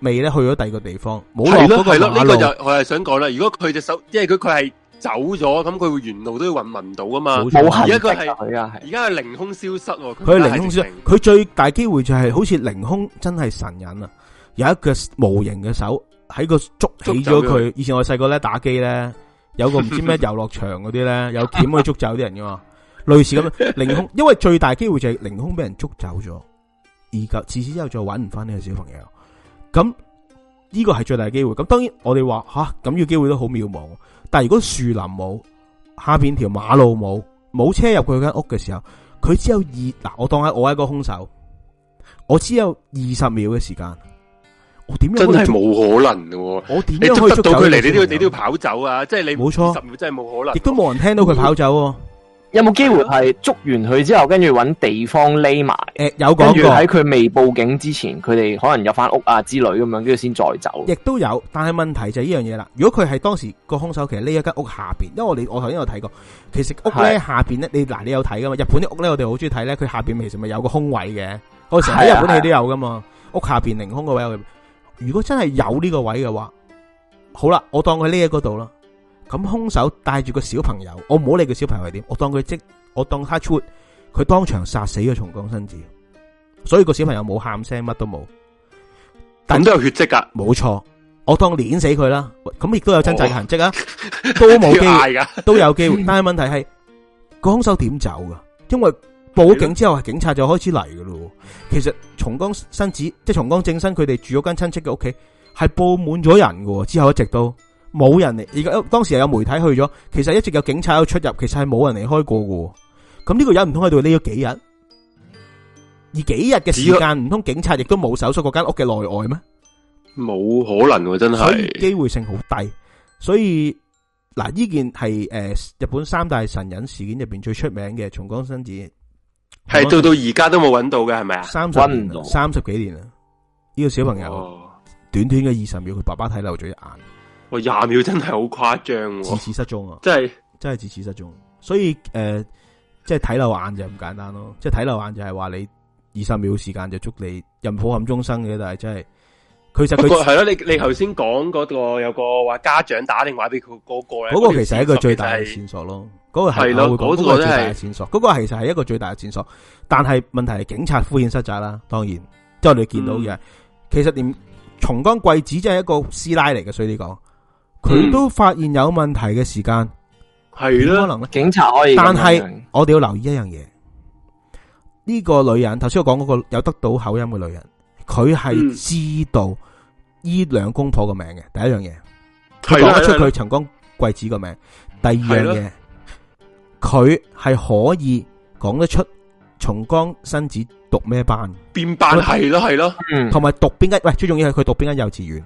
Speaker 1: 味咧，去咗第二個地方，冇落嗰個。係咯，係咯，呢、這個
Speaker 2: 就是、我係想講啦。如果佢隻手，即係佢佢係。走咗咁，佢會沿路都要搵唔到㗎嘛。冇錯，而家佢係而家係凌空消失。佢係凌空
Speaker 1: 消失，佢最大機會就係好似凌空真係神隱啊！有一個無形嘅手喺個捉起咗佢。以前我細個咧打機咧，有個唔知咩遊樂場嗰啲咧，有鉗可以捉走啲人噶嘛，
Speaker 4: 類似咁凌空。
Speaker 1: 因為最大機會就係凌空俾人捉走咗，而家自此之後再搵唔翻呢個小朋友，咁呢個係最大機會。咁當然我哋話吓咁，呢個機會都好渺茫。但係如果樹林冇下邊條馬路冇冇車入佢間屋嘅時候，佢只有二嗱，我當喺我係個兇手，我只有二十秒嘅時間，我點真係冇
Speaker 2: 可能嘅，我點你捉到佢嚟，你都要你都要跑走啊！即、就、係、是、你冇錯，十秒真係冇可能、啊，亦
Speaker 5: 都冇人聽到佢跑走、啊。嗯啊有冇機會係捉完佢之後，跟住搵地方匿埋？誒、呃，有跟喺佢未報警之前，佢哋可能有翻屋啊之類咁樣，跟住先再走。亦
Speaker 1: 都有，但係問題就係呢樣嘢啦。如果佢係當時個兇手，其實呢一間屋下邊，因為我哋我頭先有睇過，其實屋咧下邊咧，你嗱你有睇噶嘛？日本啲屋咧，我哋好中意睇咧，佢下邊其實咪有個空位嘅。嗰時喺日本你都、啊、有噶嘛、啊？屋下邊凌空個位，如果真係有呢個位嘅話，好啦，我當佢匿喺嗰度啦。咁兇手帶住個小朋友，我唔好理個小朋友係點，我當佢即，我當他出，佢當場殺死咗松岡伸矢，所以個小朋友冇喊聲，乜都冇，
Speaker 2: 但都有血迹噶，冇錯，
Speaker 1: 我當碾死佢啦，咁亦、哦、都， 都，都有爭執嘅痕迹啊，都冇機會，都有機會，但係問題係個兇手點走噶？因為報警之後，警察就開始嚟噶啦。其實松岡伸矢即松岡正新佢哋住咗間親戚嘅屋企係布滿咗人噶，之後一直都。冇人嚟，而家當時又有媒體去咗，其實一直有警察喺出入，其實係冇人離開過噶。咁呢個人唔通喺度匿咗幾日？而幾日嘅時間唔通警察亦都冇搜索嗰間屋嘅內外咩？
Speaker 2: 冇可能喎，真係
Speaker 1: 機會性好低。所以嗱，呢件係誒、呃、日本三大神隱事件入邊最出名嘅松岡
Speaker 2: 伸矢，係到到而家都冇揾到嘅係咪啊？三十年
Speaker 1: 三十幾年啦，呢、這個小朋友、哦、短短嘅二十秒，佢爸爸睇漏咗一眼。
Speaker 2: 喂，廿秒真係好誇張，自此失蹤啊！
Speaker 1: 真係真係自此失蹤，啊，所以誒、呃，即係睇漏眼就咁簡單咯。即係睇漏眼就係話你二十秒時間就祝你任抱陷終生嘅。但係真係其實佢係咯。你你頭
Speaker 2: 先講嗰個有個話家長打電話俾佢嗰個咧，嗰，那個其實係一個最大嘅線
Speaker 1: 索咯。嗰，那個係咯，嗰，那個，最大嘅線索。嗰，那個那個其實係一個最大嘅線索，但係問題係警察敷衍失責啦。當然，即係你見到嘅，嗯，其實連松岡貴子真係一個師奶嚟嘅，所以你講。佢都發現有問題嘅時間係點可能？警察可以，但係我哋要留意一樣嘢：呢、嗯這個女人，頭先我講嗰個有得到口音嘅女人，佢係知道呢兩公婆嘅名嘅。第一樣嘢，佢、嗯、講得出佢曾光貴子嘅名。第二樣嘢，佢係可以講得出松岡伸矢讀咩班，變班係咯係
Speaker 3: 咯，
Speaker 2: 同
Speaker 1: 埋、嗯、讀邊間？喂，最重要係佢讀邊間幼稚園。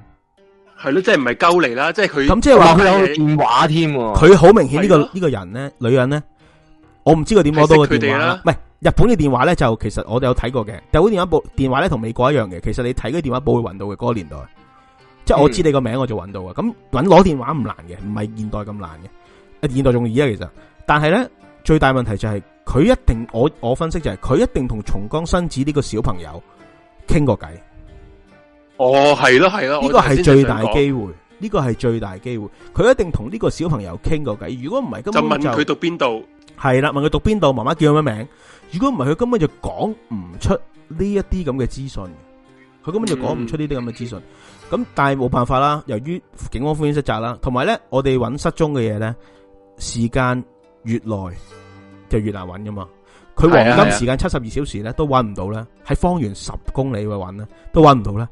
Speaker 1: 係咯，即係唔係鳩嚟，啦，即係佢咁即係話佢有電話添，佢好明顯呢個呢個人咧、這個這個，女人咧，我唔知佢點攞到個電話啦。唔係日本嘅電話咧，就其實我哋有睇過嘅，日本電話簿，電話咧同美國一樣嘅，其實你睇嗰啲電話簿會搵到嘅。嗰、那個年代，即係我知你個名，我就搵到啊。咁搵攞電話唔難嘅，唔係現代咁難嘅，現現代仲易啊，其實。但係咧最大問題就係、是、佢一定，我我分析就係、是、佢一定同松岡伸矢呢個小朋友傾過偈。
Speaker 4: 哦，係咯，係咯，呢個係最大機
Speaker 1: 會，呢個係最大機會。佢一定同呢個小朋友傾過偈。如果唔係，根本就,就問佢讀邊度係啦，問佢讀邊度，媽媽叫咩名。如果唔係，佢根本就講唔出呢一啲咁嘅資訊。佢根本就講唔出呢啲咁嘅資訊。咁、嗯、但係冇辦法啦，由於警方風險失責啦，同埋咧，我哋揾失蹤嘅嘢咧，時間越耐就越難揾噶嘛。
Speaker 4: 佢黃金時
Speaker 1: 間七十二小時咧都揾唔到咧，喺方圓十公里去揾咧都揾唔到咧。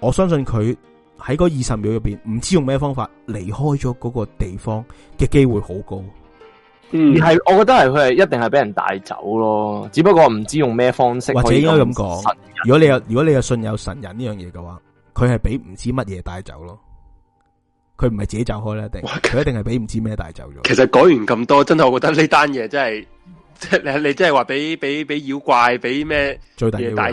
Speaker 1: 我相信佢喺嗰二十秒入邊，唔知用咩方法離開咗嗰個地方嘅機會好高。
Speaker 5: 嗯，而係我覺得係佢係一定係俾人帶走咯。只不過唔知用咩方式，或者應該咁講，
Speaker 1: 如果你有如果你有信有神人呢樣嘢嘅話，佢係俾唔知乜嘢帶走咯。佢唔係自己走開一定，佢一定係俾唔知咩帶走咗。其實
Speaker 2: 講完咁多，真係我覺得呢單嘢真係即係你你真係話俾俾俾妖怪俾咩最大嘅大。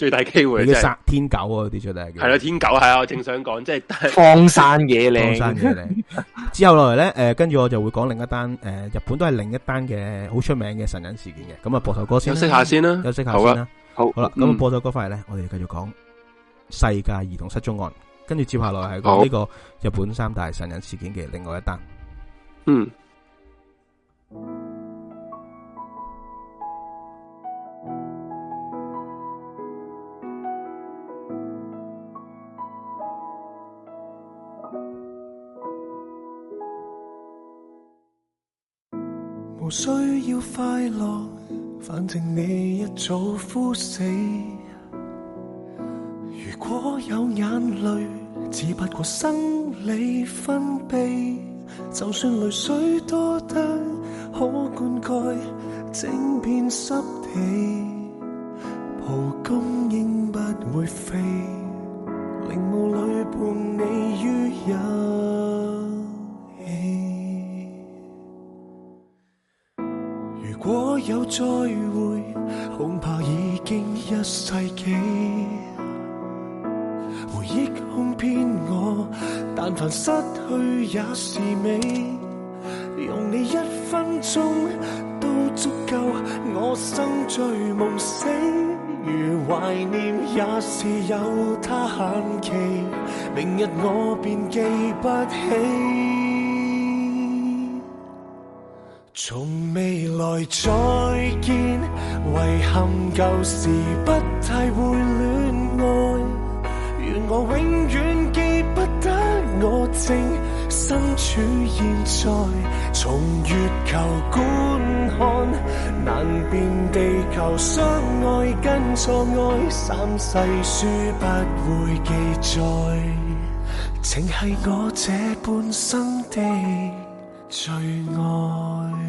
Speaker 2: 最大機會，就是啊，
Speaker 1: 會，你叫殺天狗嗰啲最大嘅，係
Speaker 2: 咯，天狗係啊，我正想講，即係荒山野嶺。荒山野嶺
Speaker 1: 之後落嚟咧，誒、呃，跟住我就會講另一單，誒、呃，日本都係另一單嘅好出名嘅神隱事件嘅。咁啊，播首歌先，休息一下先啦，休息一下先啦好，啊，好，好啦，咁播首歌翻嚟咧，我哋繼續講世界兒童失蹤案，跟住接下來係講呢個日本三大神隱事件嘅另
Speaker 3: 外一單。嗯。
Speaker 4: 無需要快樂，反正你一早枯死。如果有眼淚，只不過生理分泌。就算淚水多得可灌溉整片濕地，蒲公英不會飛，陵墓裏伴你於一起。如果有再會，恐怕已經一世紀。回憶哄騙我，但凡失去也是美。用你一分鐘都足夠，我生醉夢死，如懷念也是有他限期。明日我便記不起。從未來再見，遺憾舊時不太會戀愛。願我永遠記不得，我正身處現在。從月球觀看，難辨地球相愛跟錯愛，三世書不會記載，情繫我這半生的。最愛。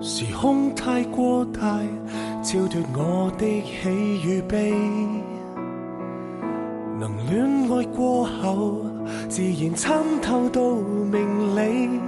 Speaker 4: 時空太過大，超脫我的喜與悲。能戀愛過後，自然參透到明理。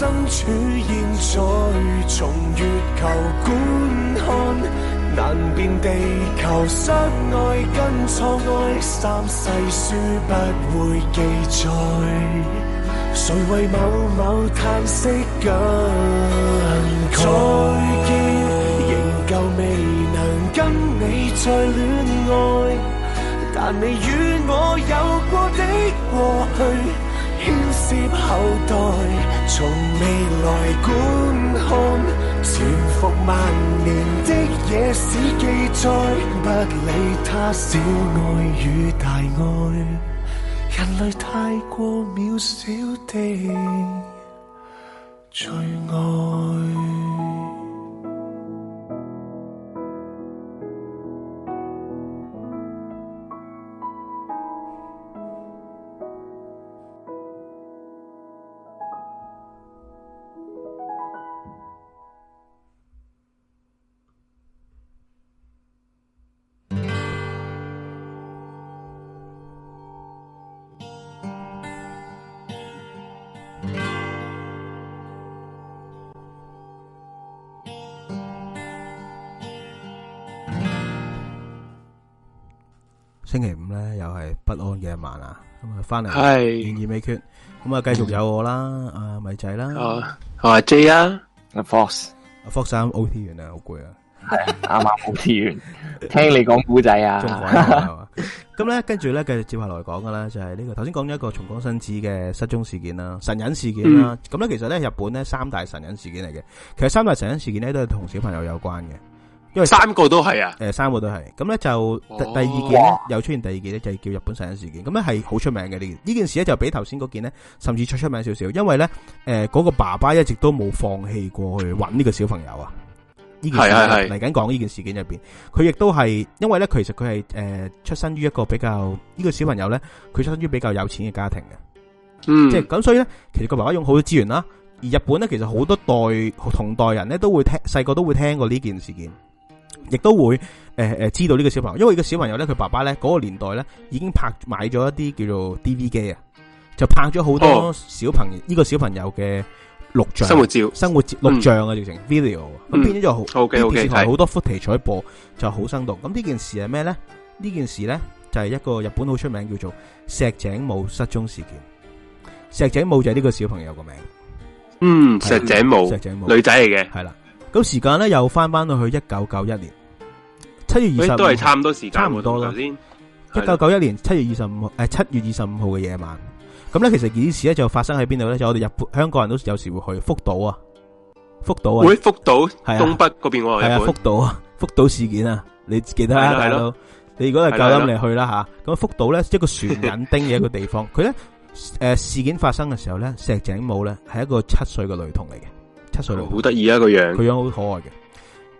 Speaker 4: 身處現在，從月球觀看，難辨地球，相愛跟錯愛，三世書不會記載，誰為某某嘆息感慨？再見，仍舊未能跟你再戀愛，但你與我有過的過去。接後代，從未來觀看，潛伏萬年的野史記載，不理他小愛與大愛，人類太過渺小的最愛。
Speaker 1: 咁啊，翻嚟懸疑未決，咁啊，繼續有我啦，阿米仔啦，阿 J 啊，阿 Fox，阿 Fox 生 O T 完啊，
Speaker 5: 好攰啊，係啱啱 O T 完，聽你講古仔啊，
Speaker 1: 咁咧，跟住咧，繼續接下嚟講噶啦，就係呢個頭先講咗一個松岡伸矢嘅失蹤事件啦，神隱事件啦，咁咧，其實咧，日本咧，三大神隱事件嚟嘅，其實三大神隱事件咧都係同小朋友有關嘅。因為三個都係啊，誒，三個都係、啊，咁咧就、哦、第二件咧，又出現第二件咧，就係叫日本神隱事件，咁咧係好出名嘅，呢件呢件事咧，就比頭先嗰件呢，甚至出出名少少，因為呢誒嗰、呃嗰個爸爸一直都冇放棄過去揾呢個小朋友啊，
Speaker 4: 呢、哦、件事嚟緊
Speaker 1: 講呢件事件入邊，佢亦都係因為呢，其實佢係誒出身於一個比較呢、呢個小朋友呢，佢出身於比較有錢嘅家庭嘅、嗯，即係咁所以呢，其實個爸爸用好多資源啦，而日本呢，其實好多代同代人呢，都會聽細個都會聽過呢件事件。亦都會誒誒知道呢個小朋友，因為呢個小朋友咧，佢爸爸咧嗰個年代咧已經拍買咗一啲叫做 DV 機啊，就拍咗好多小朋友呢個小朋友嘅錄像、生活照、生活錄像啊，直程 video 咁變咗就好。呢件事係好多 footage 播就好生動。咁呢件事係咩咧？呢件事咧就係一個日本好出名叫做石井舞失蹤事件。石井舞就係呢個小朋友個名。嗯，石井舞，石井舞，女仔嚟嘅，係啦。咁時間咧又翻翻到去一九九一年七月二十，都係差唔多時間，差唔多頭先一九九一年七月二十五號，誒、哎、七月二十五號嘅夜晚。咁咧其實件事咧就發生喺邊度咧？就我哋日本香港人都有時會去福島啊，福島啊，去福島係、啊、東北邊啊，福島啊，福島事件啊，你記得啊大佬。你如果係夠膽嚟去啦吓。咁福島咧、就是、一個船引丁嘅一個地方，佢咧誒事件發生嘅時候咧，石井舞咧係一個七歲嘅女童嚟嘅。好
Speaker 2: 得意啊，個樣，
Speaker 1: 佢樣好可愛嘅。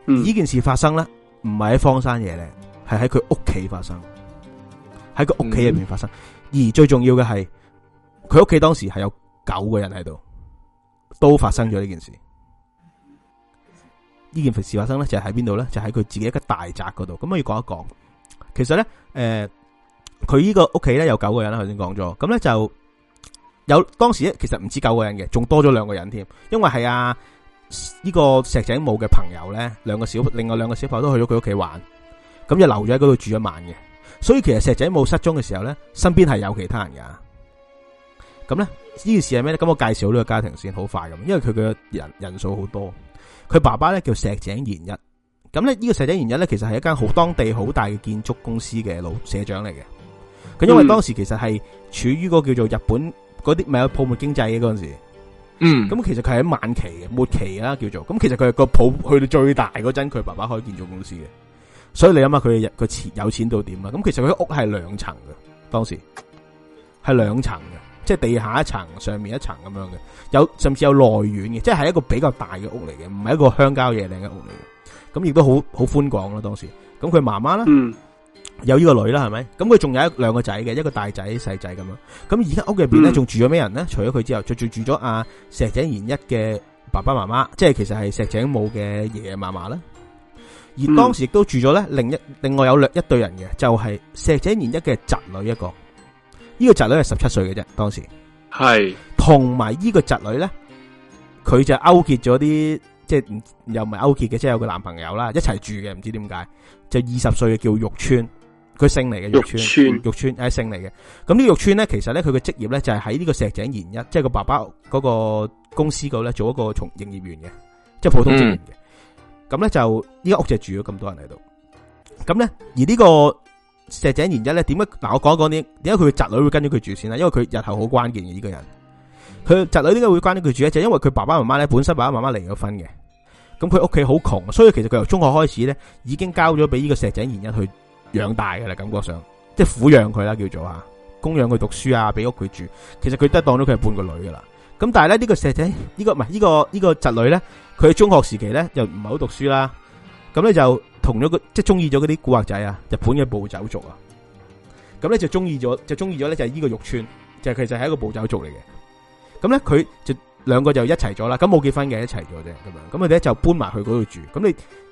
Speaker 1: 嗯，呢件事發生咧，唔係喺荒山野嶺，係喺佢屋企發生，喺佢屋企入邊發生，嗯。而最重要嘅係，佢屋企當時係有九個人喺度，都發生咗呢件事。呢，嗯，件事發生咧，就喺邊度咧？就喺佢自己一個大宅嗰度。咁可以講一講，其實咧，誒，呃，佢呢個屋企咧有九個人，頭先講咗。咁咧就。有當時咧，其實唔止九個人嘅，仲多咗兩個人添。因為係啊，呢個石井舞嘅朋友咧，兩個小，另外兩個小朋友都去咗佢屋企玩，咁就留咗喺嗰度住一晚嘅。所以其實石井舞失蹤嘅時候咧，身邊係有其他人噶。咁咧呢件事係咩咧？咁我介紹呢個家庭先，好快咁，因為佢嘅人人數好多。佢爸爸咧叫石井賢一，咁咧呢個石井賢一咧，其實係一間好當地好大嘅建築公司嘅老社長嚟嘅。咁因為當時其實係處於嗰個叫做日本。嗰啲咪有泡沫經濟嘅嗰陣時候，嗯，咁其實佢係喺晚期嘅末期啦、啊，叫做，咁其實佢係個泡沫去到最大嗰陣，佢爸爸開建造公司嘅，所以你諗下佢佢錢有錢到點啊？咁其實佢屋係兩層嘅，當時係兩層嘅，即係地下一層、上面一層咁樣嘅，有甚至有內院嘅，即係一個比較大嘅屋嚟嘅，唔係一個鄉郊野嶺嘅屋嚟嘅，咁亦都好好寬廣啦。當時，咁佢媽媽咧。嗯有呢個女啦，係咪？咁佢仲有一兩個仔嘅，一個大仔、細仔咁啊。咁而家屋入邊咧，仲住咗咩人咧？除咗佢之後，再住住咗阿石井賢一嘅爸爸媽媽，即係其實係石井舞嘅爺爺嫲嫲啦。而當時亦都住咗咧，另一另外有兩一對人嘅，就係石井賢一嘅侄女一個。呢個侄女係十七歲嘅啫，當時係同埋呢個侄女咧，佢就係勾結咗啲即係又唔係勾結嘅，即係有個男朋友啦，一齊住嘅，唔知點解就二十歲嘅叫玉川。佢姓嚟嘅玉村玉村，誒，姓嚟嘅。咁呢個玉村咧，其實咧佢嘅職業咧就係喺呢個石井賢一，即係個爸爸嗰個公司度咧做一個從營業員嘅，即、就、係、是、普通職員嘅。咁、嗯、咧就呢間屋就住咗咁多人喺度。咁咧而呢個石井賢一咧點解嗱？我講一講點解佢嘅侄女會跟咗佢住先啦？因為佢日後好關鍵嘅呢個人。佢、嗯、侄女點解會跟咗佢住咧？就因為佢爸爸媽媽咧本身爸爸媽媽離咗婚嘅，咁佢屋企好窮，所以其實佢由中學開始咧已經交咗俾呢個石井賢一去。養大嘅啦，感覺上養即係撫養佢啦，叫做啊，供養佢讀書啊，俾屋佢住。其實佢都係當咗佢係半個女噶啦。咁但係咧呢個石仔，呢、呢個唔係呢個呢、呢個呢個侄女咧，佢喺中學時期咧又唔係好讀書啦。咁咧就同咗個即係中意咗嗰啲古惑仔啊，日本嘅暴走族啊。咁咧就中意咗，就中意咗咧就係呢個玉川，就係、其實係一個暴走族嚟嘅。咁咧佢就兩個就一齊咗啦，咁冇結婚嘅一齊咗啫，咁樣咁佢哋咧就搬埋去嗰度住。咁你。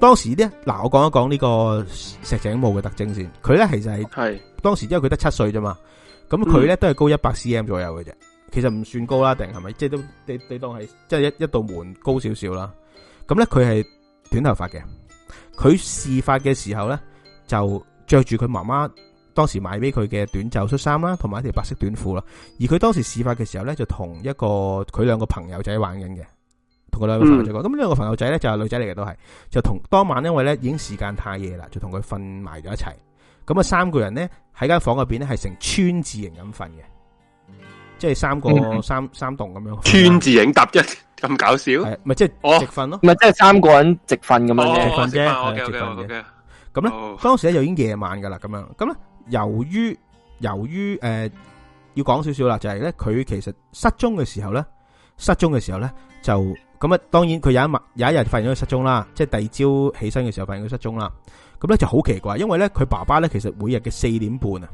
Speaker 1: 當時咧，嗱，我講一講呢個石井舞嘅特徵先。佢咧其實係，係當時因為佢得七歲啫嘛，咁佢咧都係高一百 cm 左右嘅啫。其實唔、嗯、算高啦，定係咪？即係都你你當係即係一一道門高少少啦。咁咧佢係短頭髮嘅。佢事發嘅時候咧，就着住佢媽媽當時買俾佢嘅短袖恤衫啦，同埋一條白色短褲啦。而佢當時事發嘅時候咧，就同一個佢兩個朋友仔玩緊嘅。同佢兩個朋友、嗯、仔講，咁呢兩個朋友仔咧就係、是、女仔嚟嘅，都係就同當晚因為咧已經時間太夜啦,就同佢瞓埋咗一齊。咁啊，三個人咧喺間房入邊咧係成川字形咁瞓嘅，即係三個、嗯、三三棟咁樣。川字
Speaker 2: 形搭一咁搞笑，係咪即係
Speaker 1: 直瞓咯？咪即係三個人直瞓咁樣直瞓啫，直瞓嘅。咁、哦、咧、okay, okay,
Speaker 3: okay,
Speaker 1: okay, okay. 哦、當時咧就已經夜晚噶啦，咁樣咁咧由於由於誒、呃、要講少少啦，就係咧佢其實失蹤嘅時候咧，失蹤嘅時候咧就。咁啊，當然佢有一晚有一日發現咗佢失蹤啦，即係第二朝起身嘅時候發現佢失蹤啦。咁咧就好奇怪，因為咧佢爸爸咧其實每日嘅四點半啊，呢、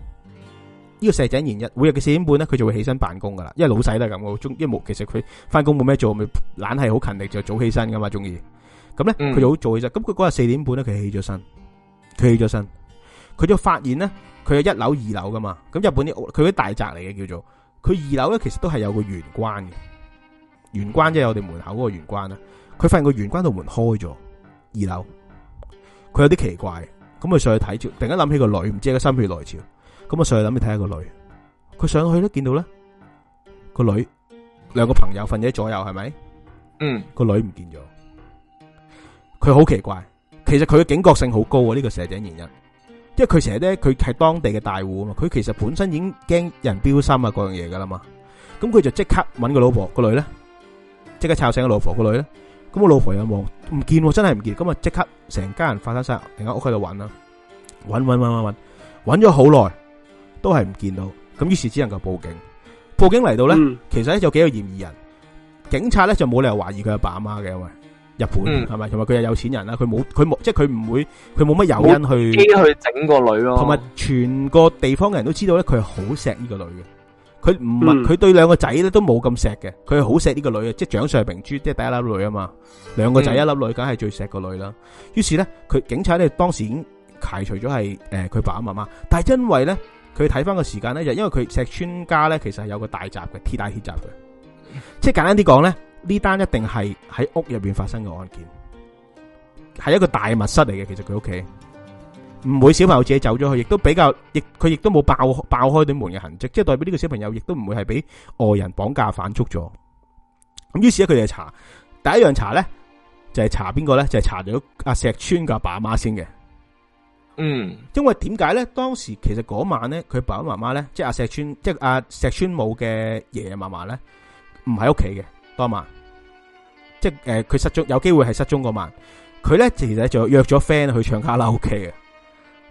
Speaker 1: 呢個石井延日每日嘅四點半咧佢就會起身辦公噶啦，因為老細都係咁我中，因為冇其實佢翻工冇咩做咪懶係好勤力就早起身噶嘛中意。咁咧佢就好早起身，咁佢嗰日四點半咧佢起咗身，佢起咗身，佢就發現咧佢有一樓二樓噶嘛，咁日本啲佢啲大宅嚟嘅叫做，佢二樓咧其實都係有個玄關嘅。玄關即係我哋門口嗰個玄關啦。佢發現個玄關度門開咗二樓，佢有啲奇怪，咁佢上去睇住，突然間諗起個女，唔知係個心血來潮，咁啊上去諗住睇下個女。佢上去都見到咧個女兩個朋友瞓喺左右，係咪？嗯，個女唔見咗，佢好奇怪。其實佢嘅警覺性好高啊！呢個蛇仔原因，因為佢成日咧佢係當地嘅大戶啊嘛，佢其實本身已經驚人標參啊各樣嘢噶啦嘛，咁佢就即刻問個老婆個女咧。即刻抄醒個老婆個女咧，咁個老婆又望唔見，真係唔見。咁啊，即刻成家人翻翻晒，成間屋喺度揾啦，揾揾揾揾揾，揾咗好耐都係唔見到。咁於是只能夠報警，報警嚟到咧，其實咧有幾個嫌疑人，警察咧就冇理由懷疑佢阿爸阿媽嘅喂，日本係咪？同埋佢係有錢人啦，佢冇佢冇，即係佢唔會佢冇乜誘因去去整個女咯。同埋全個地方嘅人都知道咧，佢係好錫呢個女嘅。.佢唔係佢對兩個仔咧都冇咁錫嘅，佢係好錫呢個女嘅，即係掌上明珠，即係第一粒女啊嘛。兩個仔一粒女，的女的，梗係最錫個女啦。於是咧，佢警察咧當時已經排除咗係誒佢爸爸媽媽，但係因為咧佢睇翻個時間咧，就因為佢石村家咧其實係有個大閘嘅鐵大鐵閘嘅，即係簡單啲講咧，呢單一,一定係喺屋入邊發生嘅案件，係一個大密室嚟嘅。其實佢屋企。唔會小朋友自己走咗去，亦都比較，亦佢亦都冇爆爆開啲門嘅痕跡，即係代表呢個小朋友亦都唔會係俾外人綁架犯捉咗。咁於是咧，佢哋查第一樣查咧就係查邊個咧，就係、是、查咗阿、就是、石川嘅阿爸阿媽先嘅。
Speaker 3: 嗯，
Speaker 1: 因為點解咧？當時其實嗰晚咧，佢爸爸媽媽咧，即係阿石井，即係阿石井舞嘅爺爺嫲嫲咧，唔喺屋企嘅當晚，即係誒，佢、呃、失蹤有機會係失蹤嗰晚，佢咧其實就約咗 friend 去唱卡拉 OK 嘅。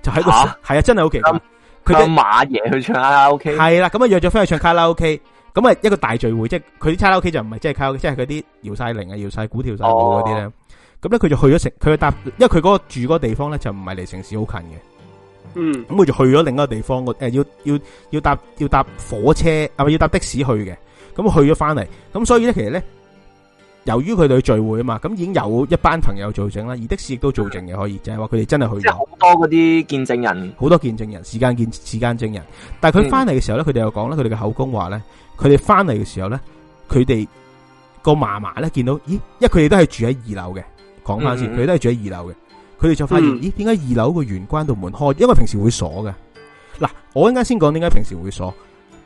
Speaker 1: 就喺個係啊，真係好奇怪，佢、嗯嗯嗯、馬
Speaker 5: 爺去唱卡拉
Speaker 1: OK，係啦，咁啊約咗翻去唱卡拉 OK，咁 啊一個大聚會，即係佢啲卡拉 OK 就唔係即係卡拉 OK，即係佢啲搖晒鈴啊、搖晒鼓、跳晒舞嗰啲咧。咁咧佢就去咗城，佢搭，因為佢嗰個住嗰個地方咧就唔係離城市好近嘅。嗯，咁佢就去咗另一個地方，誒、呃、要要要搭要搭火車，係咪要搭的士去嘅？咁去咗翻嚟，咁所以咧其實咧。由於佢哋去聚會啊嘛，咁已經有一班朋友做證啦，而的士亦都做證嘅，可以就係話佢哋真係去。即好
Speaker 5: 多嗰啲見證人，
Speaker 1: 好多見證人，時間見，時間證人。但係佢翻嚟嘅時候咧，佢、嗯、哋又講咧，佢哋嘅口供話咧，佢哋翻嚟嘅時候咧，佢哋個嫲嫲咧見到，咦，因為佢哋都係住喺二樓嘅，講翻先，佢、嗯、都係住喺二樓嘅，佢哋就發現，嗯、咦，點解二樓個玄關到門開？因為平時會鎖嘅。嗱，我啱先講點解平時會鎖，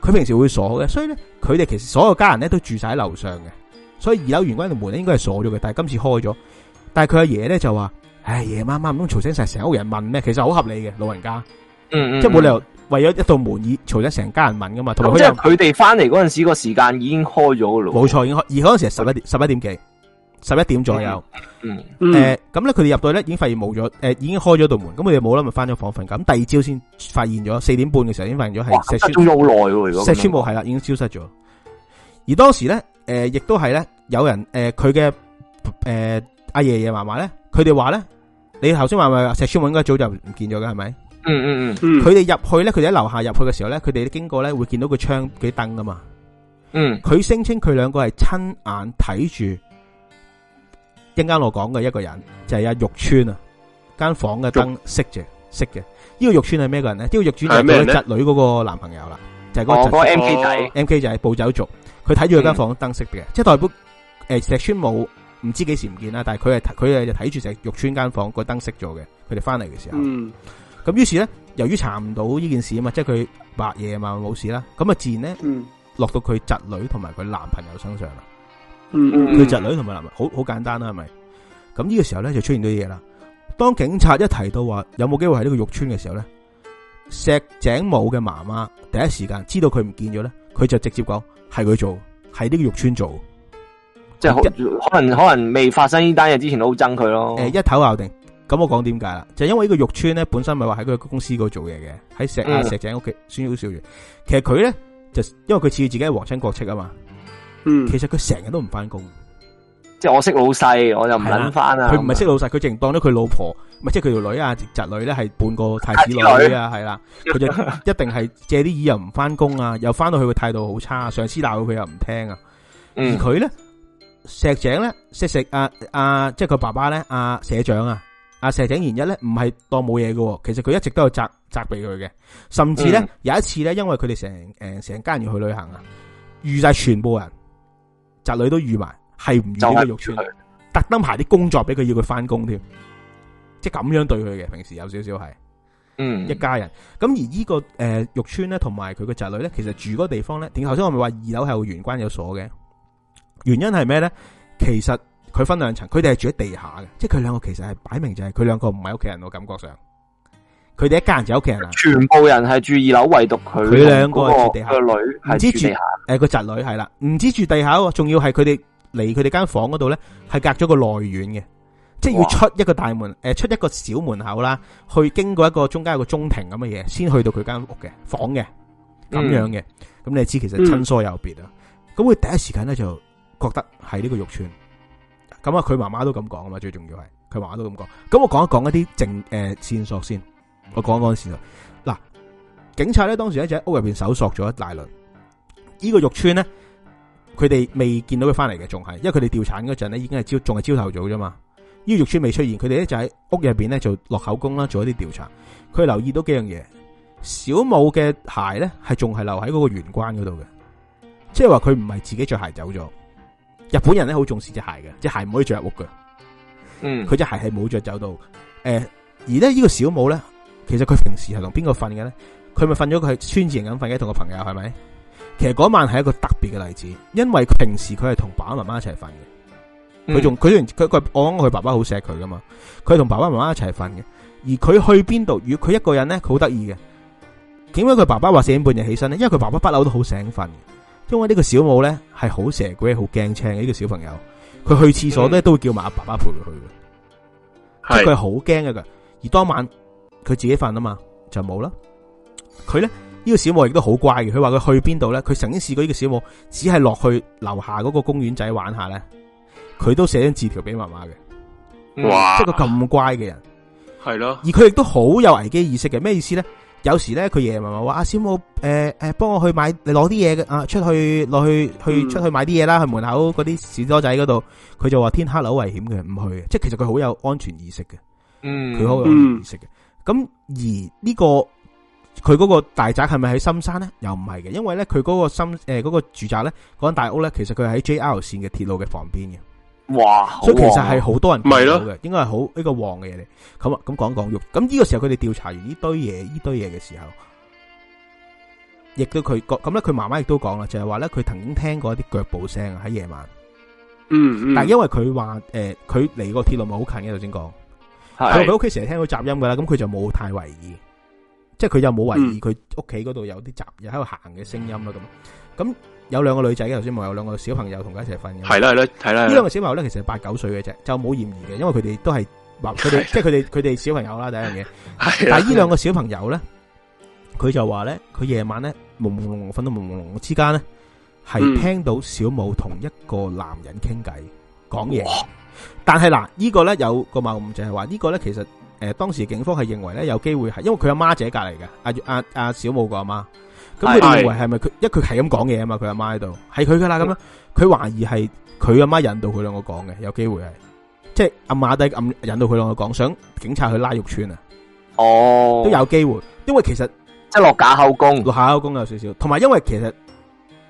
Speaker 1: 佢平時會鎖嘅，所以咧，佢哋其實所有家人咧都住晒喺樓上嘅。所以二樓玄關嗰度門咧應該係鎖咗嘅，但係今次開咗。但係佢阿爺咧就話：，唉、哎，夜媽媽咁嘈醒晒，成屋人問咩，其實好合理嘅老人家。嗯嗯嗯即係冇理由為咗一道門而嘈咗成家人問噶嘛。同埋佢
Speaker 5: 哋翻嚟嗰陣時個時間已經開咗噶咯。冇錯，已經開。而嗰陣時係十一點、
Speaker 1: 十一點幾、十一點左右。
Speaker 3: 嗯、嗯、呃。誒，
Speaker 1: 咁咧佢哋入到咧已經發現冇咗，誒，已經開咗道門，咁佢哋冇啦，咪翻咗房瞓。咁第二朝先發現咗，四點半嘅時候已經發現咗係石村，仲好耐。石村冇係啦，已經消失咗。而當時咧。誒、呃，亦都係咧，有人誒，佢嘅誒阿爺爺嫲嫲咧，佢哋話咧，你頭先話咪石井舞應該早就唔見咗嘅係咪？嗯嗯
Speaker 3: 嗯，佢
Speaker 1: 哋入去咧，佢哋喺樓下入去嘅時候咧，佢哋經過咧會見到個窗，啲燈噶嘛。嗯，佢聲稱佢兩個係親眼睇住，陣間我講嘅一個人就係、是、阿、啊、玉川啊，間房嘅燈熄住熄嘅。呢、這個玉川係咩個人咧？呢、這個玉川係佢侄女嗰個男朋友啦。就係、是、嗰、那個、哦那個、M K 仔、哦、，M K 仔暴走族。佢睇住佢間房燈熄嘅，即係代表誒、呃、石川冇唔知幾時唔見啦，但係佢係佢係睇住石玉川間房個燈熄咗嘅，佢哋翻嚟嘅時候，咁、嗯、於是咧，由於查唔到呢件事啊嘛，即係佢白夜嘛冇事啦，咁啊自然咧、嗯，落到佢侄女同埋佢男朋友身上啦，
Speaker 3: 佢、嗯嗯嗯、侄
Speaker 1: 女同埋男朋友好好簡單啦，係咪？咁呢個時候咧就出現咗啲嘢啦。當警察一提到話有冇機會喺呢個玉川嘅時候咧。石井舞嘅媽媽第一時間知道佢唔見咗咧，佢就直接講係佢做，係呢個玉村做，
Speaker 5: 即係可能可能未發生呢單嘢之前都好憎佢咯。誒、呃，一頭咬定。咁我講點解啦？
Speaker 1: 就是、因為呢個玉村咧，本身咪話喺佢公司嗰度做嘢嘅，喺石阿、嗯、石
Speaker 5: 井屋企孫小少月。
Speaker 1: 其實佢咧，就因為佢似自己係皇親國戚啊嘛，嗯，其實佢成日都唔翻工。
Speaker 5: 即係我識老細，我就唔肯翻啦。佢唔係識
Speaker 1: 老細，佢淨當咗佢老婆，唔係即係佢條女啊侄女咧，係半個太子女啊，係啦。佢就一定係借啲意 又唔翻工啊，又翻到去個態度好差，上司鬧佢又唔聽啊、嗯。而佢咧，石井咧，石石阿阿、啊啊、即係佢爸爸咧，阿、啊、社長啊，阿石井賢一咧，唔係當冇嘢噶，其實佢一直都有責責備佢嘅，甚至咧、嗯、有一次咧，因為佢哋成誒成家人要去旅行啊，預晒全部人侄女都預埋。係唔如呢個玉村，特登排啲工作俾佢，要佢翻工添，即係咁樣對佢嘅。平時有少少係，嗯，一家人咁而、這個呃、呢個誒玉村咧，同埋佢個侄女咧，其實住嗰個地方咧，點頭先我咪話二樓係個玄關有鎖嘅，原因係咩咧？其實佢分兩層，佢哋係住喺地下嘅，即係佢兩個其實係擺明就係佢兩個唔係
Speaker 5: 屋企人咯。我感覺上，
Speaker 1: 佢哋一家人
Speaker 5: 就屋企人啦，全部人係住二樓，唯獨佢佢兩個住地，住、呃、住地下，個女唔知住
Speaker 1: 誒個侄女係啦，唔知住地下喎，仲要係佢哋。離佢哋間房嗰度咧，係隔咗個內院嘅，即係要出一個大門，誒，出一個小門口啦，去經過一個中間有個中庭咁嘅嘢，先去到佢間屋嘅房嘅咁樣嘅。咁、嗯、你知其實親疏有別啊。咁、嗯、佢第一時間咧就覺得係呢個玉串。咁啊，佢媽媽都咁講啊嘛。最重要係佢媽媽都咁講。咁我講一講一啲證誒線索先。我講嗰啲線索。嗱，警察咧當時咧就喺屋入邊搜索咗一大輪。這個、村呢個玉串咧。佢哋未見到佢翻嚟嘅，仲係，因為佢哋調查嗰陣咧，已經係朝，仲係朝頭早啫嘛。呢個玉村未出現，佢哋咧就喺屋入邊咧做落口供啦，做一啲調查。佢留意到幾樣嘢，小武嘅鞋咧係仲係留喺嗰個玄關嗰度嘅，即係話佢唔係自己着鞋走咗。日本人咧好重視隻鞋嘅，隻鞋唔可以着入屋嘅，嗯，佢隻鞋係冇着走到。誒，而咧呢、這個小武咧，其實佢平時係同邊個瞓嘅咧？佢咪瞓咗個川字形咁瞓嘅，同個朋友係咪？是。其實嗰晚係一個特別嘅例子，因為平時佢係同爸爸媽媽一齊瞓嘅，佢仲佢佢佢我諗佢爸爸好錫佢噶嘛，佢同爸爸媽媽一齊瞓嘅，而佢去邊度，如果佢一個人咧，佢好得意嘅。點解佢爸爸話四點半就起身咧？因為佢爸爸不嬲都好醒瞓，因為呢個小舞咧係好蛇鬼、好驚青嘅呢個小朋友，佢去廁所咧都會叫埋阿爸爸陪佢去嘅，即係佢好驚嘅。而當晚佢自己瞓啊嘛，就冇啦。佢咧。呢、這個小舞亦都好乖嘅，佢話佢去邊度咧？佢曾經試過呢個小舞只係落去樓下嗰個公園仔玩下咧，佢都寫張字條俾媽媽嘅，
Speaker 3: 哇！
Speaker 1: 即係佢咁乖嘅人，係咯。而佢亦都好有危機意識嘅，咩意思咧？有時咧，佢爺爺嫲嫲話阿小舞，誒、呃、誒，幫我去買，你攞啲嘢嘅啊，出去落去去出去買啲嘢啦，去門口嗰啲士多仔嗰度，佢就話天黑樓危險嘅，唔去、嗯、即係其實佢好有安全意識嘅，嗯，
Speaker 3: 佢好有安全意
Speaker 1: 識嘅。咁、嗯、而呢、這個。佢嗰個大宅係咪喺深山咧？又唔係嘅，因為咧佢嗰個深誒、呃嗰個住宅咧，嗰間大屋咧,其實佢係喺 JL 線嘅鐵路嘅旁邊
Speaker 5: 嘅。哇、啊！所以其實係好多人見到嘅，
Speaker 1: 應該係好呢個旺嘅嘢嚟。咁啊，咁講講咁呢個時候佢哋調查完呢堆嘢，呢堆嘢嘅時候，亦都佢咁咧，佢媽媽亦都講啦，就係話咧佢曾經聽過一啲腳步聲喺夜晚。嗯，
Speaker 3: 嗯。但係因為
Speaker 1: 佢話誒，佢離個鐵路咪好近嘅，頭先講。佢屋企成日聽到雜音噶啦，咁佢就冇太為意。即係佢又冇懷疑佢屋企嗰度有啲雜嘢喺度行嘅聲音啦，咁，咁有兩個女仔，頭先話有兩個小朋友同佢一齊瞓嘅。係啦係啦，係啦。呢兩個小朋友咧，其實係八九歲嘅啫，就冇嫌疑嘅，因為佢哋都係，佢哋即係佢哋佢哋小朋友啦。第一樣嘢，但係呢兩個小朋友咧，佢就話咧，佢夜晚咧，朦朦朧朧瞓到朦朦朧朧之間咧，係聽到小武同一個男人傾偈講嘢，但係嗱呢個咧有個謬誤就係話呢個咧其實。誒，當時警方係認為咧，有機會係，因為佢阿媽住喺隔籬嘅，阿阿阿小武個阿媽，
Speaker 3: 咁佢認
Speaker 1: 為係咪佢，因佢係咁講嘢啊嘛，佢阿媽喺度，係佢噶啦，咁樣佢懷疑係佢阿媽引導佢兩個講嘅，有機會係，即係阿媽低暗引導佢兩個講，想警察去拉玉川
Speaker 5: 啊，哦，都有機
Speaker 1: 會，因為其實即落假口供，落假口供有少少，同埋因為其實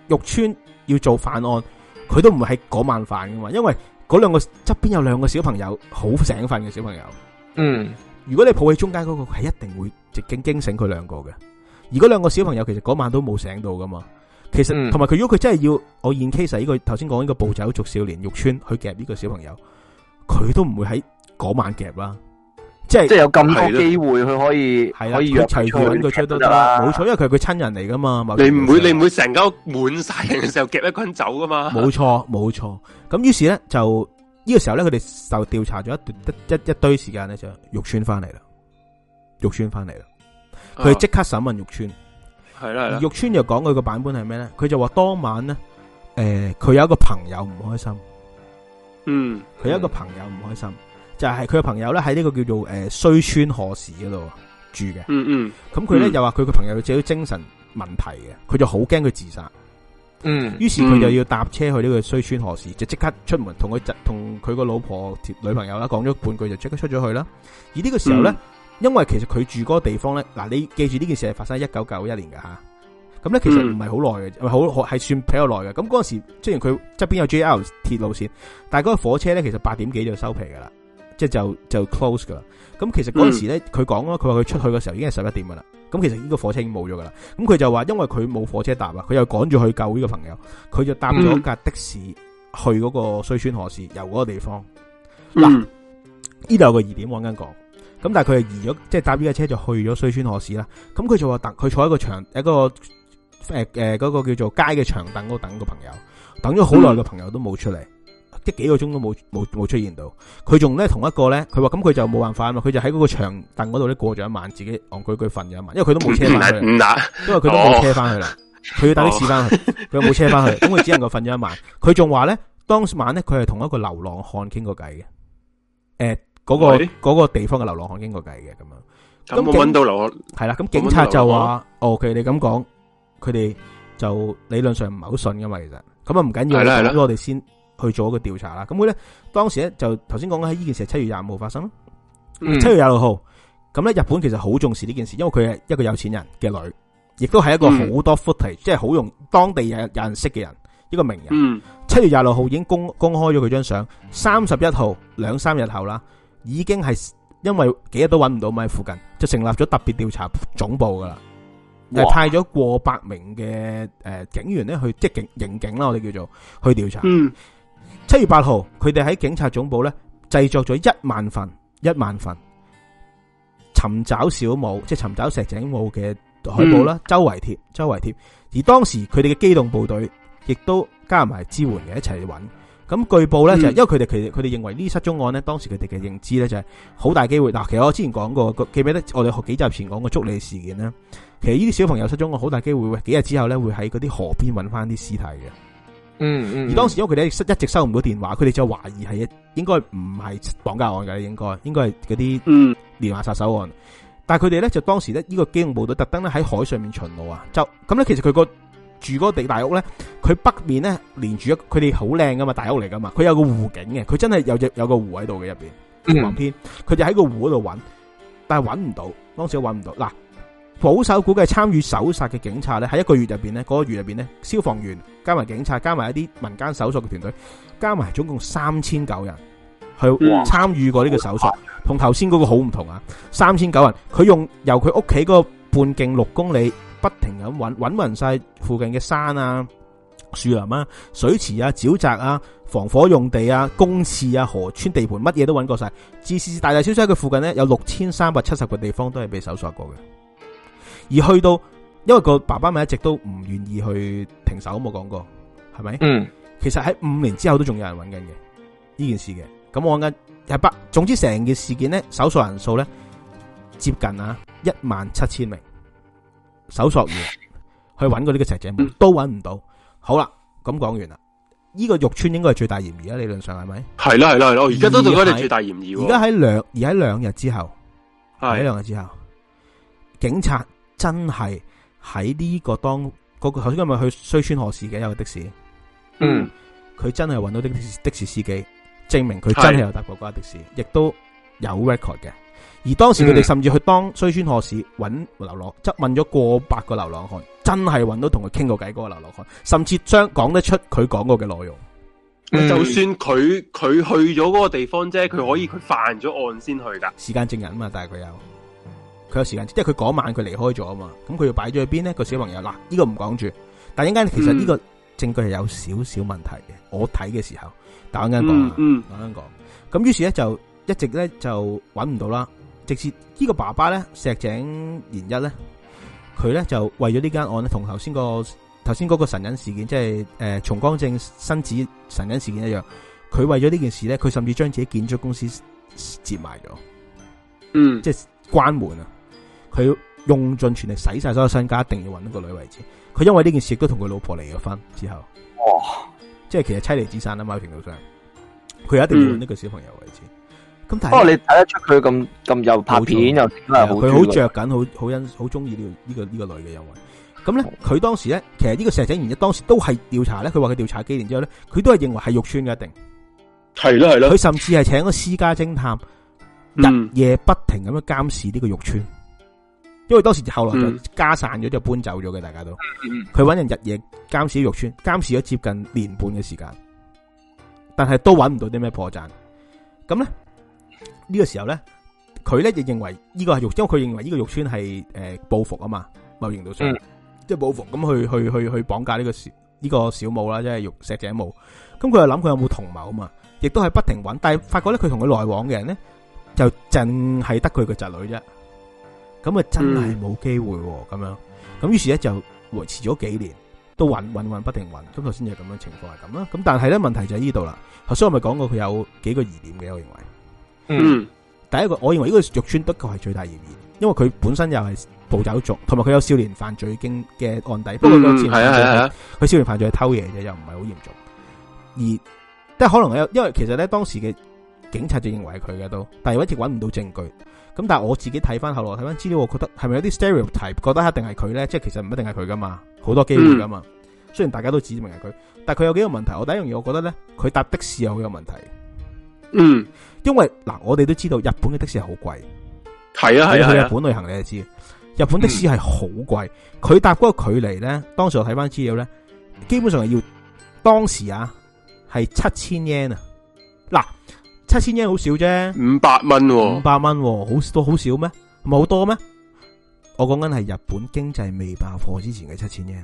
Speaker 1: 玉川要做犯案，佢都唔會喺嗰晚犯噶嘛，因為嗰兩個側邊有兩個小朋友，好醒瞓嘅小朋友。嗯，如果你抱起中間嗰，那個，係一定會直情驚醒佢兩個嘅。而嗰兩個小朋友其實嗰晚都冇醒到噶嘛，其實同埋佢如果佢真係要，我現 case 實呢個頭先講呢個暴走族少年玉川去夾呢個小朋友，佢都唔會喺嗰晚夾啦。即係即係有咁多機
Speaker 5: 會，佢可以係、就是，啊，佢隨便揾佢出都得啦。冇
Speaker 1: 錯，因為佢係佢親人嚟噶嘛。你唔會，你
Speaker 2: 唔會成間屋滿晒人嘅時候夾一群走噶嘛。冇
Speaker 1: 錯，冇錯。咁於是咧就，呢、這個時候咧，佢哋就調查咗一,一、一、一堆時間咧，就玉川翻嚟啦，玉川翻嚟啦，
Speaker 2: 佢、哦、即
Speaker 1: 刻審問玉川，
Speaker 2: 係啦，玉
Speaker 1: 川就講佢個版本係咩咧？佢就話當晚咧，誒、呃，佢有一個朋友唔開心，嗯，佢有一個朋友唔開心，嗯、就係佢個朋友咧喺呢個叫做誒須川河市嗰度住嘅，嗯
Speaker 3: 嗯，咁佢咧
Speaker 1: 又話佢個朋友有自己精神問題嘅，佢就好驚佢自殺。
Speaker 3: 嗯，於是佢就要
Speaker 1: 搭車去呢個衰村河市，就即刻出門同佢侄同佢個老婆、女朋友啦，講咗半句就即刻出咗去啦。而呢個時候咧，因為其實佢住嗰個地方咧，嗱，你記住呢件事係發生喺一九九一年噶吓，咁咧其實唔係好耐嘅，唔好係算比較耐嘅。咁嗰陣時，雖然佢側邊有 J R 鐵路線，但係嗰個火車咧，其實八點幾就收皮噶啦，即係就就 close 噶啦。咁其實嗰陣時咧，佢講咯，佢話佢出去嘅時候已經係十一點噶啦。咁其實呢個火車已經冇咗噶啦，咁佢就話因為佢冇火車搭啊，佢又趕住去救呢個朋友，佢就搭咗架的士去嗰個衰村河市遊嗰個地方。嗱、嗯，呢、啊、度有個疑點，我跟講，咁但係佢係移咗，即係搭呢架車就去咗衰村河市啦。咁佢就話佢坐喺一個場，一個誒誒嗰個叫做街嘅長凳嗰度等,等個朋友，等咗好耐個朋友都冇出嚟。幾個鐘都冇冇冇出現到，佢仲咧同一個咧，佢話咁佢就冇辦法啊嘛，佢就喺嗰個長凳嗰度咧過咗一晚，自己戇居居瞓咗一晚，因為佢都冇車翻嚟，因為佢都冇車翻去啦，佢要打啲士翻去，佢冇車翻去，咁、哦、佢、哦、 只能夠瞓咗一晚。佢仲話咧，當晚咧佢係同一個流浪漢傾過偈嘅，誒、 欸，嗰、那個嗰、那個地方嘅流浪漢傾過偈嘅
Speaker 4: 咁樣。咁搵到流浪。係啦，咁警察就話
Speaker 1: ，OK、哦、你咁講，佢哋就理論上唔係好信噶嘛，其實，咁啊唔緊要，啦，我哋先。去做一個調查啦，咁佢咧當時咧就頭先講緊喺呢件事係七月廿五號發生，七、嗯、月廿六號，咁咧日本其實好重視呢件事，因為佢係一個有錢人嘅女，亦都係一個好多 footage，、嗯、即係好容當地人識嘅人，一個名人。七、嗯、月廿六號已經公公開咗佢張相，三十一號兩三日後啦，已經係因為幾日都揾唔到，咪喺附近就成立咗特別調查總部噶啦，就派咗過百名嘅誒、呃、警員呢去，即係警刑警啦，我哋叫做去調查。嗯七月八號，佢哋喺警察總部咧製作咗一萬份、一萬份尋找小舞，即係尋找石井舞嘅海報啦、嗯，周圍貼，周圍貼。而當時佢哋嘅機動部隊亦都加埋支援嘅一齊揾。咁據報咧就係、是，嗯、因為佢哋其實佢哋認為呢失蹤案咧，當時佢哋嘅認知咧就係好大機會。嗱，其實我之前講過，記唔記得我哋學幾集前講過竹你事件呢？其實呢啲小朋友失蹤案好大機會，喂，幾日之後咧會喺嗰啲河邊揾翻啲屍體嘅。嗯嗯，而當時因為佢哋一直收唔到電話，佢哋就懷疑係應該唔係綁架案嘅，應該應該係嗰啲連環殺手案。嗯、但係佢哋咧就當時咧呢個機動部隊特登咧喺海上面巡邏啊，就咁咧其實佢個住嗰個地大屋咧，佢北面咧連住一，佢哋好靚噶嘛，大屋嚟噶嘛，佢有個湖景嘅，佢真係有只有個湖喺度嘅入邊。橫掂，佢哋喺個湖度揾，但係揾唔到，當時揾唔到嗱。保守估計參與搜殺嘅警察呢喺一個月入邊呢嗰個月入邊呢消防員加埋警察加埋一啲民間搜索嘅團隊，加埋總共三千九人去參與過呢個搜索，同頭先嗰個好唔同啊。三千九人佢用由佢屋企嗰個半徑六公里不停咁搵搵，勻晒附近嘅山啊、樹林啊、水池啊、沼澤啊、防火用地啊、公廁啊、河川地盤乜嘢都搵過晒。至是大大小小，喺佢附近呢有六千三百七十個地方都係被搜索過嘅。而去到，因為個爸爸咪一直都唔願意去停手，冇講過，係咪？嗯，其實喺五年之後都仲有人揾緊嘅呢件事嘅。咁我諗緊係不，總之成件事件咧，搜索人數咧接近啊一萬七千名搜索員 去揾過呢個石井，都揾唔到。好啦，咁講完啦。呢、這個玉串應該係最大嫌疑啊，理論上
Speaker 2: 係咪？係啦係啦係啦，而家都仲係最大嫌疑。而家喺
Speaker 1: 兩而喺兩日之後，
Speaker 2: 喺兩
Speaker 1: 日之後，警察。真係喺呢個當嗰個頭先，係咪去衰川河市嘅有個的士，嗯，佢真係揾到的士的士司機，證明佢真係有搭過嗰架的士，亦都有 record 嘅。而當時佢哋甚至去當衰川河市揾流浪，質問咗過百個流浪漢，真係揾到同佢傾過偈嗰個流浪漢，甚至將講得出佢講過嘅內容，
Speaker 2: 嗯。就算佢佢去咗嗰個地方啫，佢可以佢犯咗案先去噶。時間證人啊嘛，但係佢有。
Speaker 1: 佢有時間，即係佢嗰晚佢離開咗啊嘛，咁佢要擺咗去邊呢、呢個小朋友嗱，呢、啊呢個唔講住，但係陣間其實呢個證據係有少少問題嘅？我睇嘅時候，打我啱講，等我啱講，咁、嗯、於是咧就一直咧就揾唔到啦。直至呢個爸爸咧，石井賢一咧，佢咧就為咗呢間案咧，同頭先個頭先嗰個神隱事件，即係誒、呃、松岡伸矢神隱事件一樣，佢為咗呢件事咧，佢甚至將自己建築公司接埋咗，嗯，即係關門啊！佢用盡全力洗晒所有身家，一定要揾到個女為止。佢因為呢件事都同佢老婆離咗婚之後，哇！即係其實妻離子散啊嘛，平頭哥。
Speaker 5: 佢一定要揾呢
Speaker 1: 個小朋友為止。咁不過你
Speaker 5: 睇得出佢咁咁又拍片又，佢好着
Speaker 1: 緊，好好欣好中意呢呢個呢、這個這個女嘅，因為
Speaker 5: 咁咧，佢、嗯、當時咧，
Speaker 1: 其實呢個石井賢一當時都係調查咧，佢話佢調查幾年之後咧，佢都係認為係玉川嘅一定。係咯係咯，佢甚至係請個私家偵探、嗯、日夜不停咁樣監視呢個玉川。因為當時後來就加散咗，就搬走咗嘅，大家都。佢揾人日夜監視玉川，監視咗接近年半嘅時間，但係都揾唔到啲咩破綻。咁咧呢個時候咧，佢咧亦認為呢個係玉，因為佢認為呢個玉川係誒報復啊嘛，某型道上、嗯就是這個，即係報復咁去去去去綁架呢個小呢個小舞啦，即係玉石井舞。咁佢又諗佢有冇同謀啊嘛？亦都係不停揾，但係發覺咧，佢同佢來往嘅人咧，就淨係得佢個侄女啫。咁啊，真係冇機會咁樣，咁於是咧就維持咗幾年，都搵搵搵不停搵。咁頭先就咁樣情況係咁啦。咁但係咧問題就喺呢度啦。頭先我咪講過佢有幾個疑點嘅。我認為，嗯，第一個我認為呢個玉村的確係最大嫌疑，因為佢本身又係暴走族，同埋佢有少年犯罪經嘅案底。不過嗰次唔係佢少年犯罪係偷嘢嘅，又唔係好嚴重。而即係可能有因為其實咧當時嘅警察，就認為佢嘅都，但係一直搵唔到證據。咁但係我自己睇翻後來睇翻資料，我覺得係咪有啲 stereotype 覺得一定係佢咧？即係其實唔一定係佢噶嘛，好多機會噶嘛。嗯、雖然大家都指明係佢，但係佢有幾個問題。我第一樣嘢，我覺得咧，佢搭的士又好有問題。嗯，因為嗱，我哋都知道日本嘅的，的士係好貴。係啊係啊，啊啊你去日本旅行你就知，日本的士係好貴。佢、嗯、搭嗰個距離咧，當時我睇翻資料咧，基本上係要當時啊係七千 yen 啊，嗱。七千億好少啫，
Speaker 3: 五
Speaker 4: 百蚊，五
Speaker 1: 百蚊，好都好少咩？唔係好多咩？我講緊係日本經濟未爆破之前嘅七千億。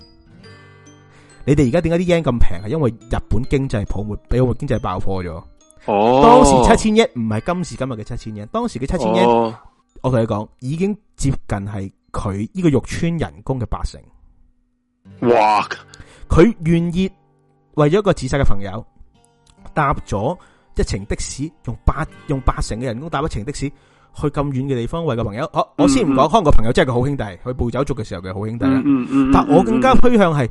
Speaker 1: 你哋而家點解啲 yen 咁平啊？因為日本經濟泡沫，俾個經濟爆破咗。
Speaker 3: 哦，當時七
Speaker 1: 千億唔係今時今日嘅七千億，當時嘅七千億，我同你講已經接近係佢呢個玉村人工嘅八成。
Speaker 3: 哇，
Speaker 1: 佢願意為咗一個自殺嘅朋友搭咗。一程的士，用八用八成嘅人工搭一程的士去咁遠嘅地方，為個朋友，我我先唔講，可能個朋友真係個好兄弟，去暴走族嘅時候嘅好兄弟啦。嗯
Speaker 3: 嗯，但係我更加
Speaker 1: 趨向係，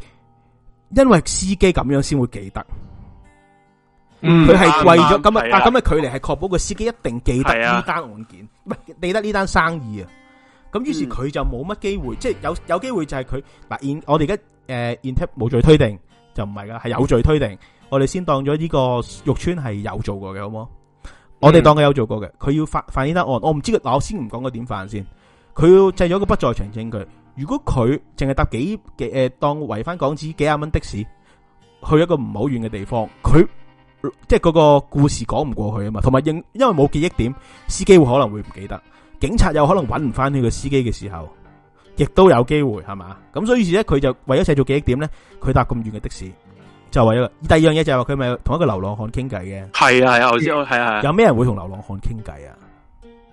Speaker 1: 因為司機咁樣先會記得，
Speaker 3: 佢係為
Speaker 1: 咗咁啊，咁嘅距離，係確保個司機一定記得呢單案件，唔係記得呢單生意啊。咁於是佢就冇乜機會，即係有有機會就係佢嗱，我哋而家誒 in tap 無罪推定就唔係噶，係有罪推定。我哋先當咗呢個玉村係有做過嘅，好冇、嗯？我哋當佢有做過嘅，佢要發反映得案，我唔知佢，我先唔講佢點犯先。佢要製咗個不在場證據。如果佢淨係搭幾幾誒、呃，當圍翻港紙幾廿蚊的士去一個唔好遠嘅地方，佢即係嗰個故事講唔過去啊嘛。同埋因因為冇記憶點，司機會可能會唔記得，警察有可能搵唔翻呢個司機嘅時候，亦都有機會係嘛？咁所以於是呢，佢就為咗製造記憶點呢，佢搭咁遠嘅的士。就話第二樣嘢就係話佢咪同一個流浪漢傾偈嘅，
Speaker 2: 係啊，係啊，係啊，頭先，係啊係。有咩人會同流浪漢傾偈啊？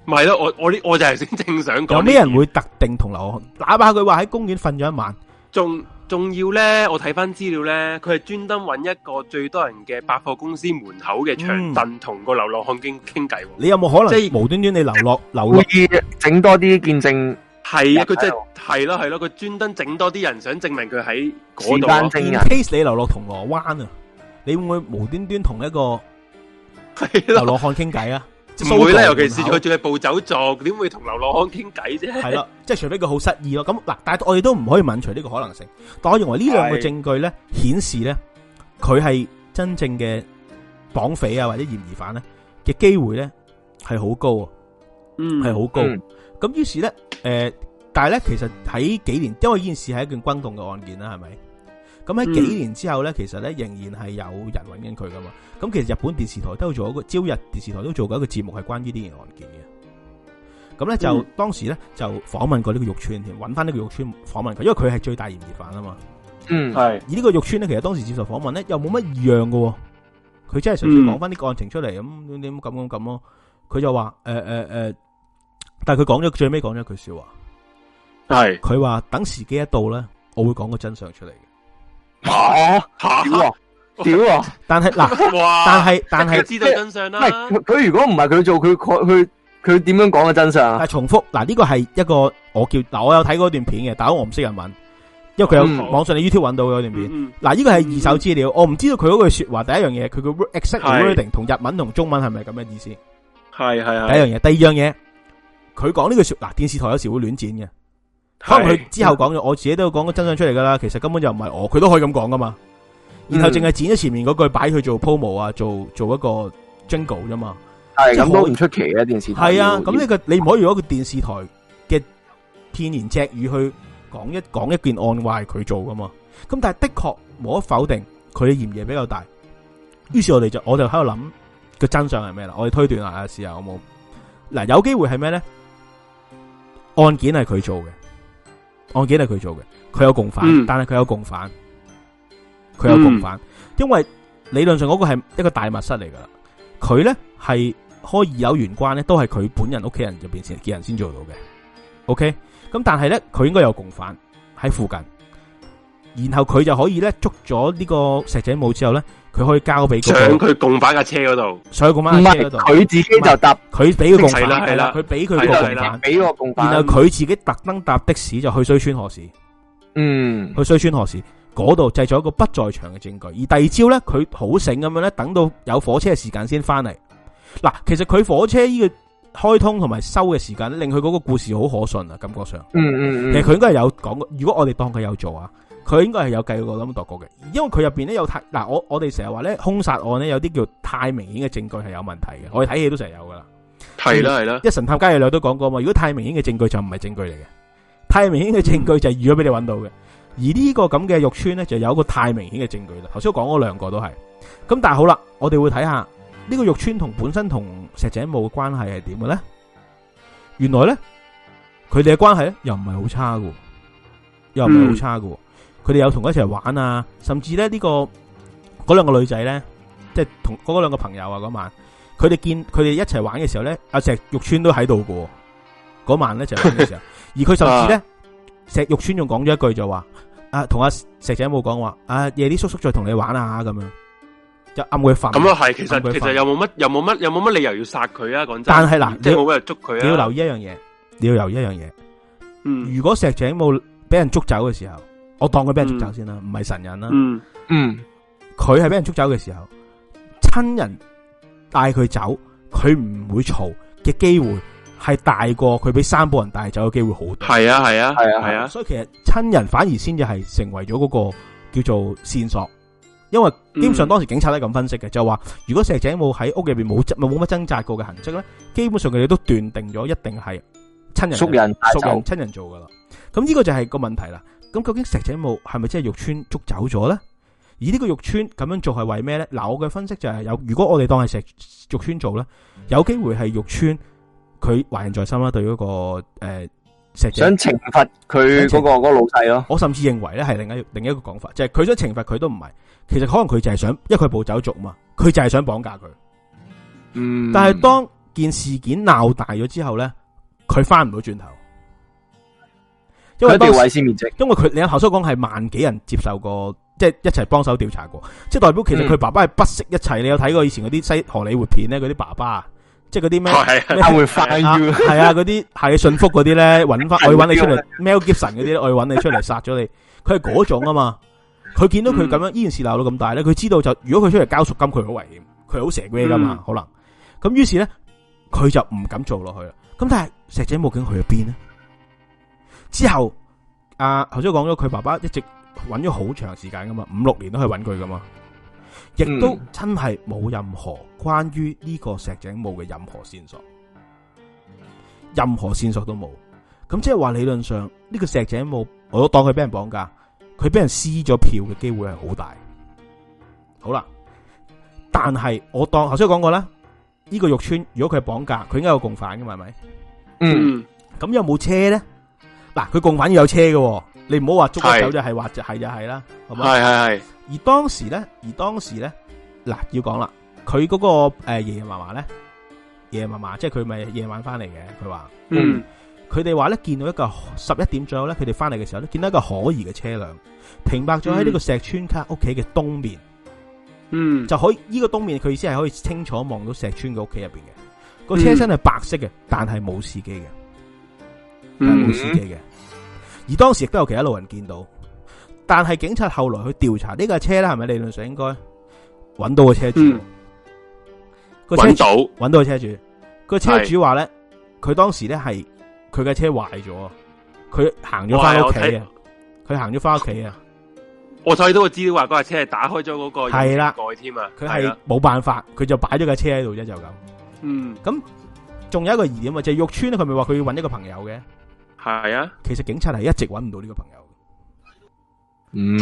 Speaker 2: 咪咯，我我啲我就係先正想講，有咩人
Speaker 1: 會特定同流浪漢？哪怕佢話喺公園瞓咗一晚，
Speaker 2: 仲仲要咧，我睇翻資料咧，佢係專登揾一個最多人嘅百貨公司門口嘅長凳，同個流浪漢傾傾偈。
Speaker 1: 你有冇可能即係無端端你流落流落？整、就是、多啲見證。係啊，佢即
Speaker 2: 係咯，係咯、啊，佢專登整多啲人，想證明佢喺嗰度。但係、啊，證啊，case 你
Speaker 1: 留落銅鑼灣啊，你會唔會無端端同一個流落漢傾偈啊？唔、啊、會啦、啊，尤其是佢
Speaker 2: 仲係暴走族點會同流落漢傾偈
Speaker 5: 啫？係啦、啊，即、就、
Speaker 1: 係、是、除非佢好失意咯。咁嗱，但係我哋都唔可以問除呢個可能性。但我認為呢兩個證據咧，顯示咧佢係真正嘅綁匪啊，或者嫌疑犯咧嘅機會咧係好高，嗯，
Speaker 3: 係好高。
Speaker 1: 咁、嗯、於是咧。誒、呃，但係咧，其實喺幾年，因為呢件事係一件轟動嘅案件啦，係咪？咁喺幾年之後咧、嗯，其實咧仍然係有人揾緊佢噶嘛咁其實日本電視台都做一個朝日電視台都做過一個節目係關於呢件嘅案件嘅。咁咧、嗯、就當時咧就訪問過呢個玉村，添，揾翻呢個玉村訪問佢，因為佢係最大嫌疑犯啊嘛。嗯，係。而呢個玉村咧，其實當時接受訪問咧又冇乜異樣噶，佢真係純粹講翻啲案情出嚟，咁點咁咁咁咯。佢、嗯、就話誒誒誒。呃呃呃但係佢講咗最尾講咗一句說話，係佢話等時機一到咧，我會講個真相出嚟
Speaker 2: 嘅。
Speaker 3: 吓！屌啊！屌啊！但係嗱，但係但係知道真相，啊真
Speaker 2: 相啊、啦。係
Speaker 5: 佢如果唔係佢做，佢佢佢點樣講嘅真相？但係重複嗱，呢個
Speaker 1: 係一個我叫嗱，我有睇過嗰段片嘅，但係我唔識日文，
Speaker 4: 因為佢有好好
Speaker 1: 網上嘅 YouTube 揾到嗰段片。嗱、嗯嗯，呢個係二手資料，嗯、我唔知道佢嗰句說話第一樣嘢，佢 exact wording 同日文同中文係咪咁嘅意思？
Speaker 2: 係係係。第一樣嘢，
Speaker 1: 第二樣嘢。佢講呢個說嗱，電視台有時會亂剪嘅，
Speaker 2: 可能佢之後
Speaker 1: 講咗，我自己都有講個真相出嚟噶啦。其實根本就唔係我，佢都可以咁講噶嘛。然後淨係剪咗前面嗰句擺佢做 promo 啊，做做一個 jingle 啫嘛，即咁好
Speaker 5: 唔出奇嘅、啊、電視台。係啊，咁呢
Speaker 1: 個你唔可以用一個電視台嘅片言隻語去講一講一件案話係佢做噶嘛。咁但係的確冇得否定佢嘅嫌疑比較大。於是我哋就我就喺度諗個真相係咩啦。我哋推斷下啊，試下好冇？嗱，有機會係咩咧？案件係佢做嘅，案件係佢做嘅，佢有共犯，嗯、但係佢有共犯，佢有共犯，嗯、因為理論上嗰個係一個大密室嚟噶啦，佢咧係可以有玄關咧，都係佢本人屋企人就變成幾人先做到嘅，OK，咁但係咧佢應該有共犯喺附近，然後佢就可以咧捉咗呢個石井舞之後咧。佢可以交俾上佢共
Speaker 2: 犯嘅車嗰度，上
Speaker 1: 個媽咪嗰度。唔係佢自己就搭，佢俾個共犯。啦係啦，佢俾佢個共犯，俾
Speaker 3: 個共然後佢
Speaker 1: 自己特登搭的士就去衰村河市，
Speaker 3: 嗯，
Speaker 1: 去衰村河市嗰度製造一個不在場嘅證據。而第二招咧，佢好醒咁樣咧，等到有火車嘅時間先翻嚟。嗱，其實佢火車呢個開通同埋收嘅時間，令佢嗰個故事好可信啊，感覺上。嗯嗯嗯，其實佢應該係有講過，如果我哋當佢有做啊。佢應該係有計過咁度過嘅，因為佢入邊咧有太，嗱，我我哋成日話咧兇殺案咧有啲叫太明顯嘅證據係有問題嘅，我哋睇戲都成日有
Speaker 3: 噶啦，係啦係啦。
Speaker 1: 一神探伽利略都講過嘛，如果太明顯嘅證據就唔係證據嚟嘅，太明顯嘅證據就係預咗俾你揾到嘅。而呢個咁嘅玉村咧就有一個太明顯嘅證據啦。頭先講嗰兩個都係，咁但係好啦，我哋會睇下呢個玉村同本身同石井母嘅關係係點嘅咧？原來咧佢哋嘅關係又唔係好差嘅，又唔係好差嘅。嗯佢哋有同佢一齊玩啊，甚至咧呢、這個嗰兩個女仔咧，即係同嗰兩、那個、個朋友啊嗰晚，佢哋見佢哋一齊玩嘅時候咧，阿石玉川都喺度噶，嗰晚咧就係咁嘅時候， 而佢甚至咧，啊、石玉川仲講咗一句就話：，啊，同阿、啊、石井舞講話，啊，夜啲叔叔再同你玩啊咁樣，就暗示佢瞓。咁啊係，其實其實
Speaker 2: 有冇乜有冇乜有冇乜理由要殺佢啊？講真，但係嗱，即係冇人捉佢啊！你要留意一樣嘢，
Speaker 1: 你要留意一樣嘢、嗯。如果石井冇俾人捉走嘅時候。我當佢俾人捉走先啦，唔係神人啦。嗯，佢係俾人捉，嗯嗯、走嘅時候，親人帶佢走，佢唔會嘈嘅機會係大過佢俾生保人帶走嘅機會好多。係啊，係啊，係
Speaker 3: 啊，係啊，啊，啊。所
Speaker 1: 以其實親人反而先至係成為咗嗰個叫做線索，因為基本上當時警察都咁分析嘅，就話如果石井舞喺屋入邊冇冇冇乜掙扎過嘅痕跡咧，基本上佢哋都斷定咗一定係親人、熟人、熟人親人做噶啦。咁呢個就係個問題啦。咁究竟石井舞係咪真係玉川捉走咗咧？而呢個玉川咁樣做係為咩咧？嗱，我嘅分析就係有，如果我哋當係石玉川做咧，有機會係玉川佢懷恨在心啦、那個，對、呃、嗰個誒石井想懲罰佢嗰個嗰老細咯。我甚至認為咧係另一另一個講法，就係、是、佢想懲罰佢都唔係，其實可能佢就係想，因為佢係暴走族嘛，佢就係想綁架佢。嗯。
Speaker 3: 但係當
Speaker 1: 件事件鬧大咗之後咧，佢翻唔到轉頭。因為當時面積，因為佢你頭先講係萬幾人接受過，即係一齊幫手調查過，即係代表其實佢爸爸係不惜一切。嗯、你有睇過以前嗰啲西荷里活片咧？嗰啲爸爸，即係嗰啲咩？係、哎、係會翻 U，係啊嗰啲係信福嗰啲咧，搵翻我要搵你出嚟，Mel Gibson 嗰啲我要搵你出嚟殺咗你。佢係嗰種啊嘛，佢見到佢咁樣、嗯、依件事鬧到咁大咧，佢知道就如果佢出嚟交贖金，佢好危險，佢好蛇龜噶嘛、嗯、可能。咁於是咧，佢就唔敢做落去啦。咁但係石井舞究竟去咗邊呢？之後，阿頭先講咗，佢爸爸一直揾咗好長時間噶嘛，五六年都去揾佢噶嘛，亦都真係冇任何關於呢個石井舞嘅任何線索，任何線索都冇。咁即係話理論上，呢個石井舞我都當佢俾人綁架，佢俾人撕咗票嘅機會係好大。好啦，但係我當頭先講過啦，呢個玉川如果佢係綁架，佢應該有共犯噶嘛？係咪？嗯，咁有冇車咧？嗱，佢共犯要有車嘅，你唔、就是就是、好話捉佢手就係話就係就係啦，係嘛？係係係。而當時咧，而當時咧，嗱要講啦，佢嗰、那個誒爺爺嫲嫲咧，爺爺嫲嫲，即係佢咪夜晚翻嚟嘅，佢話，嗯，佢哋話咧見到一個十一點左右咧，佢哋翻嚟嘅時候咧，見到一個可疑嘅車輛停泊咗喺呢個石川家屋企嘅東面，嗯，就可以，呢、這個東面佢意思係可以清楚望到石川嘅屋企入邊嘅，個車身係白色嘅，但係冇司機嘅。係冇司機嘅，而當時亦都有其他路人見到，但係警察後來去調查呢架、這個、車咧，係咪理論上應該揾到個車主？揾到揾到個車主，個車主話咧，佢當時咧係佢架車壞咗，佢行咗翻屋企，佢行咗翻屋企啊！
Speaker 2: 我睇到個資料話，嗰架車係打開咗嗰個雨蓋添啊！佢係
Speaker 1: 冇辦法，佢就擺咗架車喺度啫，就咁。嗯，咁仲有一個疑點啊，就係、是、玉川佢咪話佢要揾一個朋友嘅。
Speaker 2: 係
Speaker 1: 啊，其實警察係一直揾唔到呢個朋友，
Speaker 2: 嗯，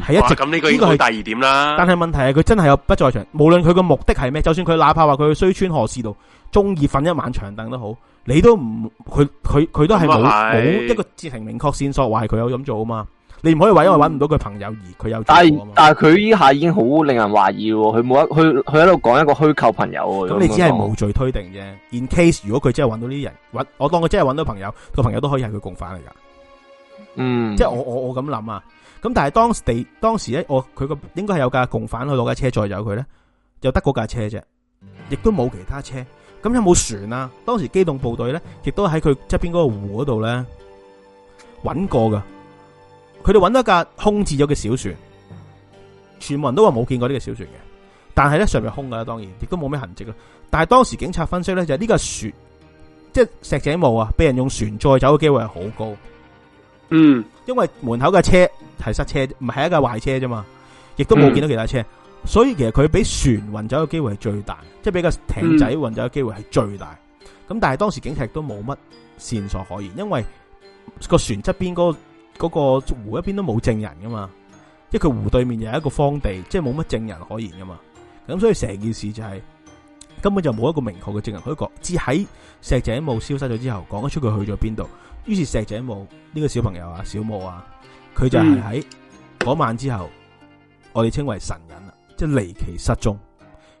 Speaker 2: 係一直咁。呢個呢個係第二點啦。但係
Speaker 1: 問題係佢真係有不在場，無論佢個目的係咩，就算佢哪怕話佢去衰穿河市度中意瞓一晚長凳都好，你都唔，佢佢佢都係冇冇一個截情明確線索話係佢有咁做啊嘛。你唔可以話因為揾唔到佢朋友而佢
Speaker 5: 有、嗯，但係但係佢依下已經好令人懷疑喎，佢冇一佢佢喺度講一個虛構朋友。咁你只係無罪推定
Speaker 1: 啫。In case 如果佢真係揾到呢啲人，我當佢真係揾到朋友，個朋友都可以係佢共犯嚟噶。嗯，即係我我我咁諗啊。咁但係當時，地當時咧，我佢個應該係有架共犯去攞架車載走佢咧，就得嗰架車啫，亦都冇其他車。咁有冇船啊？當時機動部隊咧，亦都喺佢側邊嗰個湖嗰度咧揾過噶。佢哋揾到一架空置咗嘅小船，全部人都話冇見過呢個小船嘅，但係咧上面空噶啦，當然亦都冇咩痕跡啦。但係當時警察分析咧，就係呢架船，即係石井舞啊，俾人用船載走嘅機會係好高。嗯，因為門口嘅車係塞車，唔係一架壞車啫嘛，亦都冇見到其他車，嗯、所以其實佢俾船運走嘅機會係最大，即係俾個艇仔運走嘅機會係最大。咁、嗯、但係當時警察都冇乜線索可言，因為個船側邊嗰。嗰、那個湖一邊都冇證人噶嘛，即係佢湖對面又係一個荒地，即係冇乜證人可言噶嘛，咁所以成件事就係、是、根本就冇一個明確嘅證人，佢講只喺石井舞消失咗之後講得出佢去咗邊度，於是石井舞呢、這個小朋友啊小舞啊，佢就係喺嗰晚之後，我哋稱為神隱啦，即係離奇失蹤，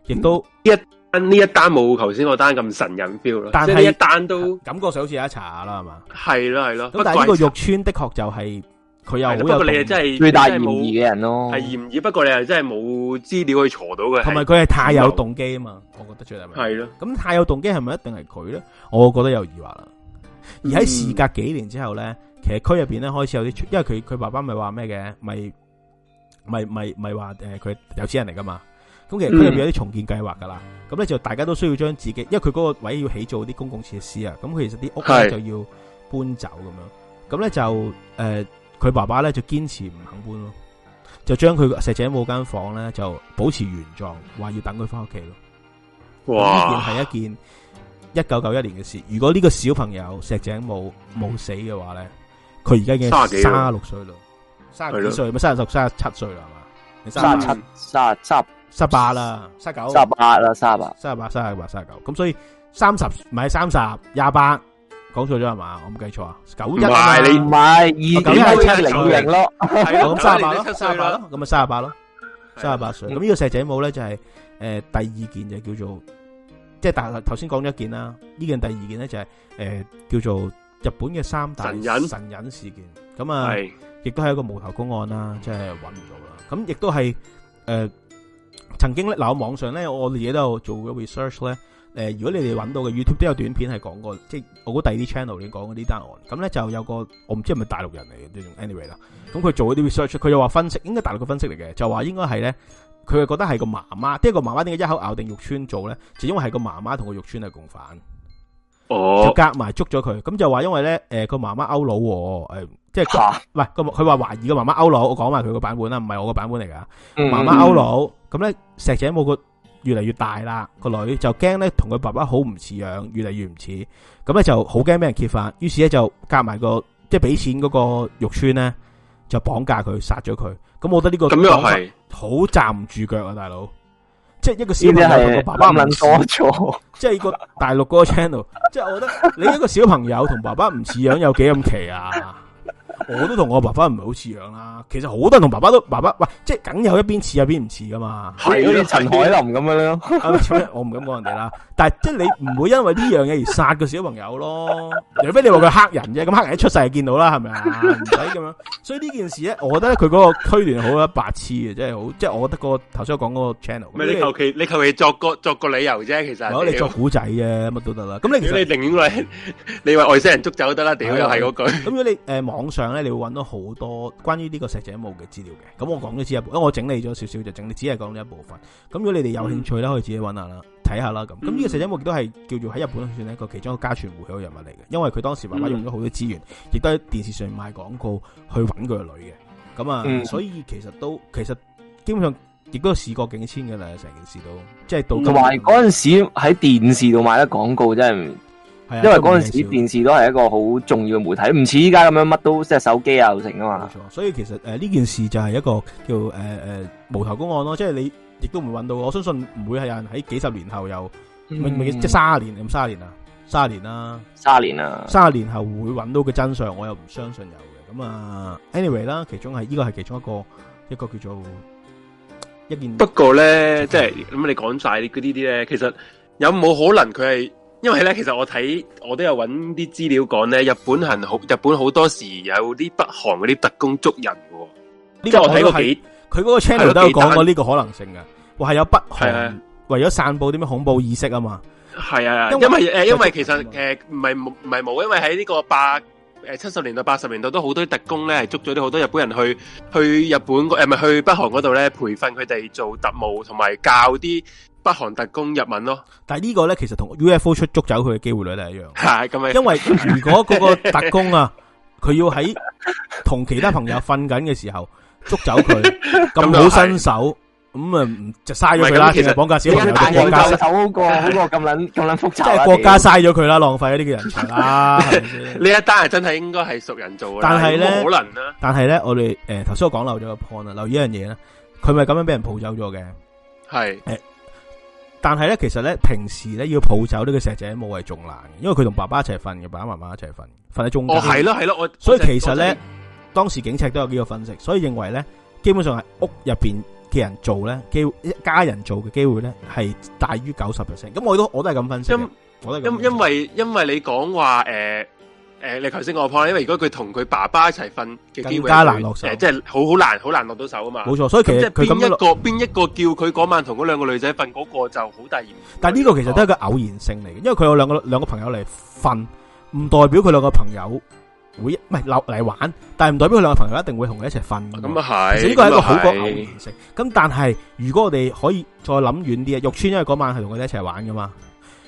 Speaker 2: 亦都一。呢一單冇頭先個單咁神隱 feel 咯，但係呢單都感覺上好似有一查下啦，係嘛？係咯係咯，咁但係呢個玉
Speaker 1: 村的確就係佢有，不過你係真係最大嫌疑嘅人咯，係嫌
Speaker 2: 疑。不過你係真係冇資料去查到嘅，同埋佢係太有動機啊嘛。我覺得最大問題係。係咯，咁
Speaker 1: 太有動機係咪一定係佢咧？我覺得有疑惑啦。而喺事隔幾年之後咧，其實區入邊咧開始有啲，因為佢佢爸爸咪話咩嘅，咪咪咪咪話誒，佢有錢人嚟噶嘛。咁其實佢入邊有啲重建計劃噶啦，咁、嗯、咧就大家都需要將自己，因為佢嗰個位要起做啲公共設施啊，咁其實啲屋咧就要搬走咁樣，咁咧就誒，佢、呃、爸爸咧就堅持唔肯搬咯，就將佢石井舞間房咧就保持原狀，話要等佢翻屋企咯。哇！呢件係一件一九九一年嘅事。如果呢個小朋友石井舞冇死嘅話咧，佢而家已經卅六歲啦，卅幾歲，卅十歲、三十七歲
Speaker 5: 啦係嘛？卅七、卅
Speaker 1: 十八啦，卅九，十八啦，卅八，卅八，卅八，卅九。咁所以三十唔係三十，廿八，講錯咗係嘛？我冇計錯啊，九一唔係二九七零零咯，咁卅八咯，咁啊卅八咯，卅八歲。咁呢個石井舞咧就係誒第二件就叫做，即係但係頭先講咗一件啦，呢件第二件咧就係誒叫做日本嘅三大神隱事件，咁啊，亦都係一個無頭公案啦，即係揾唔到啦。咁亦都係誒。曾經咧喺網上咧，我自己都有做咗 research 咧。誒，如果你哋揾到嘅 YouTube 都有短片係講過，即係我估第二啲 channel 你講嗰啲單案。咁咧就有個我唔知係咪大陸人嚟嘅呢種 anyway 啦。咁佢做嗰啲 research 佢又話分析應該大陸嘅分析嚟嘅，就話應該係咧，佢係覺得係個媽媽，即係個媽媽點解一口咬定玉川做咧，就因為係個媽媽同個玉川係共犯。就夾埋捉咗佢，咁就話因為咧，誒個媽媽勾佬，誒即係佢，佢話懷疑個媽媽勾佬。我講埋佢個版本啦，唔係我個版本嚟噶。媽媽勾佬，咁咧石井冇個越嚟越大啦，個女就驚咧同佢爸爸好唔似樣，越嚟越唔似，咁咧就好驚俾人揭發，於是咧就夾埋，個即係俾錢嗰個玉村咧就綁架佢，殺咗佢。咁我覺得呢個咁又係好站唔住腳啊，大佬。即係一個小朋友同爸爸唔，諗多咗，即係個大陸嗰個 channel， 即係我覺得你一個小朋友同爸爸唔似樣，有幾咁奇啊！我都同我爸爸唔係好似樣啦，其實好多人同爸爸都爸爸喂，即係梗有一邊似一邊唔似噶嘛，係好似陳海林咁樣咯。 我唔敢講人哋啦，但係即係你唔會因為呢樣嘢而殺個小朋友咯，除 非你話佢黑人啫，咁黑人一出世就見到啦，係咪啊？唔使咁樣，所以呢件事咧，我覺得佢嗰個區斷好一百次嘅，真係好，即係我覺得、那個頭先講嗰個 channel，咪你求其
Speaker 2: 你求其作個作個理由啫，其實，我、啊、你作古
Speaker 1: 仔啫，乜都得啦。咁你 你
Speaker 2: 寧願你你話外星人捉走得啦，屌、啊啊、
Speaker 1: 又係嗰那句。咁 如果你誒、呃、網上。你會揾到好多關於呢個石井舞嘅資料嘅。咁我講咗只一部我整理咗少少就整，理只係講呢一部分。咁如果你哋有興趣咧、嗯，可以自己揾下啦，睇下啦咁。咁呢個石井舞亦都係叫做喺日本算係一個其中一個家傳戶曉嘅人物嚟嘅，因為佢當時媽媽用咗好多資源、嗯，亦都喺電視上賣廣告去揾佢個女嘅。咁啊、嗯，所以其實都其實基本上亦都事過境遷嘅啦，成件事都即係杜金。嗰
Speaker 5: 陣時喺電視度賣得廣告真係。因為嗰陣時電視都係一個好重要嘅媒體，唔似依家咁樣乜都即係手機啊，成噶嘛。冇錯，
Speaker 1: 所以其實誒呢件事就係一個叫誒誒無頭公案咯，即係你亦都唔會搵到，我相信唔會係有人喺幾十年後又未未即係卅年定卅年啊，卅年啦，
Speaker 5: 卅年啊，卅年，
Speaker 1: 卅年後會搵到嘅真相，我又唔相信有嘅。咁啊，anyway 啦，其中係呢個係其中一個一個叫做
Speaker 2: 一件。不過咧，即係咁你講晒啲啲咧，其實有冇可能佢係？因為咧，其實我睇我都有揾啲資料講咧，日本行好，日本好多時有啲北韓嗰啲特工捉人嘅。呢個即係我睇過幾，佢嗰個 channel 都有講過呢
Speaker 1: 個可能性嘅。話係有北韓為咗散布啲咩恐怖意識啊嘛。係啊，因為誒，因為
Speaker 2: 其實誒，唔係冇，唔係冇，因為喺呢個八誒七十年代八十年代都好多特工咧係捉咗啲好多日本人去去日本誒，去北韓嗰度咧培訓佢哋做特務，同埋教啲。北韓特工日文咯，
Speaker 1: 但係呢個咧其實同 UFO 出捉走佢嘅機會率都係一樣。係咁啊，因為如果嗰個特工啊，佢要喺同其他朋友瞓緊嘅時候捉走佢，咁好新手，咁啊就嘥咗佢啦。其實綁架小朋友嘅國家，好過好過咁捻咁
Speaker 5: 捻複雜。即係國家嘥
Speaker 1: 咗佢啦，浪費呢啲嘅人才啦。
Speaker 5: 呢一單係真
Speaker 2: 係應該係熟人做嘅，但係咧可能啦。
Speaker 1: 但係咧，我哋誒頭先我講漏咗個 point 啊，漏一樣嘢咧，佢咪咁樣俾人抱走咗嘅，係誒。但係咧，其實咧平時咧要抱走呢個石仔，冇係仲難，因為佢同爸爸一齊瞓嘅，爸爸媽媽一齊瞓，瞓喺中間。哦，係咯，係咯，我所以其實咧，當時警察都有幾個分析，所以認為咧，基本上係屋入邊嘅人做咧，機一家人做嘅機會咧係大於九十 percent。咁我都我都係咁分析，因
Speaker 2: 因因為因為你講話誒。呃誒、啊，你頭先我 point 因為如果佢同佢爸爸一齊瞓嘅機會，更加難落手會會，即係好好難好難落到手啊嘛。冇錯，所以其實佢咁一個邊一個叫佢嗰晚同嗰兩個女仔瞓嗰個就好大嫌
Speaker 1: 疑。但係呢個其實都係個偶然性嚟嘅，因為佢有兩個兩個朋友嚟瞓，唔代表佢兩個朋友會唔係落嚟玩，但係唔代表佢兩個朋友一定會同佢一齊瞓。咁、啊、係，係，呢個係一個好個偶然性。咁、嗯、但係如果我哋可以再諗遠啲啊，玉川因為嗰晚係同佢哋一齊玩噶嘛，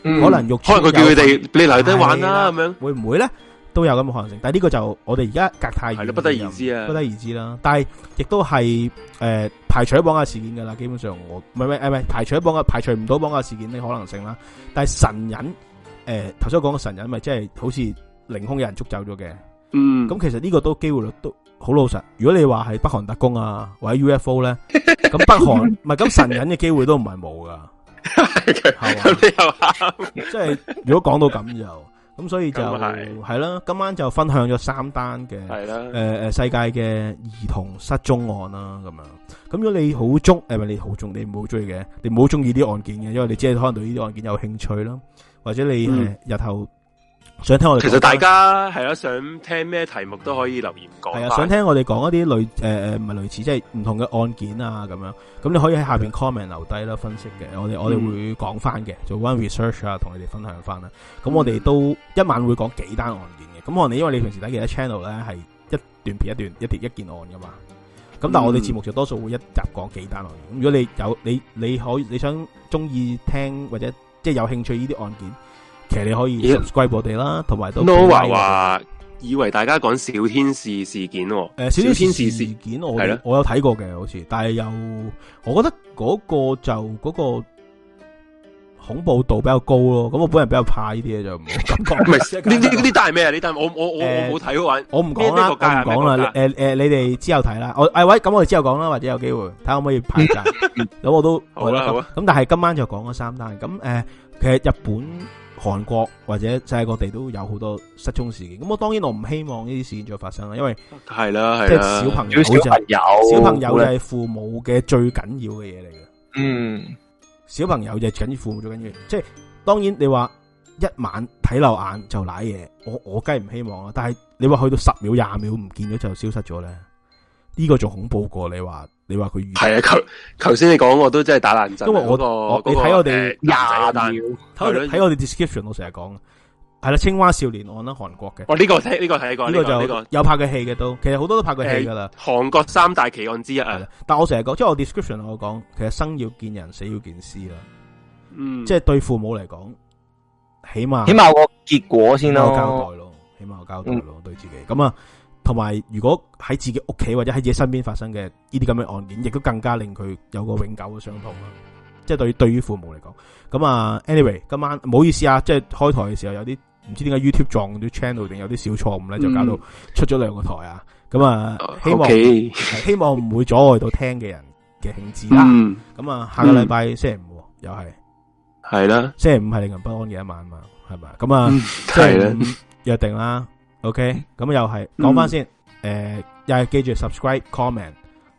Speaker 2: 可能玉川可能佢叫佢哋你留嚟玩啦、啊，咁、啊、樣
Speaker 1: 會唔會咧？都有咁嘅可能性，但係呢個就我哋而家隔太遠，不得而知啊，不得而知啦。但係亦都係誒排除綁架事件噶啦，基本上我唔係係係排除綁架，排除唔到綁架事件呢可能性啦。但係神隱，誒頭先講嘅神隱咪即係好似凌空有人捉走咗嘅，嗯，咁其實呢個都機會率都好老實。如果你話係北韓特工啊，或者 UFO 咧？咁北韓唔係咁神隱嘅機會都唔係冇噶，係 好吧 即係如果講到咁就。咁所以就係啦，今晚就分享咗三單嘅，誒誒世界嘅兒童失蹤案啦，咁樣。咁如果你好中，係咪你好中？你唔好中意嘅，你唔好中意啲案件嘅，因為你只係可能對呢啲案件有興趣咯，或者你誒日後。想聽我哋，其實大家
Speaker 2: 係啦、啊，想聽咩題目都可以留言講。係、嗯、啊，想聽
Speaker 1: 我哋講一啲類誒唔係類似，即係唔同嘅案件啊咁樣。咁你可以喺下邊 comment 留低啦，分析嘅。我哋、嗯、我哋會講翻嘅，做 one research 啊，同你哋分享翻啦。咁我哋都一晚會講幾單案件嘅。咁我哋因為你平時睇其他 channel 咧，係一段片一段，一碟一件案噶嘛。咁但係我哋節目就多數會一集講幾單案件。咁如果你有你你可以你想中意聽或者即係有興趣呢啲案件。其實你可以歸我哋啦，同埋都我。Nova 話
Speaker 2: 以為大家講小天使事件、哦，誒、呃，小天使事件我係咯，我有睇過嘅，好似，
Speaker 1: 但係又我覺得嗰個就嗰、嗰個恐怖度比較高咯。咁我本人比較怕呢啲嘢就唔好講。唔 係，你你
Speaker 2: 你單係咩啊？你但我我我我冇睇嗰晚，我唔講啦，我唔講啦。誒
Speaker 1: 誒、呃這個呃呃 呃，你哋之後睇啦。 我、哎、喂，咁我哋之後講啦，或者有機會睇可唔可以排陣。咁、 嗯、我都好啦，好啦。咁但係今晚就講咗三單。咁 誒、呃，其實日本。韓國或者世界各地都有好多失蹤事件，咁我當然我唔希望呢啲事件再發生啦，因為係啦，即係小朋友小，小朋友就係父母嘅最緊要嘅嘢嚟嘅。嗯，小朋友就係緊於父母，最緊要。即係當然你話一晚睇漏眼就瀨嘢，我我梗係唔希望啦。但係你話去到十秒、廿秒唔見咗就消失咗咧。呢、這個仲恐怖過。你話，你話佢
Speaker 2: 係啊？頭先你講我都真係打爛針，因、那、為、個、我、那個、你睇我哋睇、
Speaker 1: 呃、我哋 description 我成日講，係啦，青蛙少年案啦，韓國嘅，我、哦、呢、這個睇呢、這個睇過，呢、這個這個就、這個這個、有拍過戲嘅都，其
Speaker 2: 實好多都拍過戲噶啦，韓國三大奇案之一係啦！
Speaker 1: 但我成日講，即係我 description 我講，其實生要見人，死要見屍啦，嗯，即係對父母嚟講，起碼起碼個結果先啦，交代咯，起碼我交代咯、嗯，對自己咁啊。嗯同埋，如果喺自己屋企或者喺自己身邊發生嘅呢啲咁嘅案件，亦都更加令佢有個永久嘅傷痛啦。即係對對於父母嚟講，咁啊，anyway，今晚唔好意思啊，即係開台嘅時候有啲唔知點解 YouTube 撞到 channel，定有啲小錯誤咧，就搞到出咗兩個台啊。咁、嗯、啊，希望、okay. 希望唔會阻礙到聽嘅人嘅興致啦。咁、嗯、啊，下個禮拜星期五又係係啦，星期五係、啊、令人不安嘅一晚嘛，係咪啊？咁啊，即係約定啦。OK，咁又係，講翻先，誒、嗯，又、呃、係記住 subscribe、comment、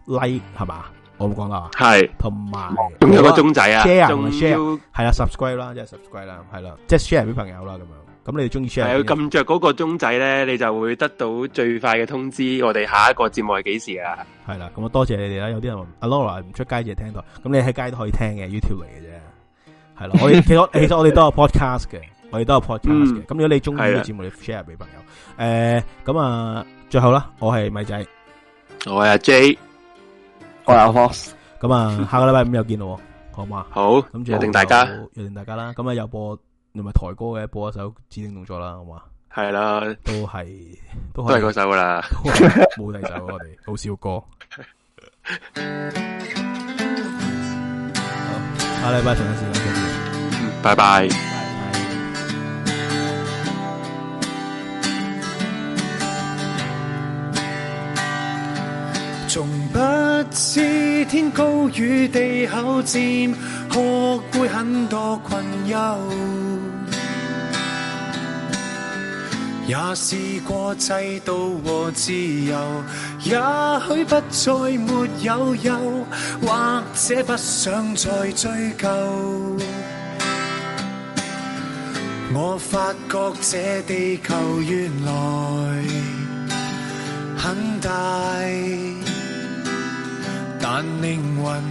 Speaker 1: 嗯、like 係嘛，我唔講啦係，同埋仲有個鐘仔啊，share 啊，share，係啦，subscribe 啦，即係
Speaker 2: subscribe 啦，係啦，
Speaker 1: 即係 share 俾朋友啦，咁樣，咁你哋中意 share，係，撳
Speaker 2: 着嗰個鐘仔咧，你就會得到最快嘅通知，我哋下一個節目係幾時啊？
Speaker 1: 係啦，咁啊多謝你哋啦，有啲人阿 Laura 唔出街就聽到，咁你喺街都可以聽嘅，YouTube 嚟嘅啫，
Speaker 2: 係 啦，我其實 其
Speaker 1: 實我哋都有 podcast 嘅。我哋都有 podcast 嘅，咁、嗯、如果你中意呢個節目，你 share 俾朋友。誒、呃，咁啊，最後啦，我係米仔，我係阿 J，我係阿 Fox。咁、嗯、啊，下個禮拜五又見咯，好嘛？好，咁就約定大家，約定大家啦。咁啊，又播，又咪台歌嘅，播一首指定動作啦，好嘛？
Speaker 3: 係啦，都係，都係嗰首噶啦，冇第二首，我哋
Speaker 1: 好少歌。 好，下個禮拜同一時間見面，拜拜。
Speaker 4: Bye bye 從不知天高與地厚，漸學會很多困擾，也試過制度和自由，也許不再沒有憂，或者不想再追究。我發覺這地球原來很大。但靈魂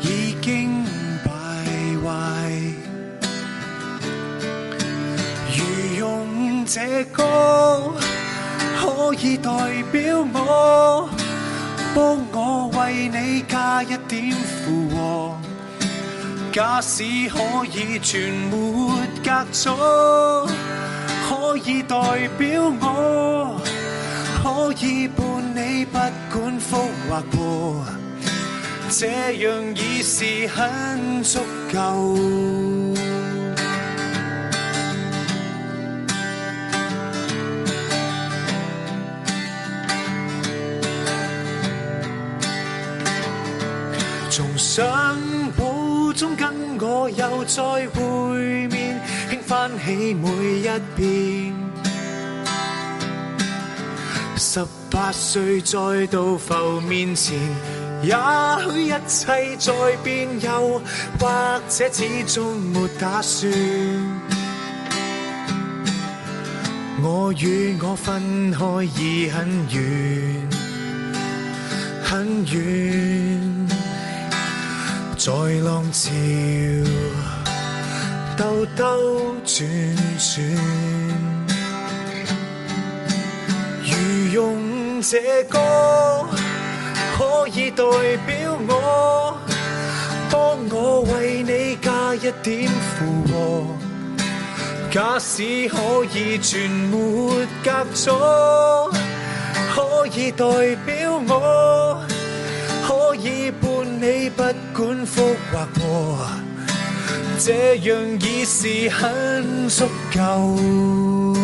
Speaker 4: 已經敗壞，如用這歌可以代表我，幫我為你加一點負荷。假使可以全沒隔阻，可以代表我。可以伴你不管福或禍，這樣已是很足夠。從相簿中跟我又再會面，輕翻起每一遍，十八歲再到浮面前，也許一切在變，又或者始終沒打算。我與我分開已很遠，很遠，在浪潮兜兜轉轉。如用這歌可以代表我，幫我為你加一點附和。假使可以全沒隔阻，可以代表我，可以伴你不管苦或禍，這樣已是很足夠。